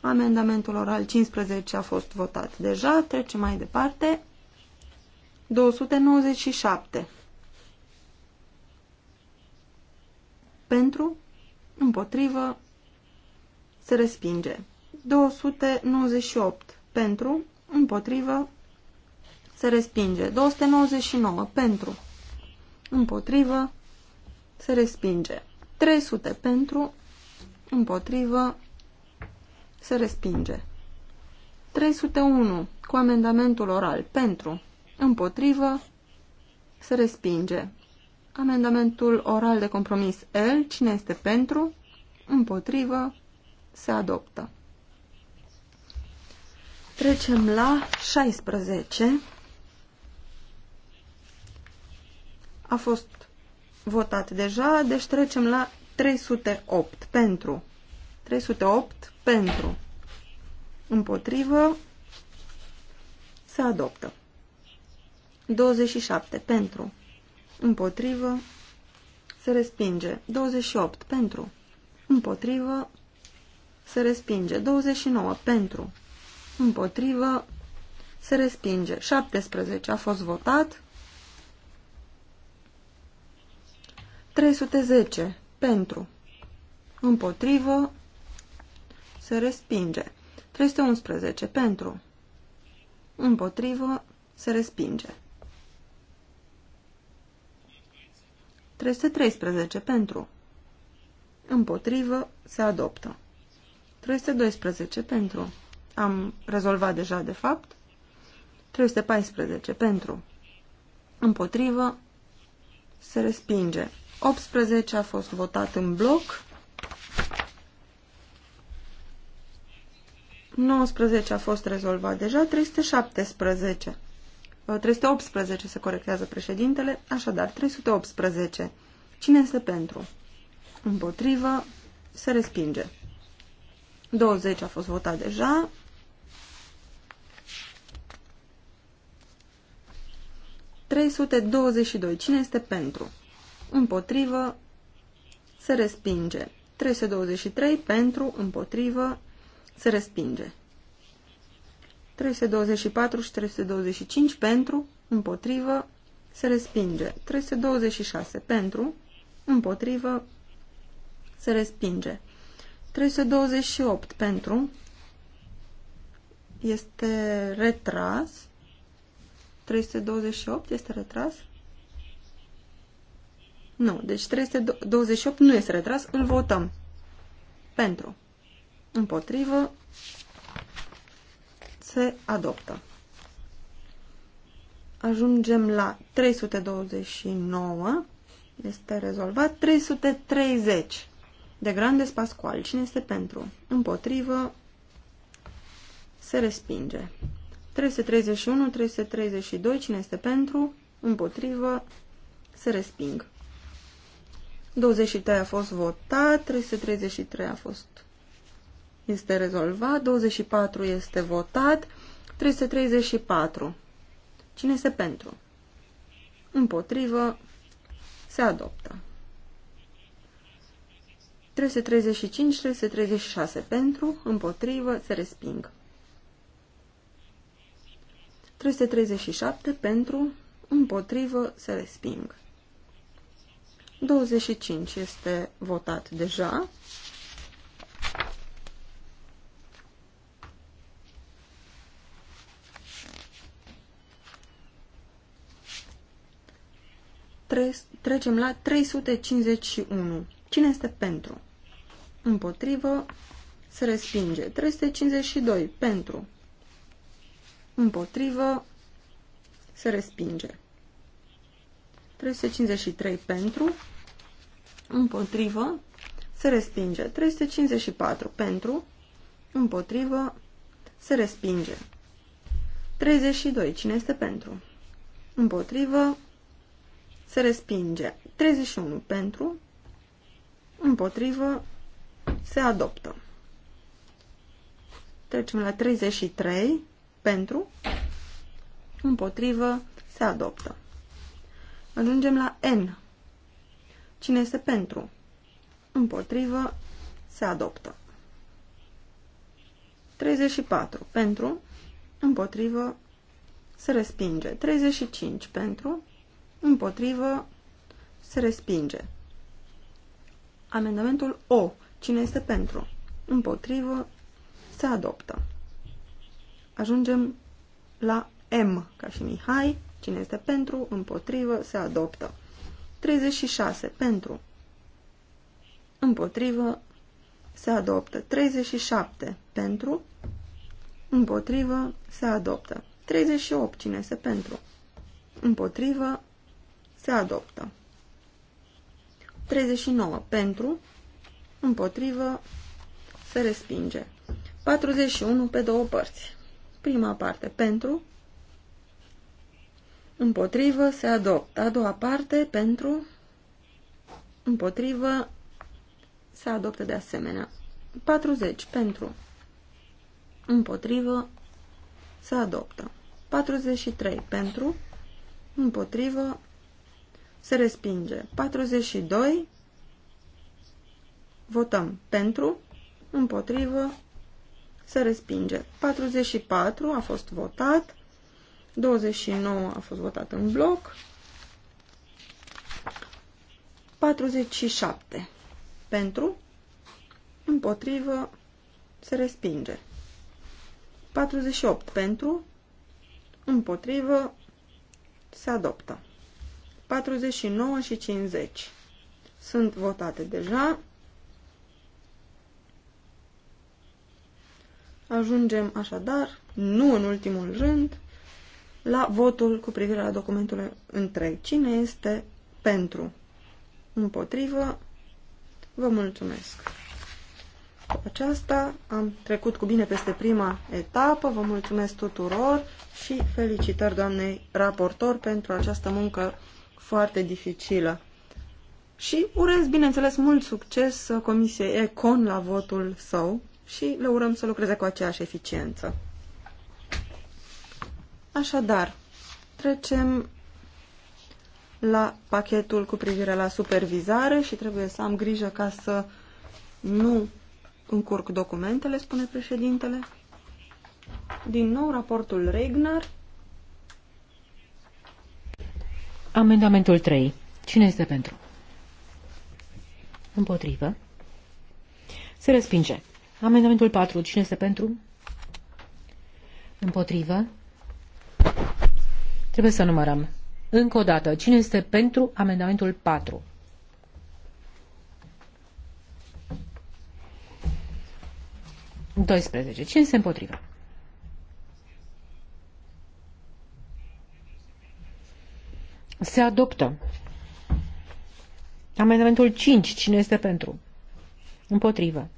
Amendamentul oral 15 a fost votat deja. Trecem mai departe. 297. Pentru, împotrivă, se respinge. 298. Pentru, împotrivă, se respinge. 299. Pentru, împotrivă, se respinge. 300. Pentru, împotrivă, se respinge. 301. Cu amendamentul oral pentru, împotrivă, se respinge. Amendamentul oral de compromis L, cine este pentru, împotrivă, se adoptă. Trecem la 16. A fost votat deja, deci trecem la 308 pentru. 308 pentru. Împotrivă. Se adoptă. 27 pentru. Împotrivă. Se respinge. 28 pentru. Împotrivă. Se respinge. 29 pentru. Împotrivă. Se respinge. 17 a fost votat. 310 pentru, împotrivă, se respinge. 311 pentru, împotrivă, se respinge. 313 pentru, împotrivă, se adoptă. 312 pentru, am rezolvat deja de fapt. 314 pentru, împotrivă, se respinge. 18 a fost votat în bloc. 19 a fost rezolvat deja, 317. 318 uh, se corectează președintele, așadar 318. Cine este pentru? Împotrivă, se respinge. 20 a fost votat deja. 322. Cine este pentru? împotrivă, se respinge. 323 pentru, împotrivă, se respinge. 324 și 325 pentru, împotrivă, se respinge. 326 pentru, împotrivă, se respinge. 328 pentru, este retras. 328 este retras. Nu. Deci 328 nu este retras. Îl votăm. Pentru. Împotrivă. Se adoptă. Ajungem la 329. Este rezolvat. 330. De grande Pascual. Cine este pentru? Împotrivă. Se respinge. 331, 332. Cine este pentru? Împotrivă. Se resping. 23 a fost votat, 333 a fost este rezolvat, 24 este votat, 334. Cine este pentru? Împotrivă, se adoptă. 335, 336 pentru, împotrivă, se resping. 337 pentru, împotrivă, se resping. 25 este votat deja. trecem la 351. Cine este pentru? Împotrivă. Se respinge. 352. Pentru. Împotrivă. Se respinge. 353 pentru împotrivă, se respinge. 354 pentru, împotrivă, se respinge. 32. Cine este pentru? Împotrivă, se respinge. 31. Pentru, împotrivă, se adoptă. Trecem la 33. Pentru, împotrivă, se adoptă. Ajungem la N. Cine este pentru? Împotrivă. Se adoptă. 34. Pentru. Împotrivă. Se respinge. 35. Pentru. Împotrivă. Se respinge. Amendamentul O. Cine este pentru? Împotrivă. Se adoptă. Ajungem la M, ca și Mihai. Cine este pentru? Împotrivă. Se adoptă. 36 pentru. Împotrivă se adoptă. 37 pentru. Împotrivă se adoptă. 38 cine se pentru. Împotrivă se adoptă. 39 pentru. Împotrivă se respinge. 41 pe două părți. Prima parte pentru. Împotrivă se adoptă. A doua parte pentru. Împotrivă se adoptă de asemenea. 40 pentru. Împotrivă se adoptă. 43 pentru. Împotrivă se respinge. 42 votăm pentru. Împotrivă se respinge. 44 a fost votat. 29 a fost votat în bloc. 47 pentru, împotrivă, se respinge. 48 pentru, împotrivă, se adoptă. 49 și 50 sunt votate deja. Ajungem așadar, nu în ultimul rând, la votul cu privire la documentul întreg. Cine este pentru? Împotrivă? Vă mulțumesc! Cu aceasta am trecut cu bine peste prima etapă. Vă mulțumesc tuturor și felicitări doamnei raportor pentru această muncă foarte dificilă. Și urez, bineînțeles, mult succes Comisiei Econ la votul său și le urăm să lucreze cu aceeași eficiență. Așadar, trecem la pachetul cu privire la supervizare și trebuie să am grijă ca să nu încurc documentele, spune președintele. Din nou raportul Regner. Amendamentul 3. Cine este pentru? Împotrivă. Se respinge. Amendamentul 4. Cine este pentru? Împotrivă. Trebuie să numărăm. Încă o dată, cine este pentru amendamentul 4? Doisprezece. Cine se împotrivă? Se adoptă. Amendamentul 5. Cine este pentru? Împotrivă.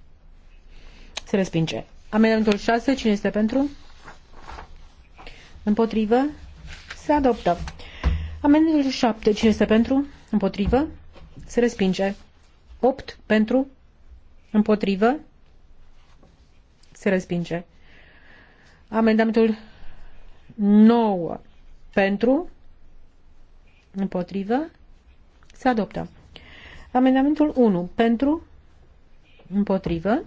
Se respinge. Amendamentul 6. Cine este pentru? Împotrivă. Se adoptă. Amendamentul 7. Cine este pentru? Împotrivă? Se respinge. 8. Pentru? Împotrivă? Se respinge. Amendamentul 9. Pentru? Împotrivă? Se adoptă. Amendamentul 1. Pentru? Împotrivă?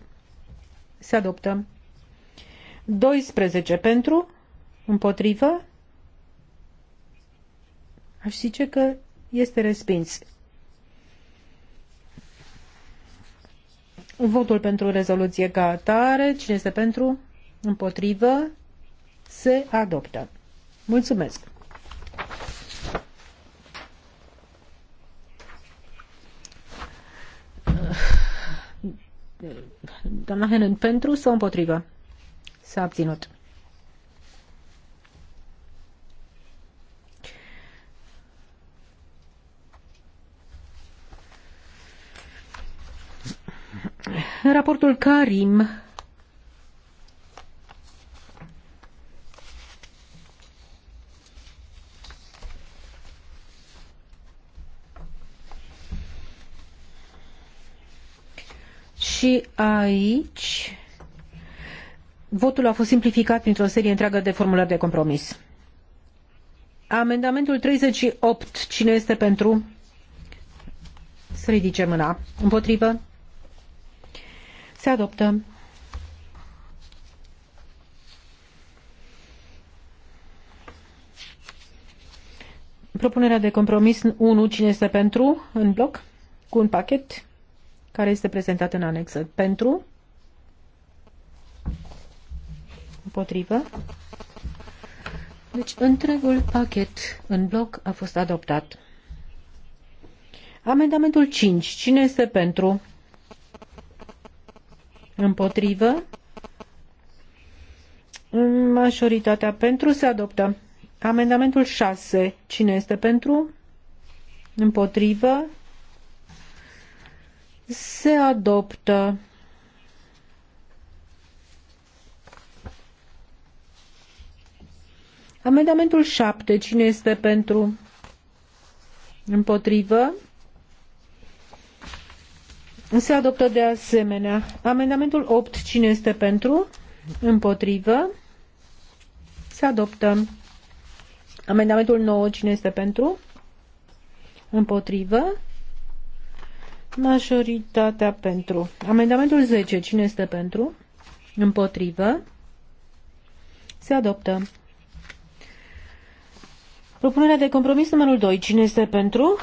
Se adoptă. 12. Pentru? Împotrivă? Aș zice că este respins. Votul pentru rezoluție ca atare. Cine este pentru? Împotrivă? Se adoptă. Mulțumesc! Doamna Henen, pentru sau împotrivă? S-a abținut. În raportul Karim Și aici votul a fost simplificat printr-o serie întreagă de formulări de compromis. Amendamentul 38. Cine este pentru? Să ridice mâna. Împotrivă? Se adoptă. Propunerea de compromis 1, cine este pentru, în bloc, cu un pachet care este prezentat în anexă. Pentru, împotrivă. Deci, întregul pachet în bloc a fost adoptat. Amendamentul 5. Cine este pentru? Împotrivă. Majoritatea pentru se adoptă. Amendamentul 6. Cine este pentru? Împotrivă. Se adoptă. Amendamentul 7. Cine este pentru? Împotrivă? Se adoptă de asemenea amendamentul 8. Cine este pentru? Împotrivă. Se adoptă amendamentul 9. Cine este pentru? Împotrivă. Majoritatea pentru. Amendamentul 10. Cine este pentru? Împotrivă. Se adoptă. Propunerea de compromis numărul 2. Cine este pentru?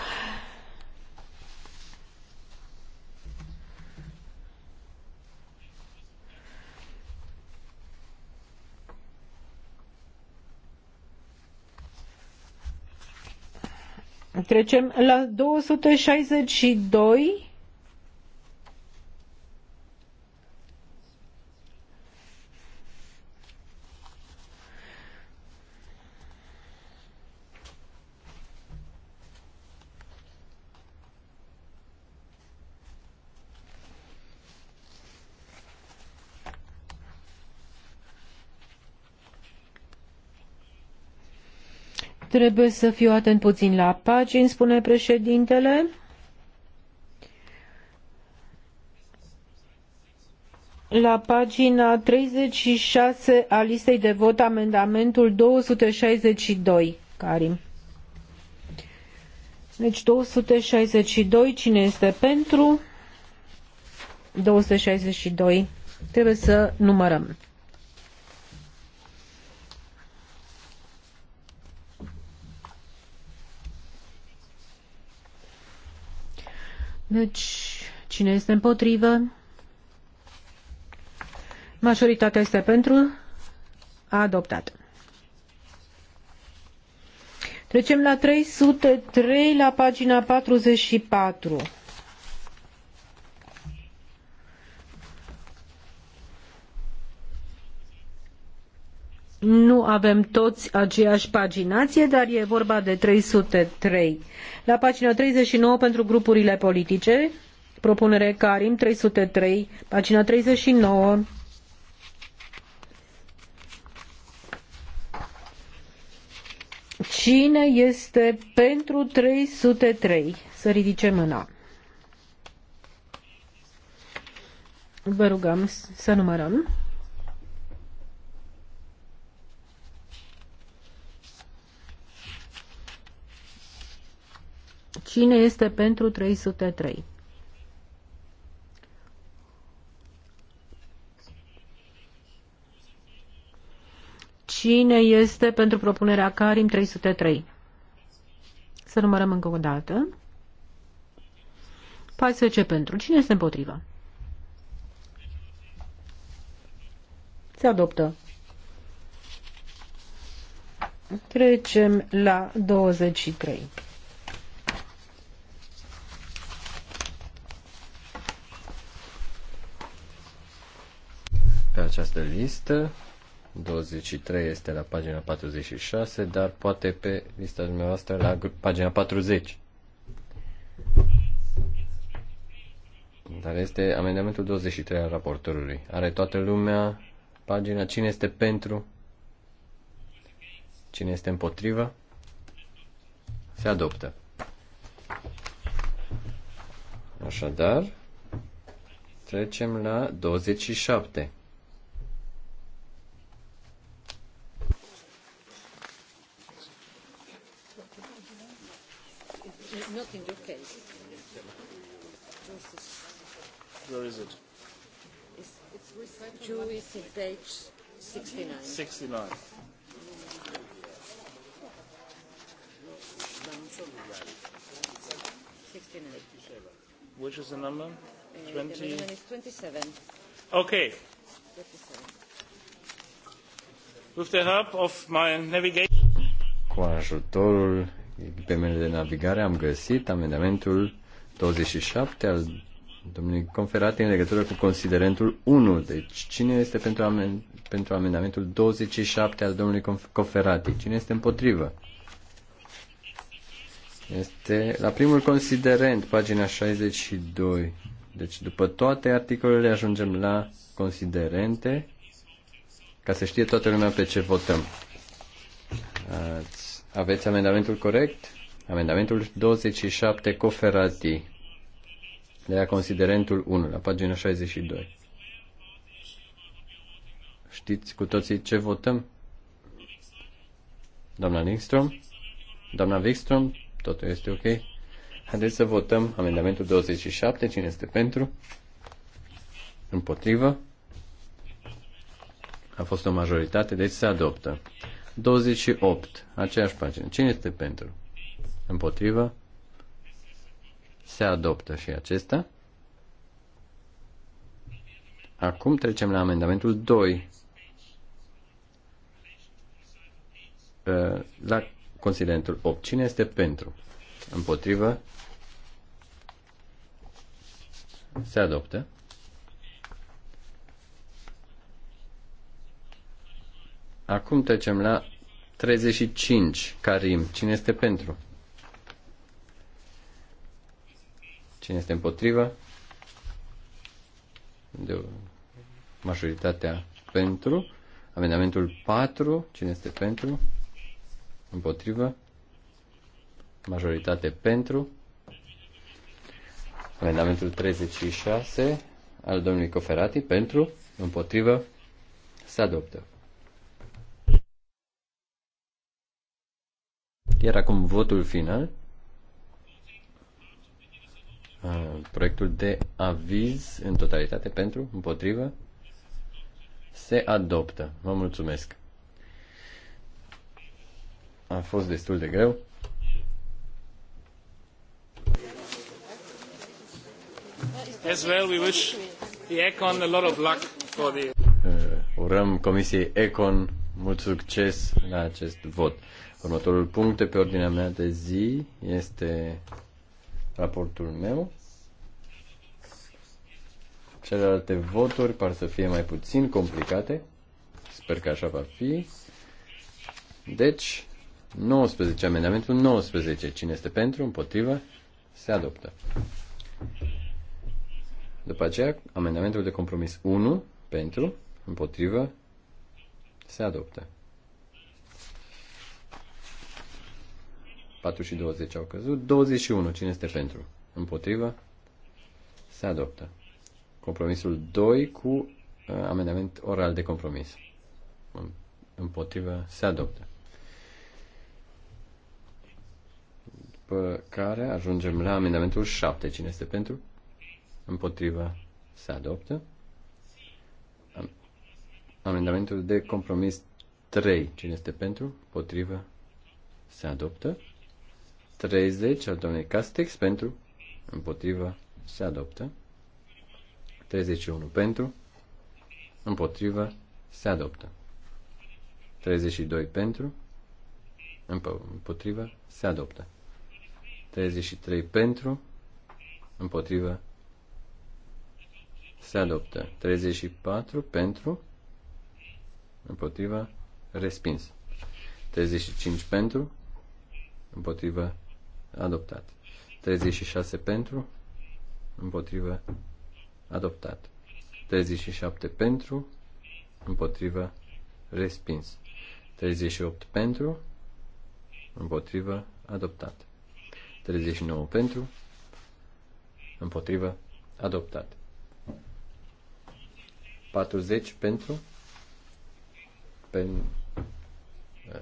Trecem la 262 Trebuie să fiu atent puțin la pagini, spune președintele. La pagina 36 a listei de vot, amendamentul 262, Karim. Deci 262, cine este pentru? 262. Trebuie să numărăm. Deci, cine este împotrivă? Majoritatea este pentru. A adoptat. Trecem la 303, la pagina 44. nu avem toți aceeași paginație, dar e vorba de 303. La pagina 39 pentru grupurile politice, propunere Karim 303, pagina 39. Cine este pentru 303? Să ridice mâna. Vă rugăm să numărăm. Cine este pentru 303? Cine este pentru propunerea Karim 303? Să numărăm încă o dată. 14 pentru. Cine este împotriva? Se adoptă. Trecem la 23. această listă. 23 este la pagina 46, dar poate pe lista dumneavoastră la pagina 40. Dar este amendamentul 23 al raportorului. Are toată lumea pagina cine este pentru, cine este împotrivă, se adoptă. Așadar, trecem la 27. case. Where is it? It's, it's Jew is in page 69. 69. Which is the number? Uh, 20? The is 27. Okay. With the help of my navigation cu ajutorul pe mele de navigare am găsit amendamentul 27 al domnului Conferat în legătură cu considerentul 1. Deci cine este pentru, amen- pentru amendamentul 27 al domnului Conferat? Cine este împotrivă? Este la primul considerent, pagina 62. Deci după toate articolele ajungem la considerente ca să știe toată lumea pe ce votăm. Ați aveți amendamentul corect? Amendamentul 27, Coferati, de la considerentul 1, la pagina 62. Știți cu toții ce votăm? Doamna Lindström, Doamna Wikstrom? Totul este ok? Haideți să votăm amendamentul 27. Cine este pentru? Împotrivă? A fost o majoritate, deci se adoptă. 28. Aceeași pagină. Cine este pentru? Împotrivă? Se adoptă și acesta. Acum trecem la amendamentul 2. Uh, la considerentul 8. Cine este pentru? Împotrivă? Se adoptă. Acum trecem la 35, Karim. Cine este pentru? Cine este împotrivă? De majoritatea pentru. Amendamentul 4. Cine este pentru? Împotrivă. Majoritate pentru. Amendamentul 36 al domnului Coferati pentru. Împotrivă. Se adoptă. Iar acum votul final. Proiectul de aviz în totalitate pentru, împotrivă, se adoptă. Vă mulțumesc. A fost destul de greu. As well, we wish the Econ a lot of luck for the... Urăm Comisiei Econ mult succes la acest vot. Următorul punct pe ordinea mea de zi este raportul meu. Celelalte voturi par să fie mai puțin complicate. Sper că așa va fi. Deci, 19, amendamentul 19. Cine este pentru, împotrivă, se adoptă. După aceea, amendamentul de compromis 1, pentru, împotrivă, se adoptă. 4 și 20 au căzut. 21. Cine este pentru? Împotrivă? Se adoptă. Compromisul 2 cu uh, amendament oral de compromis. Împotrivă? Se adoptă. După care ajungem la amendamentul 7. Cine este pentru? Împotrivă? Se adoptă. Amendamentul de compromis 3. Cine este pentru? Potrivă? Se adoptă. 30 al domnului Castex pentru, împotriva, se adoptă. 31 pentru, împotriva, se adoptă. 32 pentru, împotriva, se adoptă. 33 pentru, împotriva, se adoptă. 34 pentru, împotriva, respins. 35 pentru, împotriva, adoptat. 36 pentru, împotrivă, adoptat. 37 pentru, împotrivă, respins. 38 pentru, împotrivă, adoptat. 39 pentru, împotrivă, adoptat. 40 pentru, pen, ă,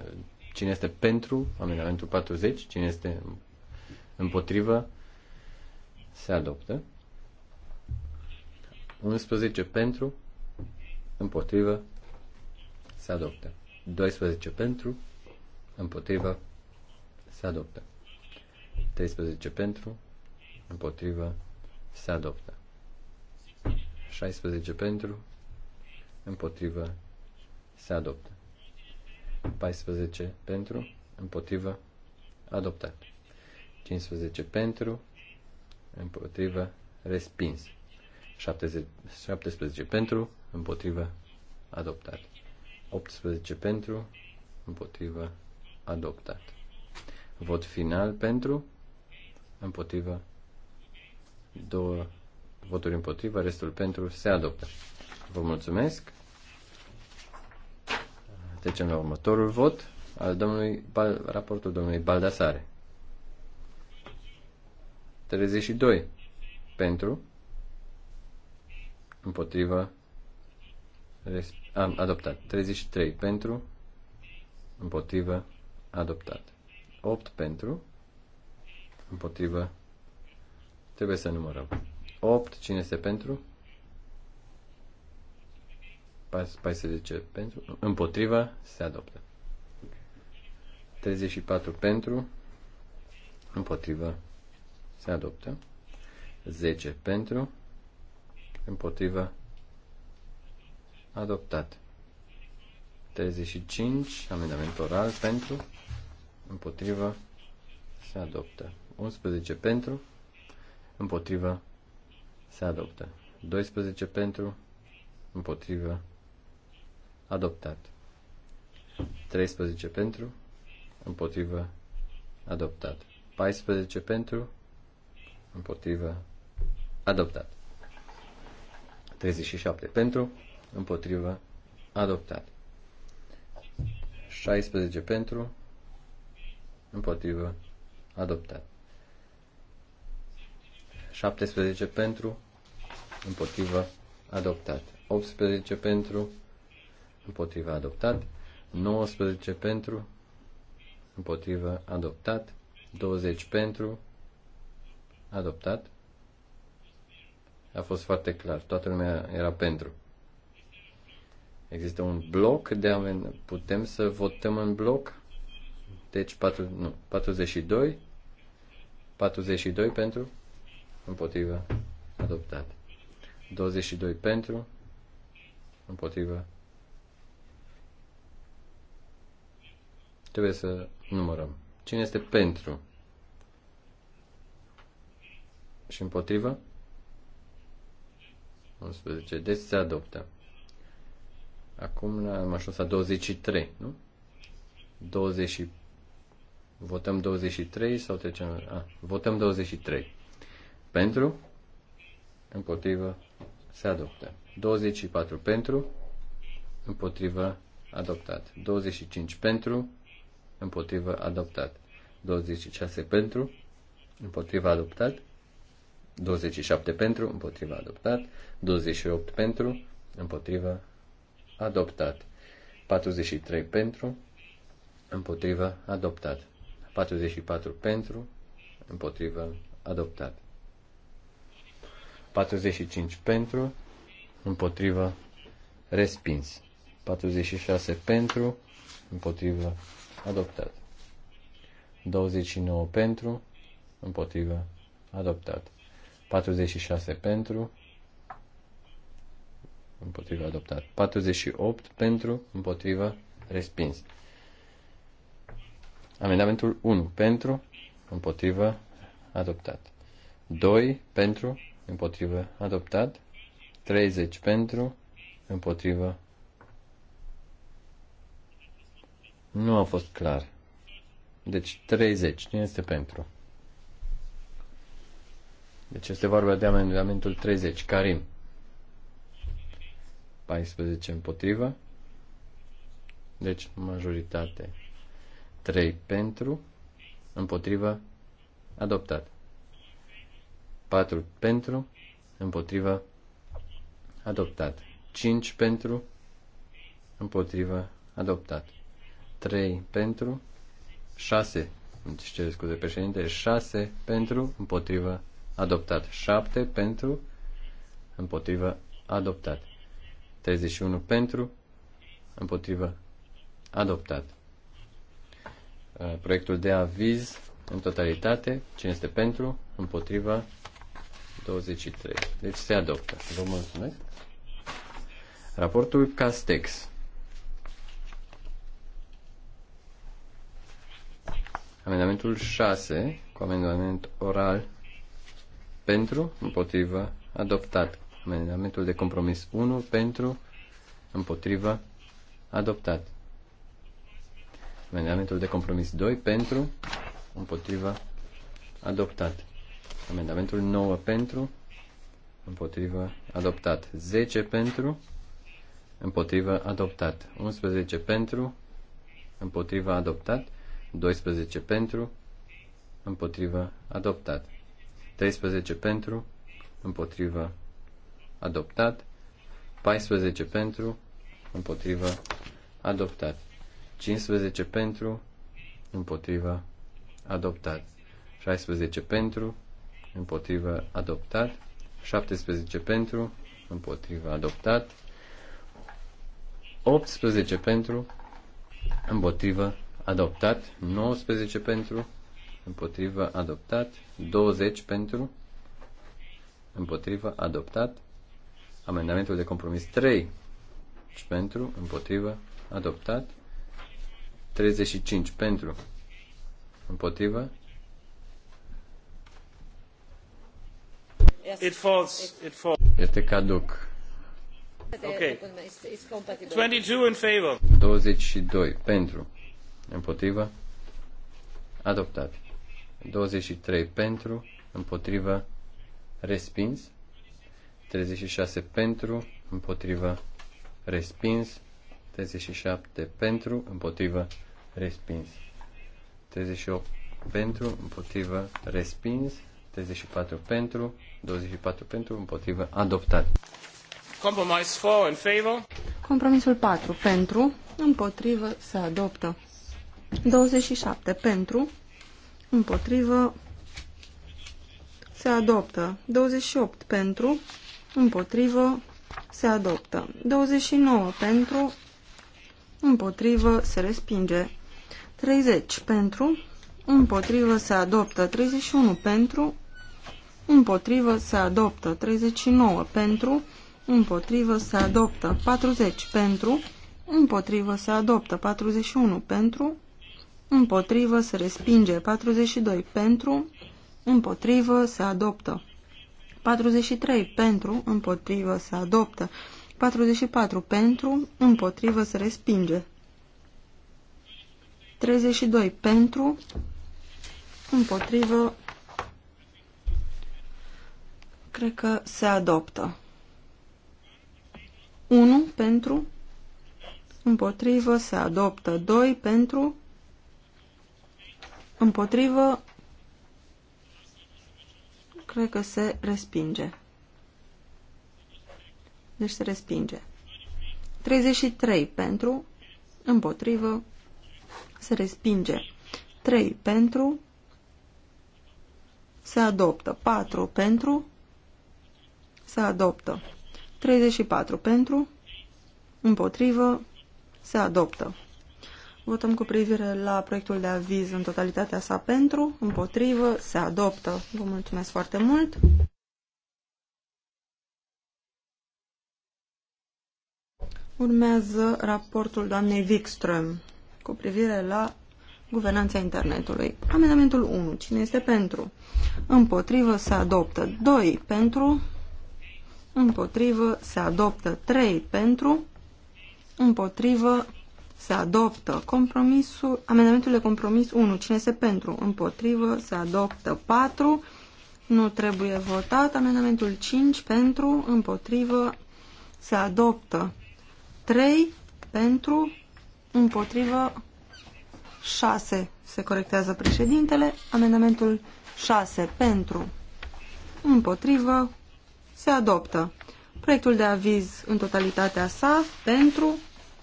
cine este pentru amendamentul 40, cine este Împotrivă. Se adoptă. 11 pentru. Împotrivă. Se adoptă. 12 pentru. Împotrivă. Se adoptă. 13 pentru. Împotrivă. Se adoptă. 16 pentru. Împotrivă. Se adoptă. 14 pentru. Împotrivă. Adoptat. 15 pentru, împotrivă, respins. 70, 17 pentru, împotrivă, adoptat. 18 pentru, împotrivă, adoptat. Vot final pentru, împotrivă, două voturi împotrivă, restul pentru, se adoptă. Vă mulțumesc. Trecem la următorul vot al domnului, raportul domnului Baldasare. 32 pentru, împotriva, am adoptat. 33 pentru, împotriva, adoptat. 8 pentru, împotriva, trebuie să numărăm. 8, cine este pentru? 14 pentru, împotriva, se adoptă. 34 pentru, împotriva, se adoptă. 10 pentru, împotrivă, adoptat. 35, amendament oral pentru, împotrivă, se adoptă. 11 pentru, împotrivă, se adoptă. 12 pentru, împotrivă, adoptat. 13 pentru, împotrivă, adoptat. 14 pentru, împotrivă, adoptat. 37 pentru, împotrivă, adoptat. 16 pentru, împotrivă, adoptat. 17 pentru, împotrivă, adoptat. 18 pentru, împotrivă, adoptat. 19 pentru, împotrivă, adoptat. 20 pentru, Adoptat. A fost foarte clar. Toată lumea era pentru. Există un bloc de amen... Putem să votăm în bloc? Deci 4, nu, 42. 42 pentru. Împotrivă. Adoptat. 22 pentru. Împotrivă. Trebuie să numărăm. Cine este pentru? și împotrivă? 11. Deci se adoptă. Acum am ajuns la 23, nu? 20. Votăm 23 sau trecem... A, votăm 23. Pentru? Împotrivă? Se adoptă. 24 pentru? Împotrivă? Adoptat. 25 pentru? Împotrivă? Adoptat. 26 pentru? Împotrivă? Adoptat. 27 pentru, împotriva adoptat, 28 pentru, împotriva adoptat, 43 pentru, împotriva adoptat, 44 pentru, împotriva adoptat, 45 pentru, împotriva respins, 46 pentru, împotriva adoptat, 29 pentru, împotriva adoptat. 46 pentru, împotriva adoptat. 48 pentru, împotriva respins. Amendamentul 1 pentru, împotriva adoptat. 2 pentru, împotriva adoptat. 30 pentru, împotriva. Nu a fost clar. Deci 30. Cine este pentru? Deci este vorba de amendamentul 30. Karim. 14 împotrivă. Deci majoritate. 3 pentru. Împotrivă. Adoptat. 4 pentru. Împotrivă. Adoptat. 5 pentru. Împotrivă. Adoptat. 3 pentru. 6. Deci cer scuze președinte. 6 pentru. Împotrivă adoptat adoptat. 7 pentru, împotrivă, adoptat. 31 pentru, împotrivă, adoptat. Uh, proiectul de aviz în totalitate, cine este pentru, împotriva, 23. Deci se adoptă. Vă mulțumesc. Raportul Castex. Amendamentul 6, cu amendament oral pentru, împotrivă, adoptat. Amendamentul de compromis 1 pentru, împotrivă, adoptat. Amendamentul de compromis 2 pentru, împotrivă, adoptat. Amendamentul 9 pentru, împotrivă, adoptat. 10 pentru, împotrivă, adoptat. 11 pentru, împotrivă, adoptat. 12 pentru, împotrivă, adoptat. 13 pentru, împotrivă, adoptat. 14 pentru, împotrivă, adoptat. 15 pentru, împotrivă, adoptat. 16 pentru, împotrivă, adoptat. 17 pentru, împotrivă, adoptat. 18 pentru, împotrivă, adoptat. 19 pentru, împotrivă adoptat, 20 pentru, împotrivă adoptat, amendamentul de compromis 3 deci pentru, împotrivă adoptat, 35 pentru, împotrivă. It falls. It falls. Este caduc. Okay. 22 in favor. 22 pentru. împotriva Adoptat. 23 pentru, împotrivă, respins. 36 pentru, împotrivă, respins. 37 pentru, împotrivă, respins. 38 pentru, împotrivă, respins. 34 pentru, 24 pentru, împotrivă, adoptat. Compromise 4 in favor. Compromisul 4 pentru, împotrivă, se adoptă. 27 pentru, împotrivă, se adoptă. 28 pentru, împotrivă, se adoptă. 29 pentru, împotrivă, se respinge. 30 pentru, împotrivă, se adoptă. 31 pentru, împotrivă, se adoptă. 39 pentru, împotrivă, se adoptă. 40 pentru, împotrivă, se adoptă. 41 pentru, împotrivă se respinge, 42 pentru, împotrivă se adoptă, 43 pentru, împotrivă se adoptă, 44 pentru, împotrivă se respinge, 32 pentru, împotrivă, cred că se adoptă. 1 pentru, împotrivă se adoptă, 2 pentru, Împotrivă. Cred că se respinge. Deci se respinge. 33 pentru. Împotrivă. Se respinge. 3 pentru. Se adoptă. 4 pentru. Se adoptă. 34 pentru. Împotrivă. Se adoptă. Votăm cu privire la proiectul de aviz în totalitatea sa pentru, împotrivă, se adoptă. Vă mulțumesc foarte mult! Urmează raportul doamnei Wikström cu privire la guvernanța internetului. Amendamentul 1. Cine este pentru? Împotrivă se adoptă. 2. Pentru. Împotrivă se adoptă. 3. Pentru. Împotrivă se adoptă. Compromisul, amendamentul de compromis 1. Cine este pentru? Împotrivă. Se adoptă 4. Nu trebuie votat. Amendamentul 5 pentru. Împotrivă. Se adoptă 3 pentru. Împotrivă. 6. Se corectează președintele. Amendamentul 6 pentru. Împotrivă. Se adoptă. Proiectul de aviz în totalitatea sa pentru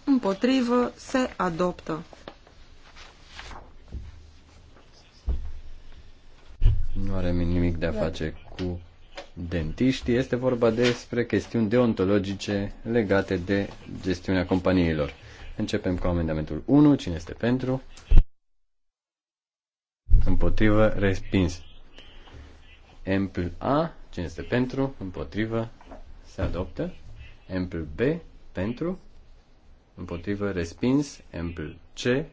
împotrivă, se adoptă. Nu are nimic de a da. face cu dentiștii, este vorba despre chestiuni deontologice legate de gestiunea companiilor. Începem cu amendamentul 1. Cine este pentru? Împotrivă, respins. Ampl A, cine este pentru, împotrivă, se adoptă. Ampl B, pentru, împotrivă, respins, ample C,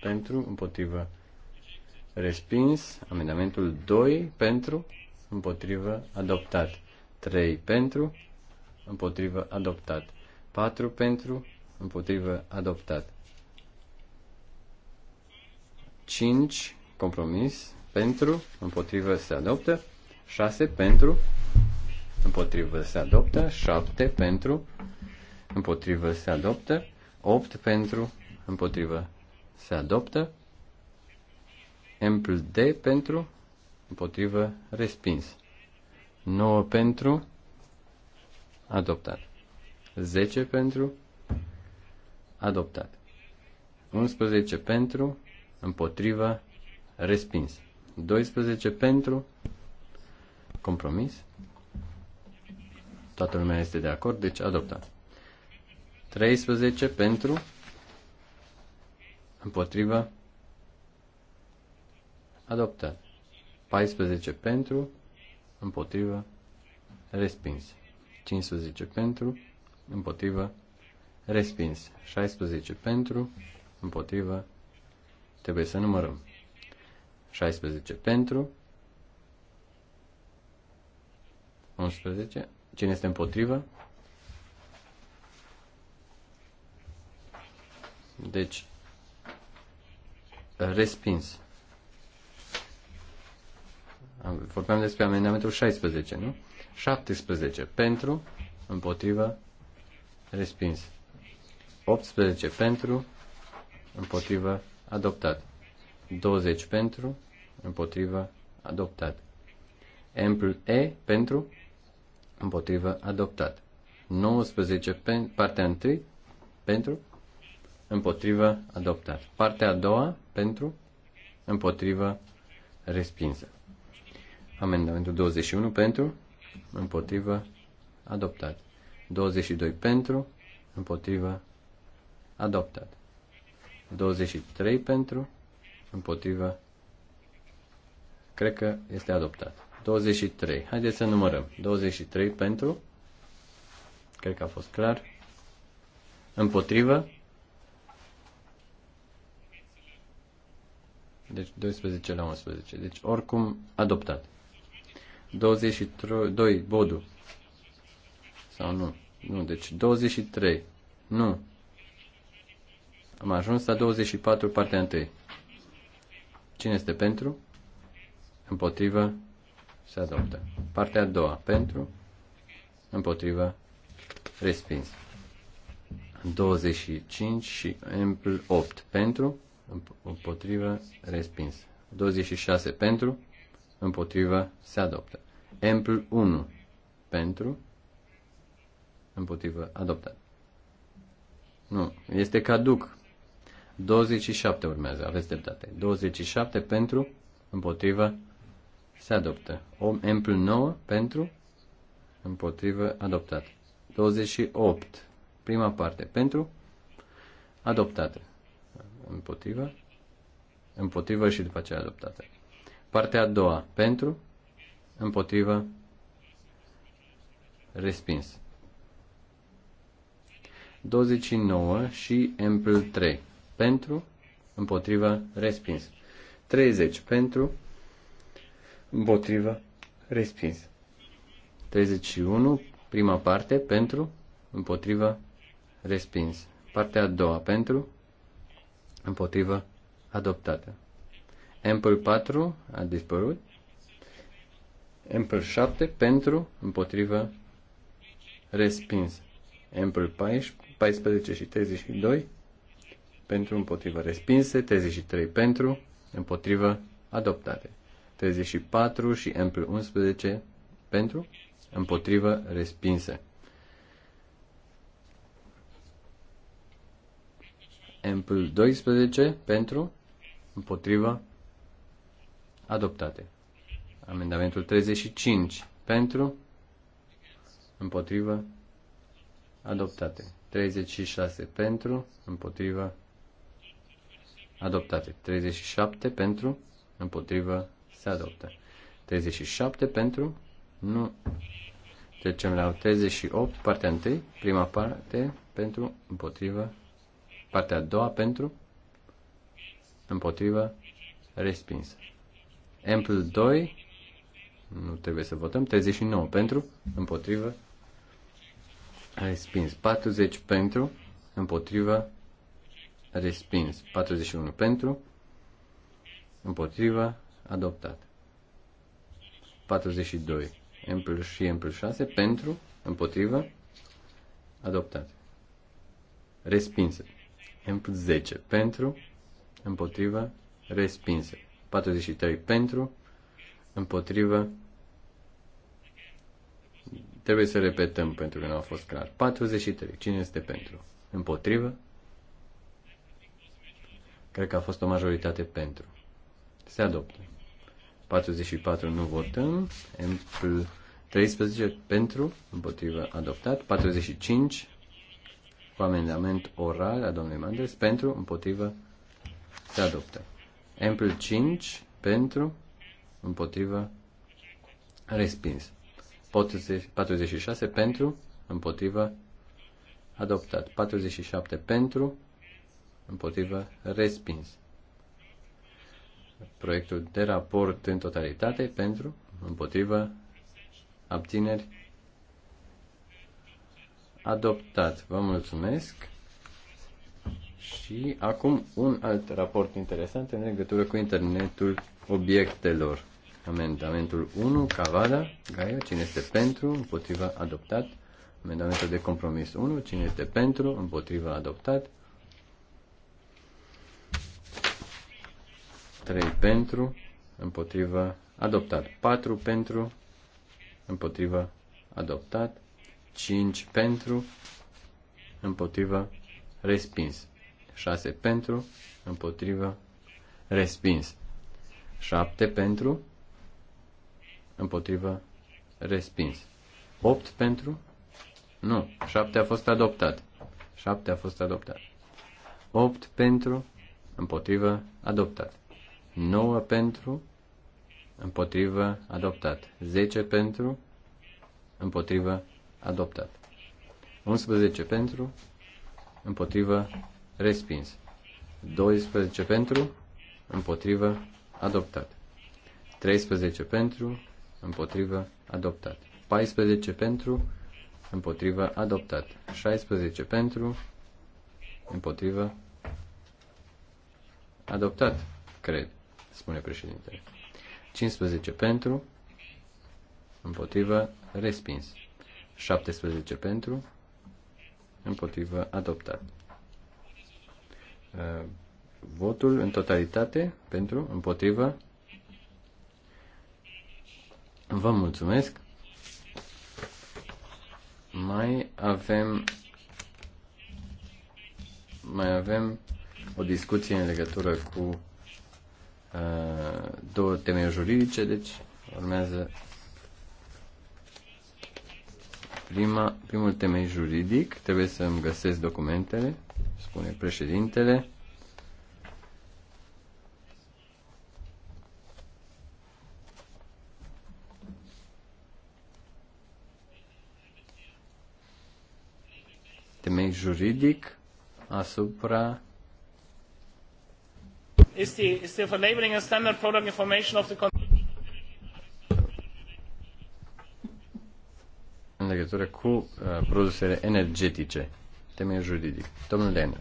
pentru, împotrivă, respins, amendamentul 2, pentru, împotrivă, adoptat, 3, pentru, împotrivă, adoptat, 4, pentru, împotrivă, adoptat, 5, compromis, pentru, împotrivă, se adoptă, 6, pentru, împotrivă, se adoptă, 7, pentru, împotrivă, se adoptă, 8 pentru, împotrivă, se adoptă. M plus D pentru, împotrivă, respins. 9 pentru, adoptat. 10 pentru, adoptat. 11 pentru, împotrivă, respins. 12 pentru, compromis. Toată lumea este de acord, deci adoptat. 13 pentru, împotriva, adoptat. 14 pentru, împotriva, respins. 15 pentru, împotriva, respins. 16 pentru, împotriva, trebuie să numărăm. 16 pentru, 11, cine este împotrivă, Deci, respins. Vorbeam despre amendamentul 16, nu? 17 pentru, împotriva, respins. 18 pentru, împotriva, adoptat. 20 pentru, împotriva, adoptat. Ample E pentru, împotriva, adoptat. 19 pen, partea 1 pentru, împotrivă, adoptat. Partea a doua, pentru, împotrivă, respinsă. Amendamentul 21 pentru, împotrivă, adoptat. 22 pentru, împotrivă, adoptat. 23 pentru, împotrivă, cred că este adoptat. 23. Haideți să numărăm. 23 pentru, cred că a fost clar, împotrivă, Deci 12 la 11. Deci oricum adoptat. 22, Bodu. Sau nu? Nu, deci 23. Nu. Am ajuns la 24, partea 1. Cine este pentru? Împotrivă? Se adoptă. Partea a doua. Pentru? Împotrivă? Respins. 25 și ampl 8. Pentru? împotrivă, respins. 26 pentru, împotrivă, se adoptă. Ampl 1 pentru, împotrivă, adoptă. Nu, este caduc. 27 urmează, aveți dreptate. 27 pentru, împotrivă, se adoptă. Om 9 pentru, împotrivă, adoptat. 28, prima parte, pentru, adoptată împotrivă, împotrivă și după aceea adoptată. Partea a doua, pentru, împotrivă, respins. 29 și ampl 3. Pentru, împotrivă, respins. 30 pentru, împotrivă, respins. 31, prima parte, pentru, împotrivă, respins. Partea a doua, pentru, împotrivă, adoptată. Ample 4 a dispărut. Ample 7 pentru, împotrivă, respins. Ample 14 și 32 pentru, împotrivă, respinse. 33 pentru, împotrivă, adoptate. 34 și Ample 11 pentru, împotrivă, respinse. Ample 12 pentru, împotriva, adoptate. Amendamentul 35 pentru, împotriva, adoptate. 36 pentru, împotriva, adoptate. 37 pentru, împotriva, se adoptă. 37 pentru, nu. Trecem la 38, partea 1, prima parte, pentru, împotriva, Partea a doua pentru, împotrivă, respins. Ample 2, nu trebuie să votăm, 39 pentru, împotrivă, respins. 40 pentru, împotrivă, respins. 41 pentru, împotrivă, adoptat. 42. M plus și M plus 6 pentru, împotrivă, adoptat. Respinse. Empl 10 pentru, împotriva, respinse. 43 pentru, împotriva, trebuie să repetăm pentru că nu a fost clar. 43. Cine este pentru? Împotrivă? Cred că a fost o majoritate pentru. Se adoptă. 44 nu votăm. Empl 13 pentru, împotrivă adoptat. 45 cu amendament oral a domnului mandres pentru, împotrivă, se adoptă. Ampl 5 pentru, împotrivă, respins. 46 pentru, împotrivă, adoptat. 47 pentru, împotrivă, respins. Proiectul de raport în totalitate pentru, împotrivă, abțineri, adoptat. Vă mulțumesc. Și acum un alt raport interesant în legătură cu internetul obiectelor. Amendamentul 1, Cavada, Gaia, cine este pentru, împotriva, adoptat. Amendamentul de compromis 1, cine este pentru, împotriva, adoptat. 3 pentru, împotriva, adoptat. 4 pentru, împotriva, adoptat. 5 pentru, împotrivă, respins. 6 pentru, împotrivă, respins. 7 pentru, împotrivă, respins. 8 pentru, nu, 7 a fost adoptat. 7 a fost adoptat. 8 pentru, împotrivă, adoptat. 9 pentru, împotrivă, adoptat. 10 pentru, împotrivă, adoptat. 11 pentru, împotrivă, respins. 12 pentru, împotrivă, adoptat. 13 pentru, împotrivă, adoptat. 14 pentru, împotrivă, adoptat. 16 pentru, împotrivă, adoptat, cred, spune președintele. 15 pentru, împotrivă, respins. 17 pentru, împotrivă, adoptat. Uh, votul în totalitate pentru, împotrivă. Vă mulțumesc. Mai avem mai avem o discuție în legătură cu uh, două teme juridice, deci urmează prima, primul temei juridic. Trebuie să îmi găsesc documentele, spune președintele. temei juridic asupra Is the, is the labeling and standard product information of the legătură cu uh, produsele energetice. Temeiul juridic. Domnul Lehner.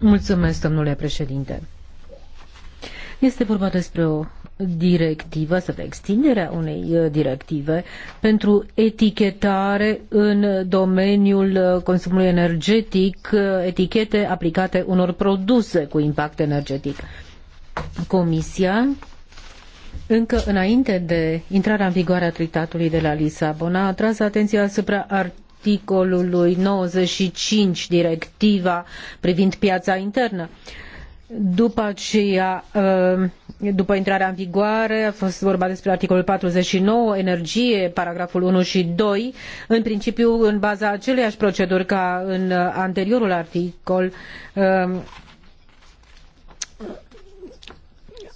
Mulțumesc, domnule președinte. Este vorba despre o directivă să de extinderea unei uh, directive pentru etichetare în domeniul uh, consumului energetic, uh, etichete aplicate unor produse cu impact energetic. Comisia încă înainte de intrarea în vigoare a tratatului de la Lisabona, a atras atenția asupra articolului 95, directiva privind piața internă. După aceea, uh, după intrarea în vigoare, a fost vorba despre articolul 49, energie, paragraful 1 și 2, în principiu în baza aceleiași proceduri ca în anteriorul articol uh,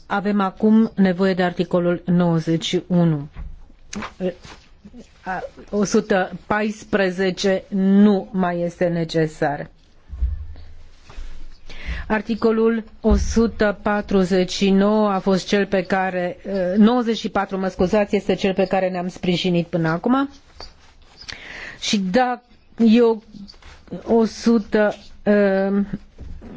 Avem acum nevoie de articolul 91. 114 nu mai este necesar. Articolul 149 a fost cel pe care 94, eh, mă scuzați, este cel pe care ne-am sprijinit până acum. Și da, eu 100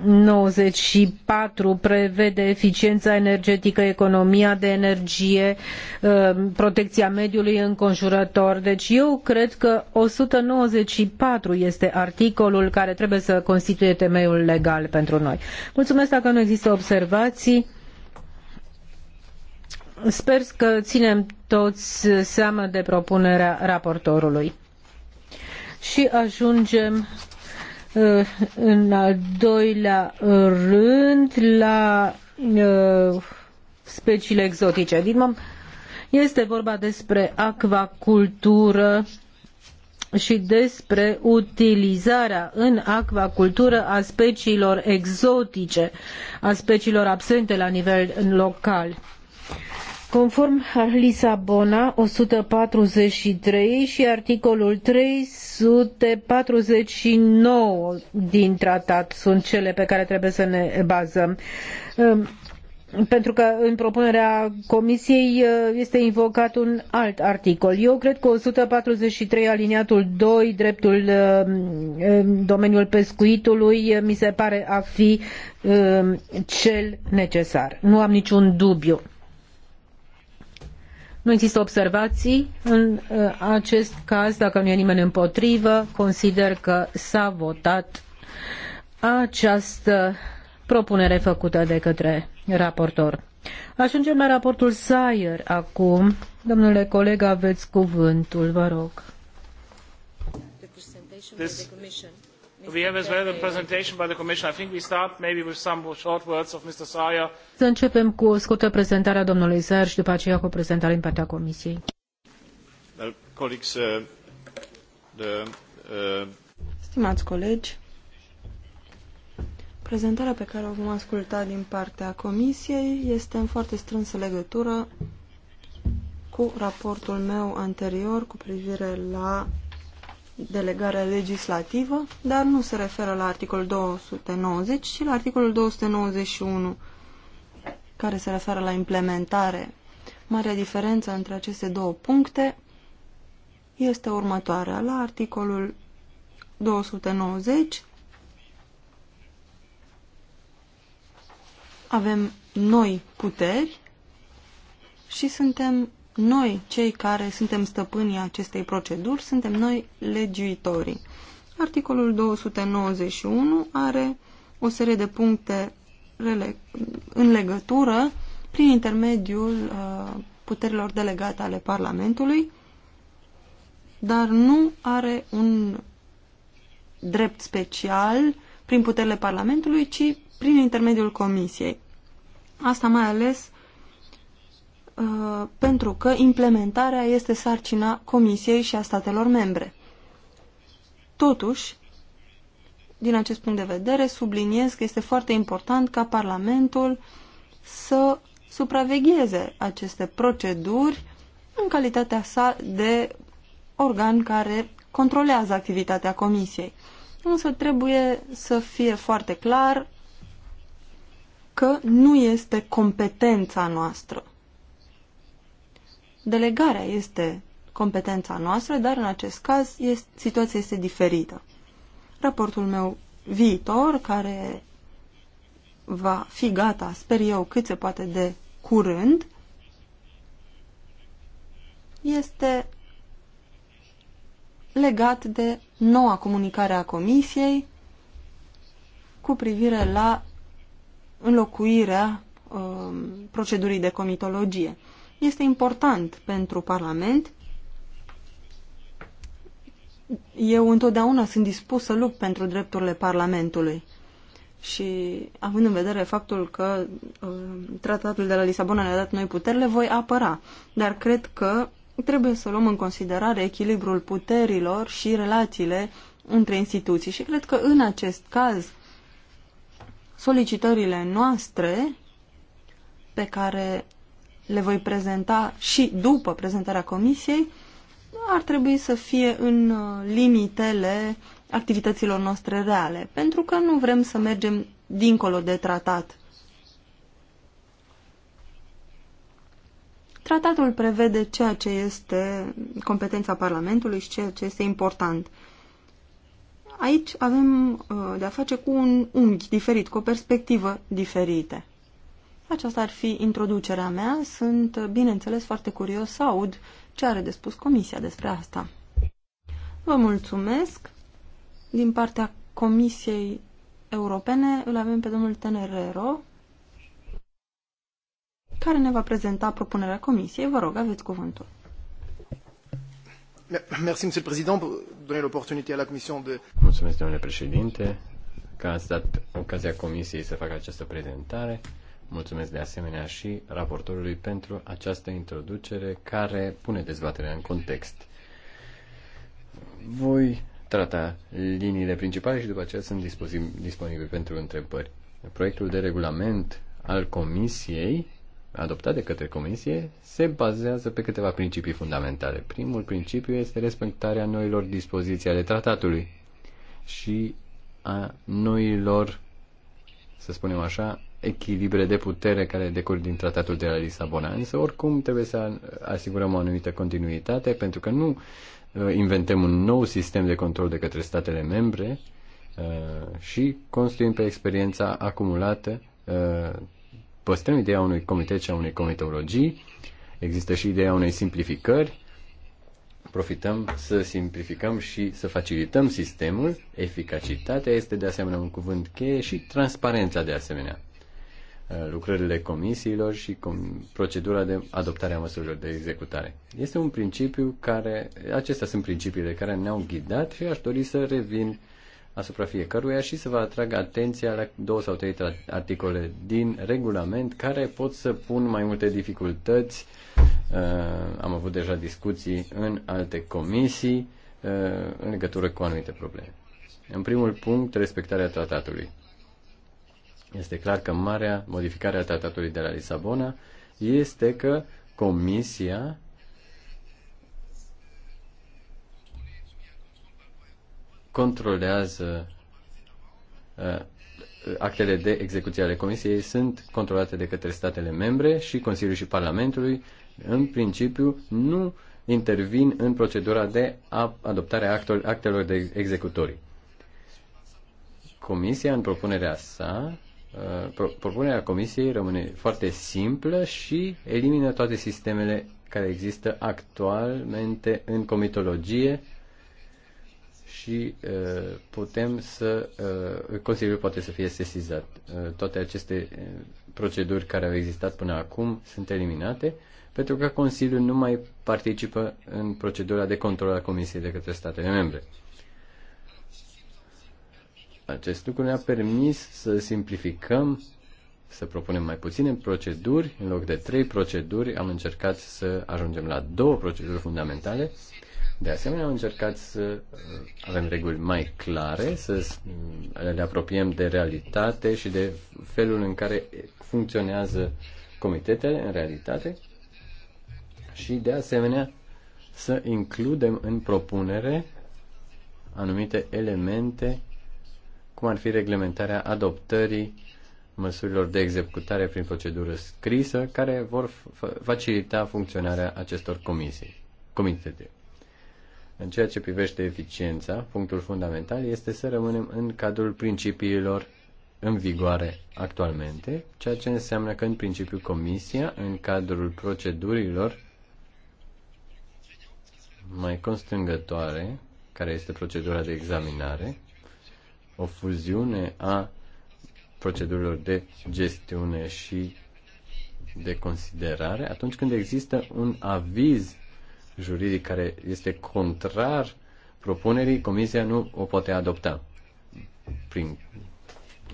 94 prevede eficiența energetică, economia de energie, uh, protecția mediului înconjurător. Deci eu cred că 194 este articolul care trebuie să constituie temeiul legal pentru noi. Mulțumesc dacă nu există observații. Sper că ținem toți seama de propunerea raportorului. Și ajungem Eh, în al doilea rând, la eh, speciile exotice. este vorba despre acvacultură și despre utilizarea în acvacultură a speciilor exotice, a speciilor absente la nivel local. Conform Lisabona 143 și articolul 3 149 din tratat sunt cele pe care trebuie să ne bazăm. Ehm, pentru că în propunerea comisiei eh, este invocat un alt articol. Eu cred că 143 aliniatul 2, dreptul eh, domeniul pescuitului, eh, mi se pare a fi cel necesar. Nu am niciun dubiu. Nu există observații în uh, acest caz. Dacă nu e nimeni împotrivă, consider că s-a votat această propunere făcută de către raportor. Ajungem la raportul Sayer acum. Domnule coleg, aveți cuvântul, vă rog. This, We have as well a presentation by the Commission. I think we start maybe with some short words of Mr. Sayer. Să începem cu o scurtă prezentare a domnului Sayer și după aceea cu o prezentare partea Comisiei. Well, colleagues, uh, the, uh... Stimați colegi, prezentarea pe care o vom asculta din partea Comisiei este în foarte strânsă legătură cu raportul meu anterior cu privire la delegarea legislativă, dar nu se referă la articolul 290, ci la articolul 291, care se referă la implementare. Marea diferență între aceste două puncte este următoarea. La articolul 290 avem noi puteri și suntem noi, cei care suntem stăpânii acestei proceduri, suntem noi legiuitorii. Articolul 291 are o serie de puncte în legătură prin intermediul uh, puterilor delegate ale Parlamentului, dar nu are un drept special prin puterile Parlamentului, ci prin intermediul Comisiei. Asta mai ales Uh, pentru că implementarea este sarcina Comisiei și a statelor membre. Totuși, din acest punct de vedere, subliniez că este foarte important ca Parlamentul să supravegheze aceste proceduri în calitatea sa de organ care controlează activitatea Comisiei. Însă trebuie să fie foarte clar că nu este competența noastră. Delegarea este competența noastră, dar în acest caz este, situația este diferită. Raportul meu viitor, care va fi gata, sper eu, cât se poate de curând, este legat de noua comunicare a Comisiei cu privire la înlocuirea um, procedurii de comitologie este important pentru Parlament. Eu întotdeauna sunt dispus să lupt pentru drepturile Parlamentului. Și având în vedere faptul că uh, tratatul de la Lisabona ne-a dat noi puterile, voi apăra. Dar cred că trebuie să luăm în considerare echilibrul puterilor și relațiile între instituții. Și cred că în acest caz solicitările noastre pe care le voi prezenta și după prezentarea comisiei, ar trebui să fie în uh, limitele activităților noastre reale, pentru că nu vrem să mergem dincolo de tratat. Tratatul prevede ceea ce este competența Parlamentului și ceea ce este important. Aici avem uh, de-a face cu un unghi diferit, cu o perspectivă diferită. Aceasta ar fi introducerea mea. Sunt, bineînțeles, foarte curios să aud ce are de spus Comisia despre asta. Vă mulțumesc. Din partea Comisiei Europene îl avem pe domnul Tenerero, care ne va prezenta propunerea Comisiei. Vă rog, aveți cuvântul. Merci, Monsieur le Président, pour donner l'opportunité à la Commission de... Mulțumesc, domnule președinte, că ați dat ocazia Comisiei să facă această prezentare. Mulțumesc de asemenea și raportorului pentru această introducere care pune dezbaterea în context. Voi trata liniile principale și după aceea sunt disponibil pentru întrebări. Proiectul de regulament al Comisiei, adoptat de către Comisie, se bazează pe câteva principii fundamentale. Primul principiu este respectarea noilor dispoziții ale tratatului și a noilor, să spunem așa, echilibre de putere care decurg din tratatul de la Lisabona. Însă, oricum, trebuie să asigurăm o anumită continuitate, pentru că nu uh, inventăm un nou sistem de control de către statele membre uh, și construim pe experiența acumulată, uh, păstrăm ideea unui comitet și a unei comitologii, există și ideea unei simplificări, profităm să simplificăm și să facilităm sistemul, eficacitatea este de asemenea un cuvânt cheie și transparența de asemenea. Uh, lucrările comisiilor și com- procedura de adoptare a măsurilor de executare. Este un principiu care, acestea sunt principiile care ne-au ghidat și aș dori să revin asupra fiecăruia și să vă atrag atenția la două sau trei articole din regulament care pot să pun mai multe dificultăți. Uh, am avut deja discuții în alte comisii uh, în legătură cu anumite probleme. În primul punct, respectarea tratatului. Este clar că marea modificare a tratatului de la Lisabona este că Comisia controlează uh, actele de execuție ale Comisiei sunt controlate de către statele membre și Consiliul și Parlamentului, în principiu, nu intervin în procedura de adoptare a actelor de executorii. Comisia, în propunerea sa, Uh, propunerea Comisiei rămâne foarte simplă și elimină toate sistemele care există actualmente în comitologie și uh, putem să, uh, Consiliul poate să fie sesizat. Toate aceste proceduri care au existat până acum sunt eliminate pentru că Consiliul nu mai participă în procedura de control a Comisiei de către statele membre. Acest lucru ne-a permis să simplificăm, să propunem mai puține proceduri. În loc de trei proceduri, am încercat să ajungem la două proceduri fundamentale. De asemenea, am încercat să uh, avem reguli mai clare, să uh, le apropiem de realitate și de felul în care funcționează comitetele în realitate și, de asemenea, să includem în propunere anumite elemente cum ar fi reglementarea adoptării măsurilor de executare prin procedură scrisă, care vor facilita funcționarea acestor comisii, comitete. În ceea ce privește eficiența, punctul fundamental este să rămânem în cadrul principiilor în vigoare actualmente, ceea ce înseamnă că în principiu Comisia, în cadrul procedurilor mai constrângătoare, care este procedura de examinare, o fuziune a procedurilor de gestiune și de considerare atunci când există un aviz juridic care este contrar propunerii, comisia nu o poate adopta. Prin...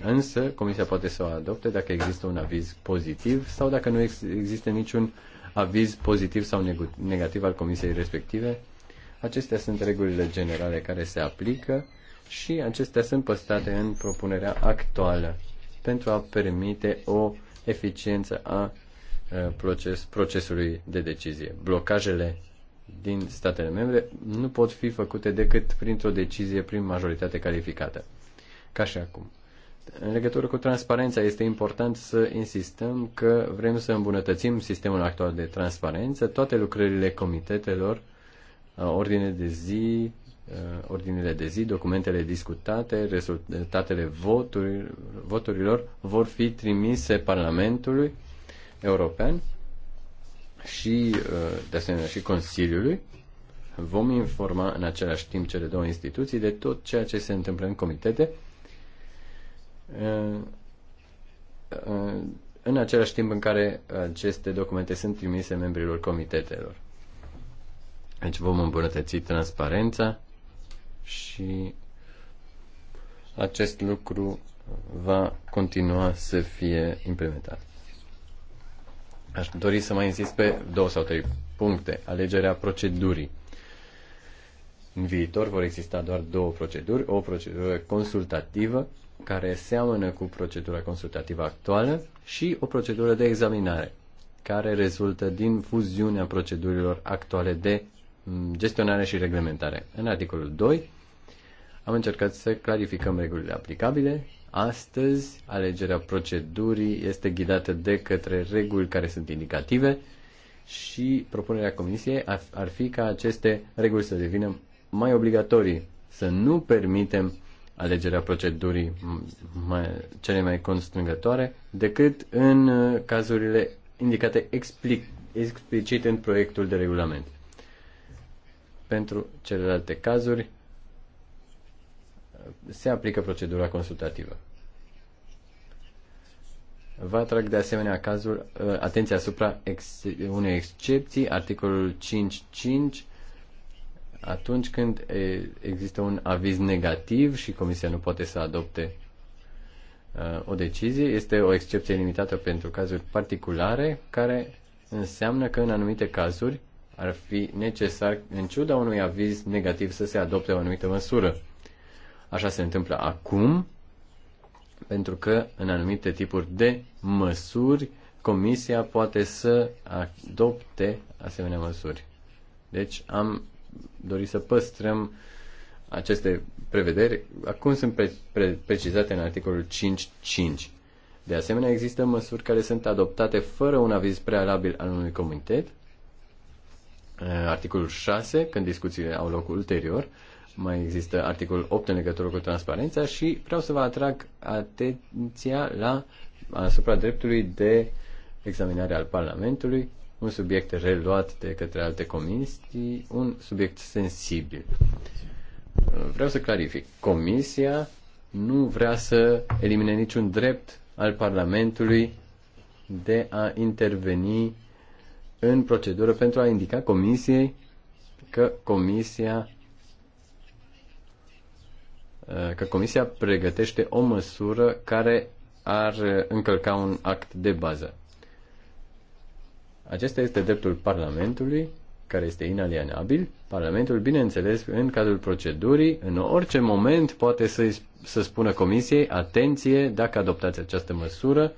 Însă, comisia poate să o adopte dacă există un aviz pozitiv sau dacă nu există niciun aviz pozitiv sau negativ al comisiei respective. Acestea sunt regulile generale care se aplică și acestea sunt păstrate în propunerea actuală pentru a permite o eficiență a proces, procesului de decizie. Blocajele din statele membre nu pot fi făcute decât printr-o decizie prin majoritate calificată. Ca și acum. În legătură cu transparența, este important să insistăm că vrem să îmbunătățim sistemul actual de transparență. Toate lucrările comitetelor, ordine de zi, Uh, ordinele de zi, documentele discutate, rezultatele voturi, voturilor vor fi trimise Parlamentului European și, uh, de asemenea, și Consiliului. Vom informa în același timp cele două instituții de tot ceea ce se întâmplă în comitete. Uh, în același timp în care aceste documente sunt trimise membrilor comitetelor. Deci vom îmbunătăți transparența și acest lucru va continua să fie implementat. Aș dori să mai insist pe două sau trei puncte. Alegerea procedurii. În viitor vor exista doar două proceduri, o procedură consultativă care seamănă cu procedura consultativă actuală și o procedură de examinare care rezultă din fuziunea procedurilor actuale de gestionare și reglementare. În articolul 2 am încercat să clarificăm regulile aplicabile. Astăzi, alegerea procedurii este ghidată de către reguli care sunt indicative și propunerea Comisiei ar fi ca aceste reguli să devină mai obligatorii, să nu permitem alegerea procedurii mai, cele mai constrângătoare decât în uh, cazurile indicate explic, explicit în proiectul de regulament. Pentru celelalte cazuri, se aplică procedura consultativă. Vă atrag de asemenea cazul, uh, atenția asupra ex, unei excepții, articolul 5.5, atunci când există un aviz negativ și Comisia nu poate să adopte uh, o decizie, este o excepție limitată pentru cazuri particulare, care înseamnă că în anumite cazuri ar fi necesar, în ciuda unui aviz negativ, să se adopte o anumită măsură. Așa se întâmplă acum, pentru că în anumite tipuri de măsuri, Comisia poate să adopte asemenea măsuri. Deci am dorit să păstrăm aceste prevederi, acum sunt pre- pre- precizate în articolul 5.5. De asemenea, există măsuri care sunt adoptate fără un aviz prealabil al unui comitet, articolul 6, când discuțiile au loc ulterior, mai există articolul 8 în legătură cu transparența și vreau să vă atrag atenția la asupra dreptului de examinare al Parlamentului, un subiect reluat de către alte comisii, un subiect sensibil. Vreau să clarific. Comisia nu vrea să elimine niciun drept al Parlamentului de a interveni în procedură pentru a indica Comisiei că Comisia Uh, că Comisia pregătește o măsură care ar încălca un act de bază. Acesta este dreptul Parlamentului, care este inalienabil. Parlamentul, bineînțeles, în cadrul procedurii, în orice moment poate să, să spună Comisiei, atenție, dacă adoptați această măsură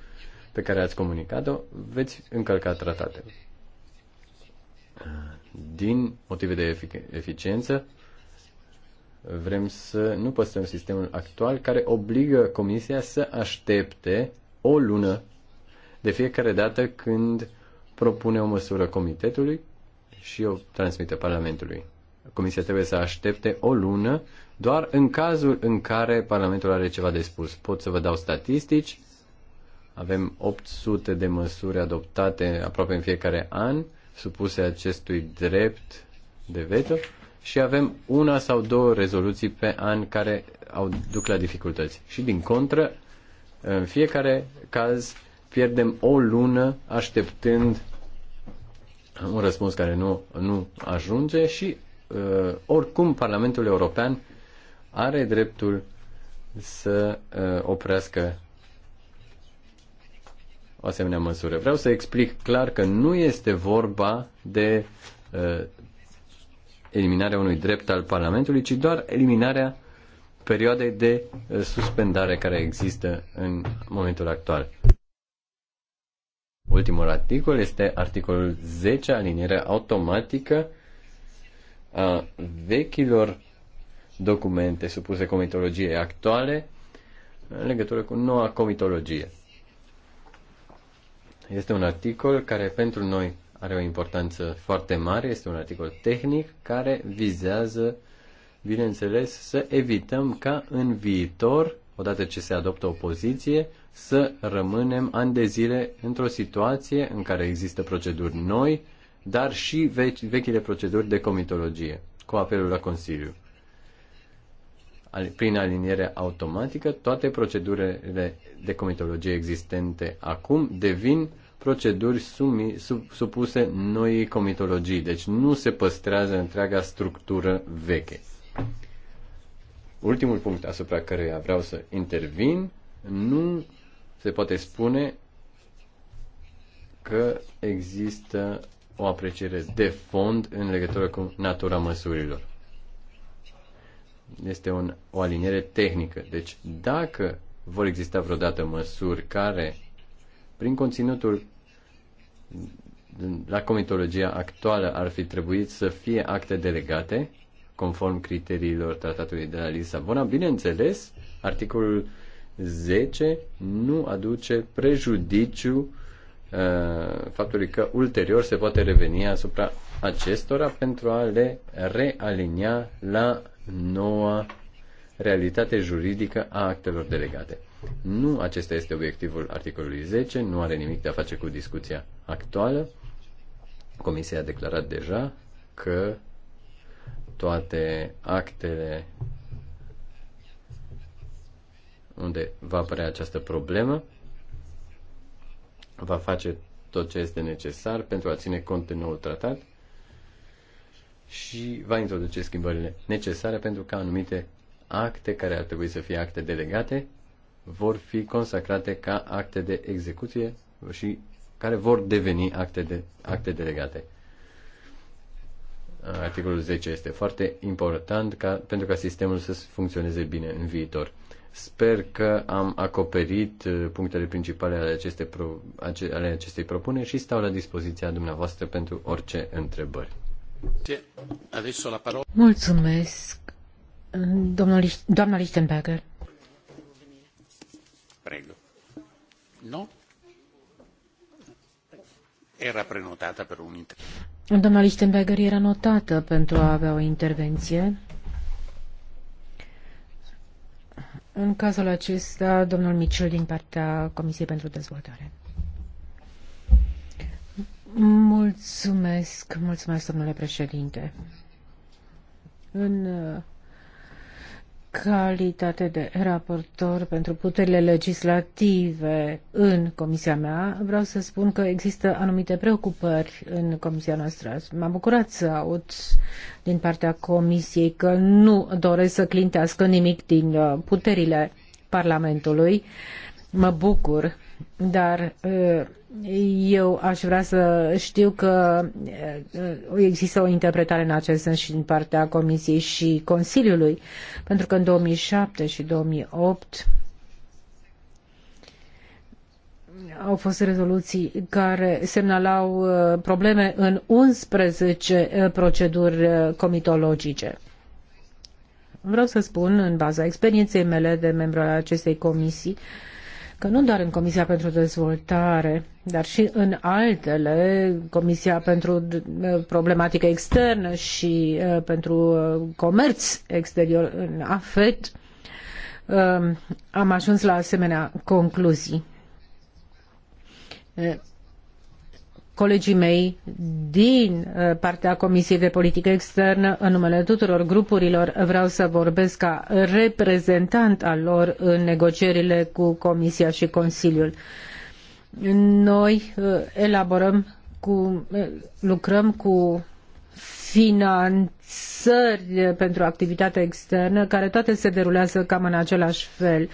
pe care ați comunicat-o, veți încălca tratatele. Din motive de efic- eficiență, Vrem să nu păstrăm sistemul actual care obligă Comisia să aștepte o lună de fiecare dată când propune o măsură Comitetului și o transmite Parlamentului. Comisia trebuie să aștepte o lună doar în cazul în care Parlamentul are ceva de spus. Pot să vă dau statistici. Avem 800 de măsuri adoptate aproape în fiecare an, supuse acestui drept de veto și avem una sau două rezoluții pe an care au, duc la dificultăți. Și din contră, în fiecare caz pierdem o lună așteptând un răspuns care nu, nu ajunge și uh, oricum Parlamentul European are dreptul să uh, oprească o asemenea măsură. Vreau să explic clar că nu este vorba de uh, eliminarea unui drept al Parlamentului, ci doar eliminarea perioadei de uh, suspendare care există în momentul actual. Ultimul articol este articolul 10, alinierea automatică a vechilor documente supuse comitologiei actuale în legătură cu noua comitologie. Este un articol care pentru noi are o importanță foarte mare, este un articol tehnic care vizează, bineînțeles, să evităm ca în viitor, odată ce se adoptă o poziție, să rămânem ani de zile într-o situație în care există proceduri noi, dar și vechi, vechile proceduri de comitologie, cu apelul la Consiliu. Prin aliniere automatică, toate procedurile de comitologie existente acum devin proceduri sumi, sub, supuse noii comitologii. Deci nu se păstrează întreaga structură veche. Ultimul punct asupra căruia vreau să intervin, nu se poate spune că există o apreciere de fond în legătură cu natura măsurilor. Este un, o aliniere tehnică. Deci, dacă vor exista vreodată măsuri care prin conținutul la comitologia actuală ar fi trebuit să fie acte delegate, conform criteriilor tratatului de la Lisabona. Bineînțeles, articolul 10 nu aduce prejudiciu uh, faptului că ulterior se poate reveni asupra acestora pentru a le realinia la noua realitate juridică a actelor delegate. Nu acesta este obiectivul articolului 10, nu are nimic de a face cu discuția actuală. Comisia a declarat deja că toate actele unde va apărea această problemă va face tot ce este necesar pentru a ține cont de noul tratat și va introduce schimbările necesare pentru ca anumite acte care ar trebui să fie acte delegate vor fi consacrate ca acte de execuție și care vor deveni acte, de, acte delegate. Articolul 10 este foarte important ca, pentru ca sistemul să funcționeze bine în viitor. Sper că am acoperit uh, punctele principale ale, aceste pro, ale acestei propuneri și stau la dispoziția dumneavoastră pentru orice întrebări. Mulțumesc, domnul, doamna Lichtenberger. Prego. Nu? Era prenotată pentru un intervenție. Doamna Lichtenberger era notată pentru a avea o intervenție. În cazul acesta, domnul Mitchell din partea Comisiei pentru Dezvoltare. Mulțumesc, mulțumesc, domnule președinte. În calitate de raportor pentru puterile legislative în comisia mea, vreau să spun că există anumite preocupări în comisia noastră. M-am bucurat să aud din partea comisiei că nu doresc să clintească nimic din uh, puterile Parlamentului. Mă bucur dar eu aș vrea să știu că există o interpretare în acest sens și din partea Comisiei și Consiliului, pentru că în 2007 și 2008 au fost rezoluții care semnalau probleme în 11 proceduri comitologice. Vreau să spun, în baza experienței mele de membru al acestei comisii, că nu doar în Comisia pentru Dezvoltare, dar și în altele, Comisia pentru uh, Problematică Externă și uh, pentru uh, Comerț Exterior în AFET, um, am ajuns la asemenea concluzii colegii mei din uh, partea Comisiei de Politică Externă, în numele tuturor grupurilor, vreau să vorbesc ca reprezentant al lor în negocierile cu Comisia și Consiliul. Noi uh, elaborăm cu, uh, lucrăm cu finanțări pentru activitatea externă, care toate se derulează cam în același fel.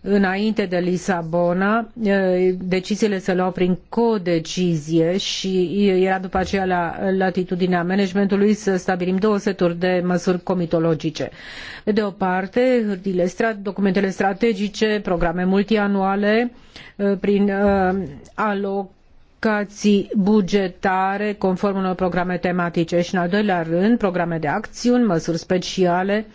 Înainte de Lisabona, eh, deciziile se luau prin codecizie și era după aceea la latitudinea managementului să stabilim două seturi de măsuri comitologice. De o parte, hârtile, documentele strategice, programe multianuale, eh, prin eh, aloc alocații bugetare conform unor programe tematice și, în al doilea rând, programe de aciuni măsuri speciale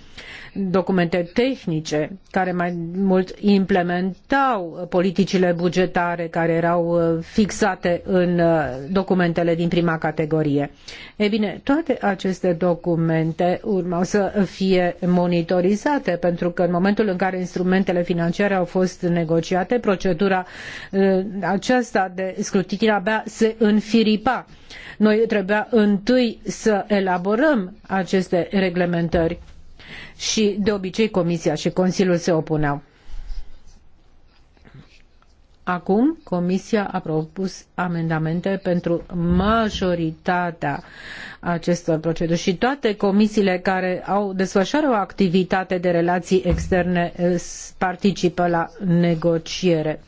documente tehnice care mai mult implementau politicile bugetare care erau uh, fixate în uh, documentele din prima categorie. Ei bine, toate aceste documente urmau să fie monitorizate pentru că în momentul în care instrumentele financiare au fost negociate, procedura uh, aceasta de scrutin abia se înfiripa. Noi trebuia întâi să elaborăm aceste reglementări și de obicei Comisia și Consiliul se opuneau. Acum Comisia a propus amendamente pentru majoritatea acestor proceduri și toate comisiile care au desfășoară o activitate de relații externe eh, participă la negociere.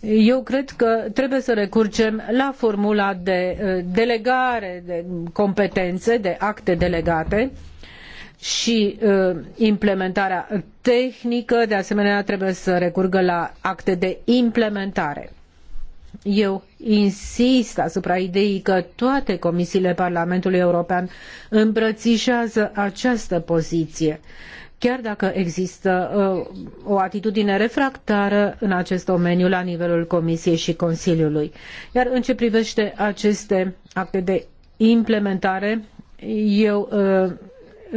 Eu cred că trebuie să recurgem la formula de eh, delegare de competențe, de acte delegate, și uh, implementarea tehnică, de asemenea trebuie să recurgă la acte de implementare. Eu insist asupra ideii că toate comisiile Parlamentului European îmbrățișează această poziție, chiar dacă există uh, o atitudine refractară în acest domeniu la nivelul Comisiei și Consiliului. Iar în ce privește aceste acte de implementare, eu uh,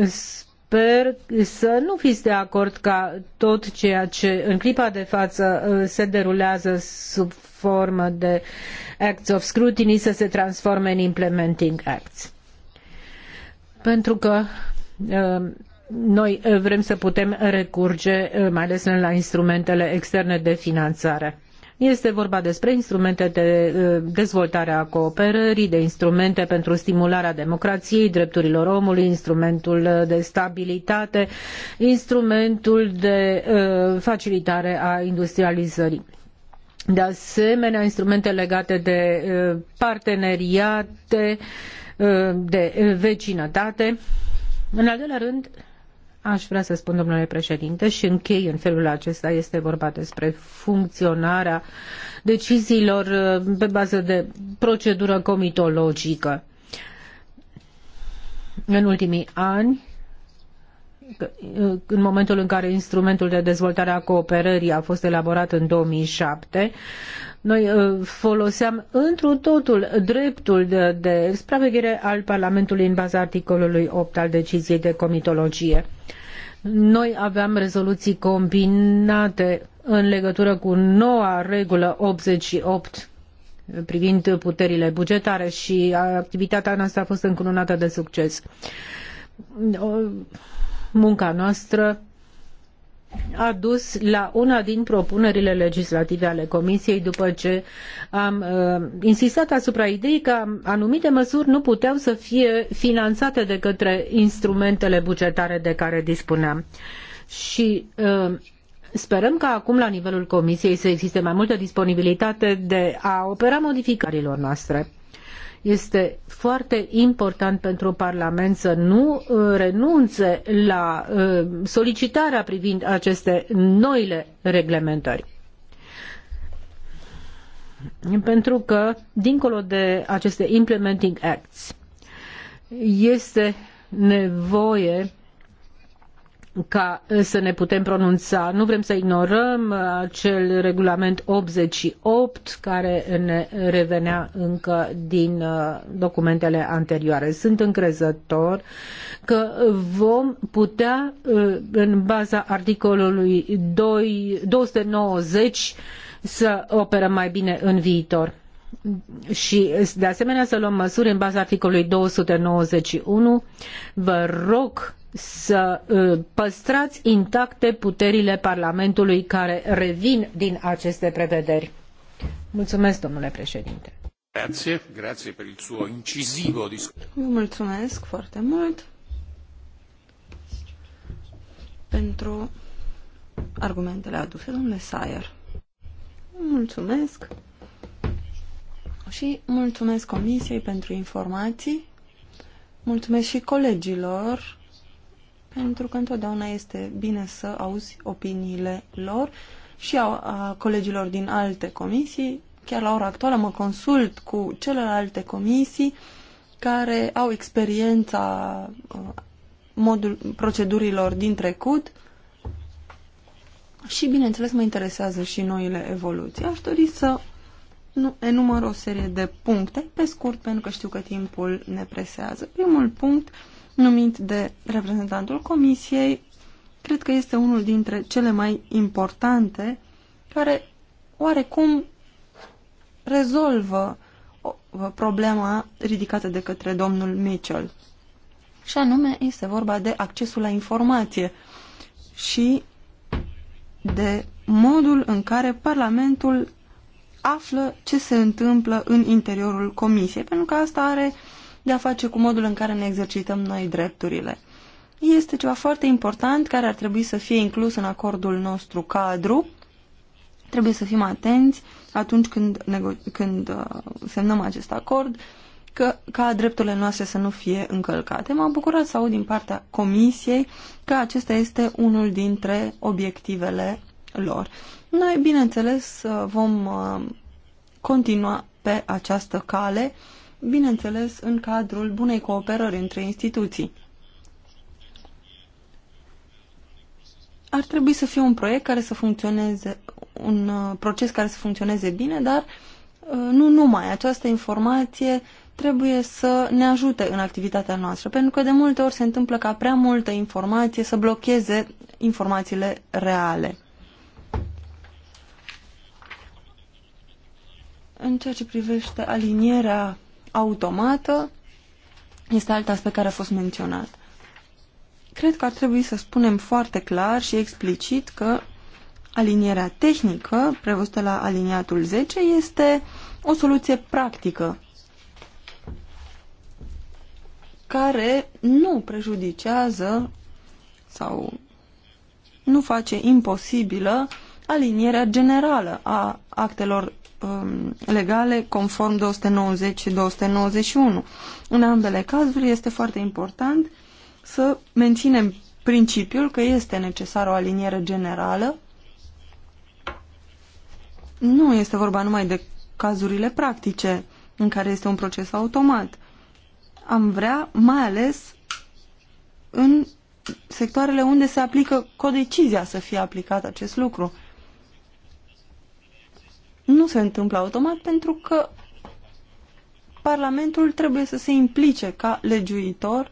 Sper să nu fiți de acord ca tot ceea ce în clipa de față uh, se derulează sub formă de acts of scrutiny să se transforme în implementing acts. Pentru că uh, noi uh, vrem să putem recurge mai ales la instrumentele externe de finanțare. Este vorba despre instrumente de uh, dezvoltare a cooperării, de instrumente pentru stimularea democrației, drepturilor omului, instrumentul uh, de stabilitate, instrumentul de uh, facilitare a industrializării. De asemenea, instrumente legate de parteneriate, de vecinătate. În al doilea rând, Aș vrea să spun, domnule președinte, și închei în felul acesta, este vorba despre funcționarea deciziilor uh, pe bază de procedură comitologică. În ultimii ani, uh, în momentul în care instrumentul de dezvoltare a cooperării a fost elaborat în 2007, noi uh, foloseam întru totul dreptul de, de supraveghere al Parlamentului în baza articolului 8 al deciziei de comitologie. Noi aveam rezoluții combinate în legătură cu noua regulă 88 privind puterile bugetare și activitatea noastră a fost încununată de succes. Munca noastră a dus la una din propunerile legislative ale Comisiei după ce am uh, insistat asupra ideii că anumite măsuri nu puteau să fie finanțate de către instrumentele bugetare de care dispuneam. Și uh, Sperăm ca acum la nivelul Comisiei să existe mai multă disponibilitate de a opera modificărilor noastre. Este foarte important pentru Parlament să nu uh, renunțe la uh, solicitarea privind aceste noile reglementări pentru că, dincolo de aceste implementing acts, este nevoie ca eh, să ne putem pronunța. Nu vrem să ignorăm eh, acel regulament 88 care ne revenea încă din eh, documentele anterioare. Sunt încrezător că vom putea, în baza articolului 2, 290, să operăm mai bine în viitor și de asemenea să luăm măsuri în baza articolului 291. Vă rog să uh, păstrați intacte puterile Parlamentului care revin din aceste prevederi. Mulțumesc, domnule președinte. Grazie, grazie per il suo incisivo discorso. mulțumesc foarte mult pentru argumentele aduse, domnule Sayer. Mulțumesc și mulțumesc Comisiei pentru informații. Mulțumesc și colegilor pentru că întotdeauna este bine să auzi opiniile lor și a, a colegilor din alte comisii. Chiar la ora actuală mă consult cu celelalte comisii care au experiența uh, modul, procedurilor din trecut și, bineînțeles, mă interesează și noile evoluții. Aș dori să enumăr o serie de puncte, pe scurt, pentru că știu că timpul ne presează. Primul punct numit de reprezentantul Comisiei, cred că este unul dintre cele mai importante care oarecum rezolvă problema ridicată de către domnul Mitchell. Și anume, este vorba de accesul la informație și de modul în care Parlamentul află ce se întâmplă în interiorul Comisiei, pentru că asta are uh, de a face cu modul în care ne exercităm noi drepturile. Este ceva foarte important care ar trebui să fie inclus în acordul nostru cadru. Trebuie să fim atenți atunci când, când uh, semnăm acest acord că, ca drepturile noastre să nu fie încălcate. M-am bucurat să aud din partea Comisiei că acesta este unul dintre obiectivele lor. Noi, bineînțeles, uh, vom uh, continua pe această cale bineînțeles în cadrul bunei cooperări între instituții. Ar trebui să fie un proiect care să funcționeze, un uh, proces care să funcționeze bine, dar uh, nu numai. Această informație trebuie să ne ajute în activitatea noastră, pentru că de multe ori se întâmplă ca prea multă informație să blocheze informațiile reale. În ceea ce privește alinierea automată este alt aspect care a fost menționat. Cred că ar trebui să spunem foarte clar și explicit că alinierea tehnică prevăzută la aliniatul 10 este o soluție practică care nu prejudicează sau nu face imposibilă alinierea generală a actelor Um, legale conform 290 291. În ambele cazuri este foarte important să menținem principiul că este necesară o aliniere generală. Nu este vorba numai de cazurile practice în care este un proces automat. Am vrea mai ales în sectoarele unde se aplică codecizia să fie aplicat acest lucru nu se întâmplă automat pentru că Parlamentul trebuie să se implice ca legiuitor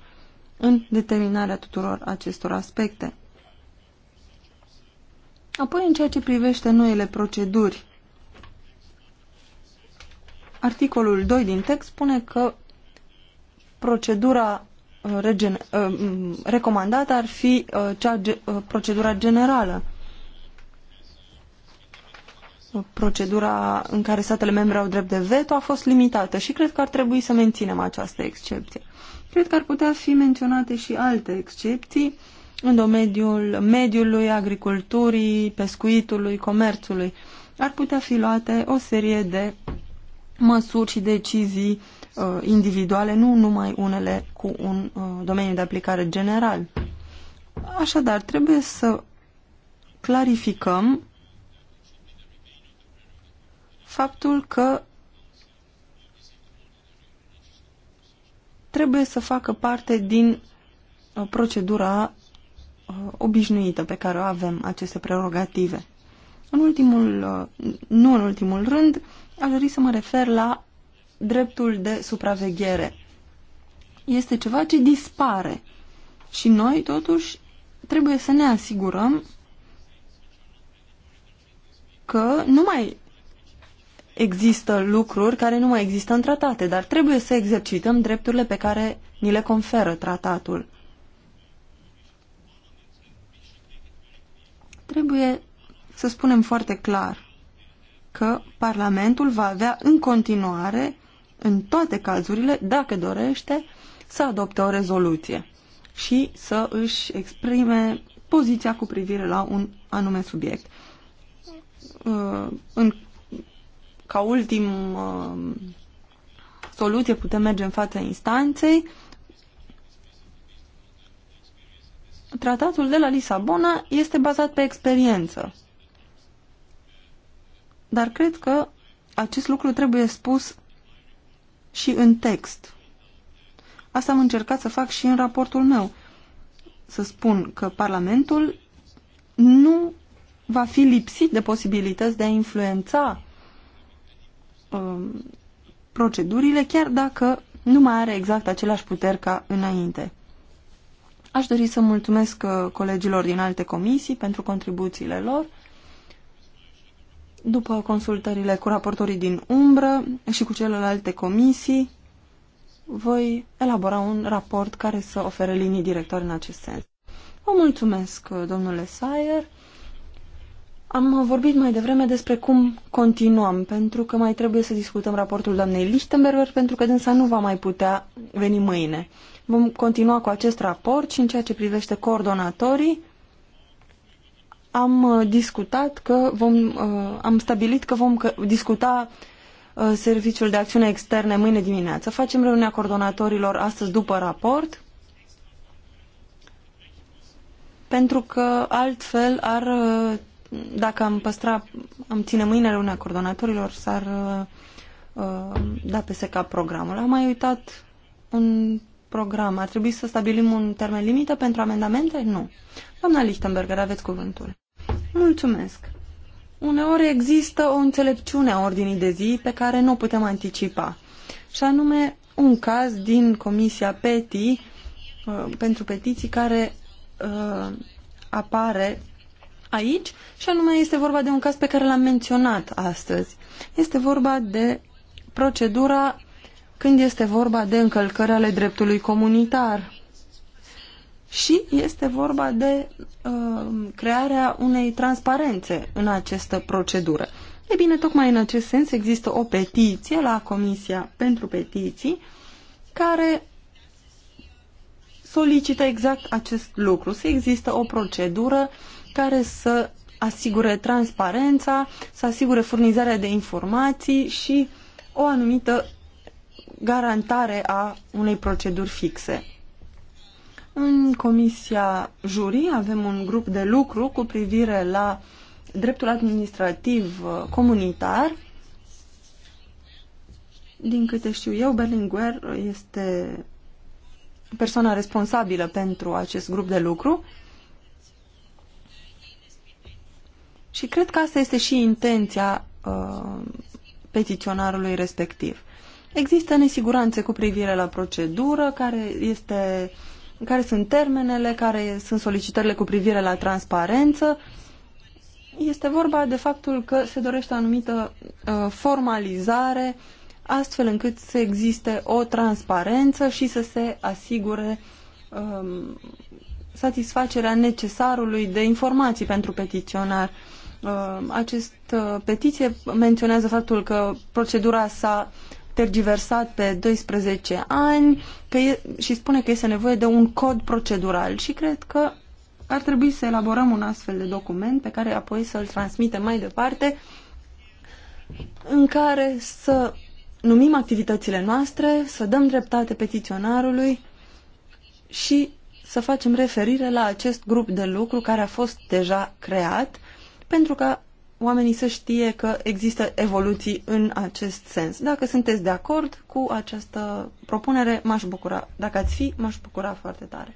în determinarea tuturor acestor aspecte. Apoi, în ceea ce privește noile proceduri, articolul 2 din text spune că procedura uh, regen, uh, mm, recomandată ar fi uh, cea, procedura generală procedura în care statele membre au drept de veto a fost limitată și cred că ar trebui să menținem această excepție. Cred că ar putea fi menționate și alte excepții în domeniul mediului, agriculturii, pescuitului, comerțului. Ar putea fi luate o serie de măsuri și decizii uh, individuale, nu numai unele cu un uh, domeniu de aplicare general. Așadar, trebuie să clarificăm faptul că trebuie să facă parte din uh, procedura uh, obișnuită pe care o avem, aceste prerogative. În ultimul, uh, nu în ultimul rând, aș dori să mă refer la dreptul de supraveghere. Este ceva ce dispare și noi, totuși, trebuie să ne asigurăm că nu mai există lucruri care nu mai există în tratate, dar trebuie să exercităm drepturile pe care ni le conferă tratatul. Trebuie să spunem foarte clar că Parlamentul va avea în continuare, în toate cazurile, dacă dorește, să adopte o rezoluție și să își exprime poziția cu privire la un anume subiect. Uh, în ca ultim uh, soluție putem merge în fața instanței. Tratatul de la Lisabona este bazat pe experiență. Dar cred că acest lucru trebuie spus și în text. Asta am încercat să fac și în raportul meu. Să spun că Parlamentul nu va fi lipsit de posibilități de a influența Um, procedurile, chiar dacă nu mai are exact aceleași puteri ca înainte. Aș dori să mulțumesc uh, colegilor din alte comisii pentru contribuțiile lor. După consultările cu raportorii din umbră și cu celelalte comisii, voi elabora un raport care să ofere linii directoare în acest sens. Vă mulțumesc, uh, domnule Sayer. Am vorbit mai devreme despre cum continuăm, pentru că mai trebuie să discutăm raportul doamnei Lichtenberger, pentru că dânsa nu va mai putea veni mâine. Vom continua cu acest raport și în ceea ce privește coordonatorii, am uh, discutat că vom, uh, am stabilit că vom discuta uh, Serviciul de Acțiune Externe mâine dimineață. Facem reuniunea coordonatorilor astăzi după raport, pentru că altfel ar dacă am păstra, am ține mâinile una coordonatorilor, s-ar uh, uh, da peste cap programul. Am mai uitat un program. Ar trebui să stabilim un termen limită pentru amendamente? Nu. Doamna Lichtenberger, aveți cuvântul. Mulțumesc. Uneori există o înțelepciune a ordinii de zi pe care nu o putem anticipa. Și anume un caz din Comisia PETI uh, pentru petiții care uh, apare aici și anume este vorba de un caz pe care l-am menționat astăzi. Este vorba de procedura când este vorba de încălcări ale dreptului comunitar. Și este vorba de uh, crearea unei transparențe în această procedură. E bine, tocmai în acest sens există o petiție la Comisia pentru Petiții care solicită exact acest lucru, să există o procedură uh, care să asigure transparența, să asigure furnizarea de informații și o anumită garantare a unei proceduri fixe. În comisia jurii avem un grup de lucru cu privire la dreptul administrativ uh, comunitar. Din câte știu eu, Berlinguer este persoana responsabilă pentru acest grup de lucru Și cred că asta este și intenția uh, petiționarului respectiv. Există nesiguranțe cu privire la procedură, care, este, care sunt termenele, care sunt solicitările cu privire la transparență. Este vorba de faptul că se dorește o anumită uh, formalizare astfel încât să existe o transparență și să se asigure um, satisfacerea necesarului de informații pentru petiționar. Uh, Uh, Această uh, petiție menționează faptul că procedura s-a tergiversat pe 12 ani că e, și spune că este nevoie de un cod procedural și cred că ar trebui să elaborăm un astfel de document pe care apoi să-l transmitem mai departe în care să numim activitățile noastre, să dăm dreptate petiționarului și să facem referire la acest grup de lucru care a fost deja creat pentru ca oamenii să știe că există evoluții în acest sens. Dacă sunteți de acord cu această propunere, m-aș bucura. Dacă ați fi, m-aș bucura foarte tare.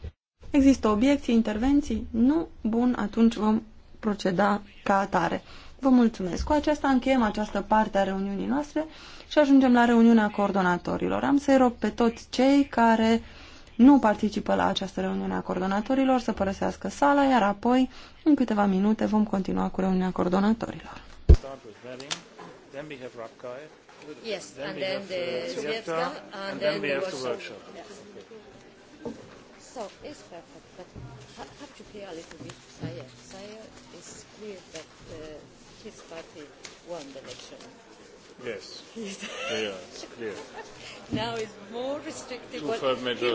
Există obiecții, intervenții? Nu? Bun, atunci vom proceda ca atare. Vă mulțumesc. Cu aceasta încheiem această parte a reuniunii noastre și ajungem la reuniunea coordonatorilor. Am să-i rog pe toți cei care nu participă la această reuniune a coordonatorilor să părăsească sala, iar apoi, în câteva minute, vom continua cu reuniunea coordonatorilor. Yes, So it's perfect, but I have to clear a little bit Sayer. Sayer is clear that uh, his party won the election. Yes. yeah, it's clear. now it's more restrictive. Two-third majority.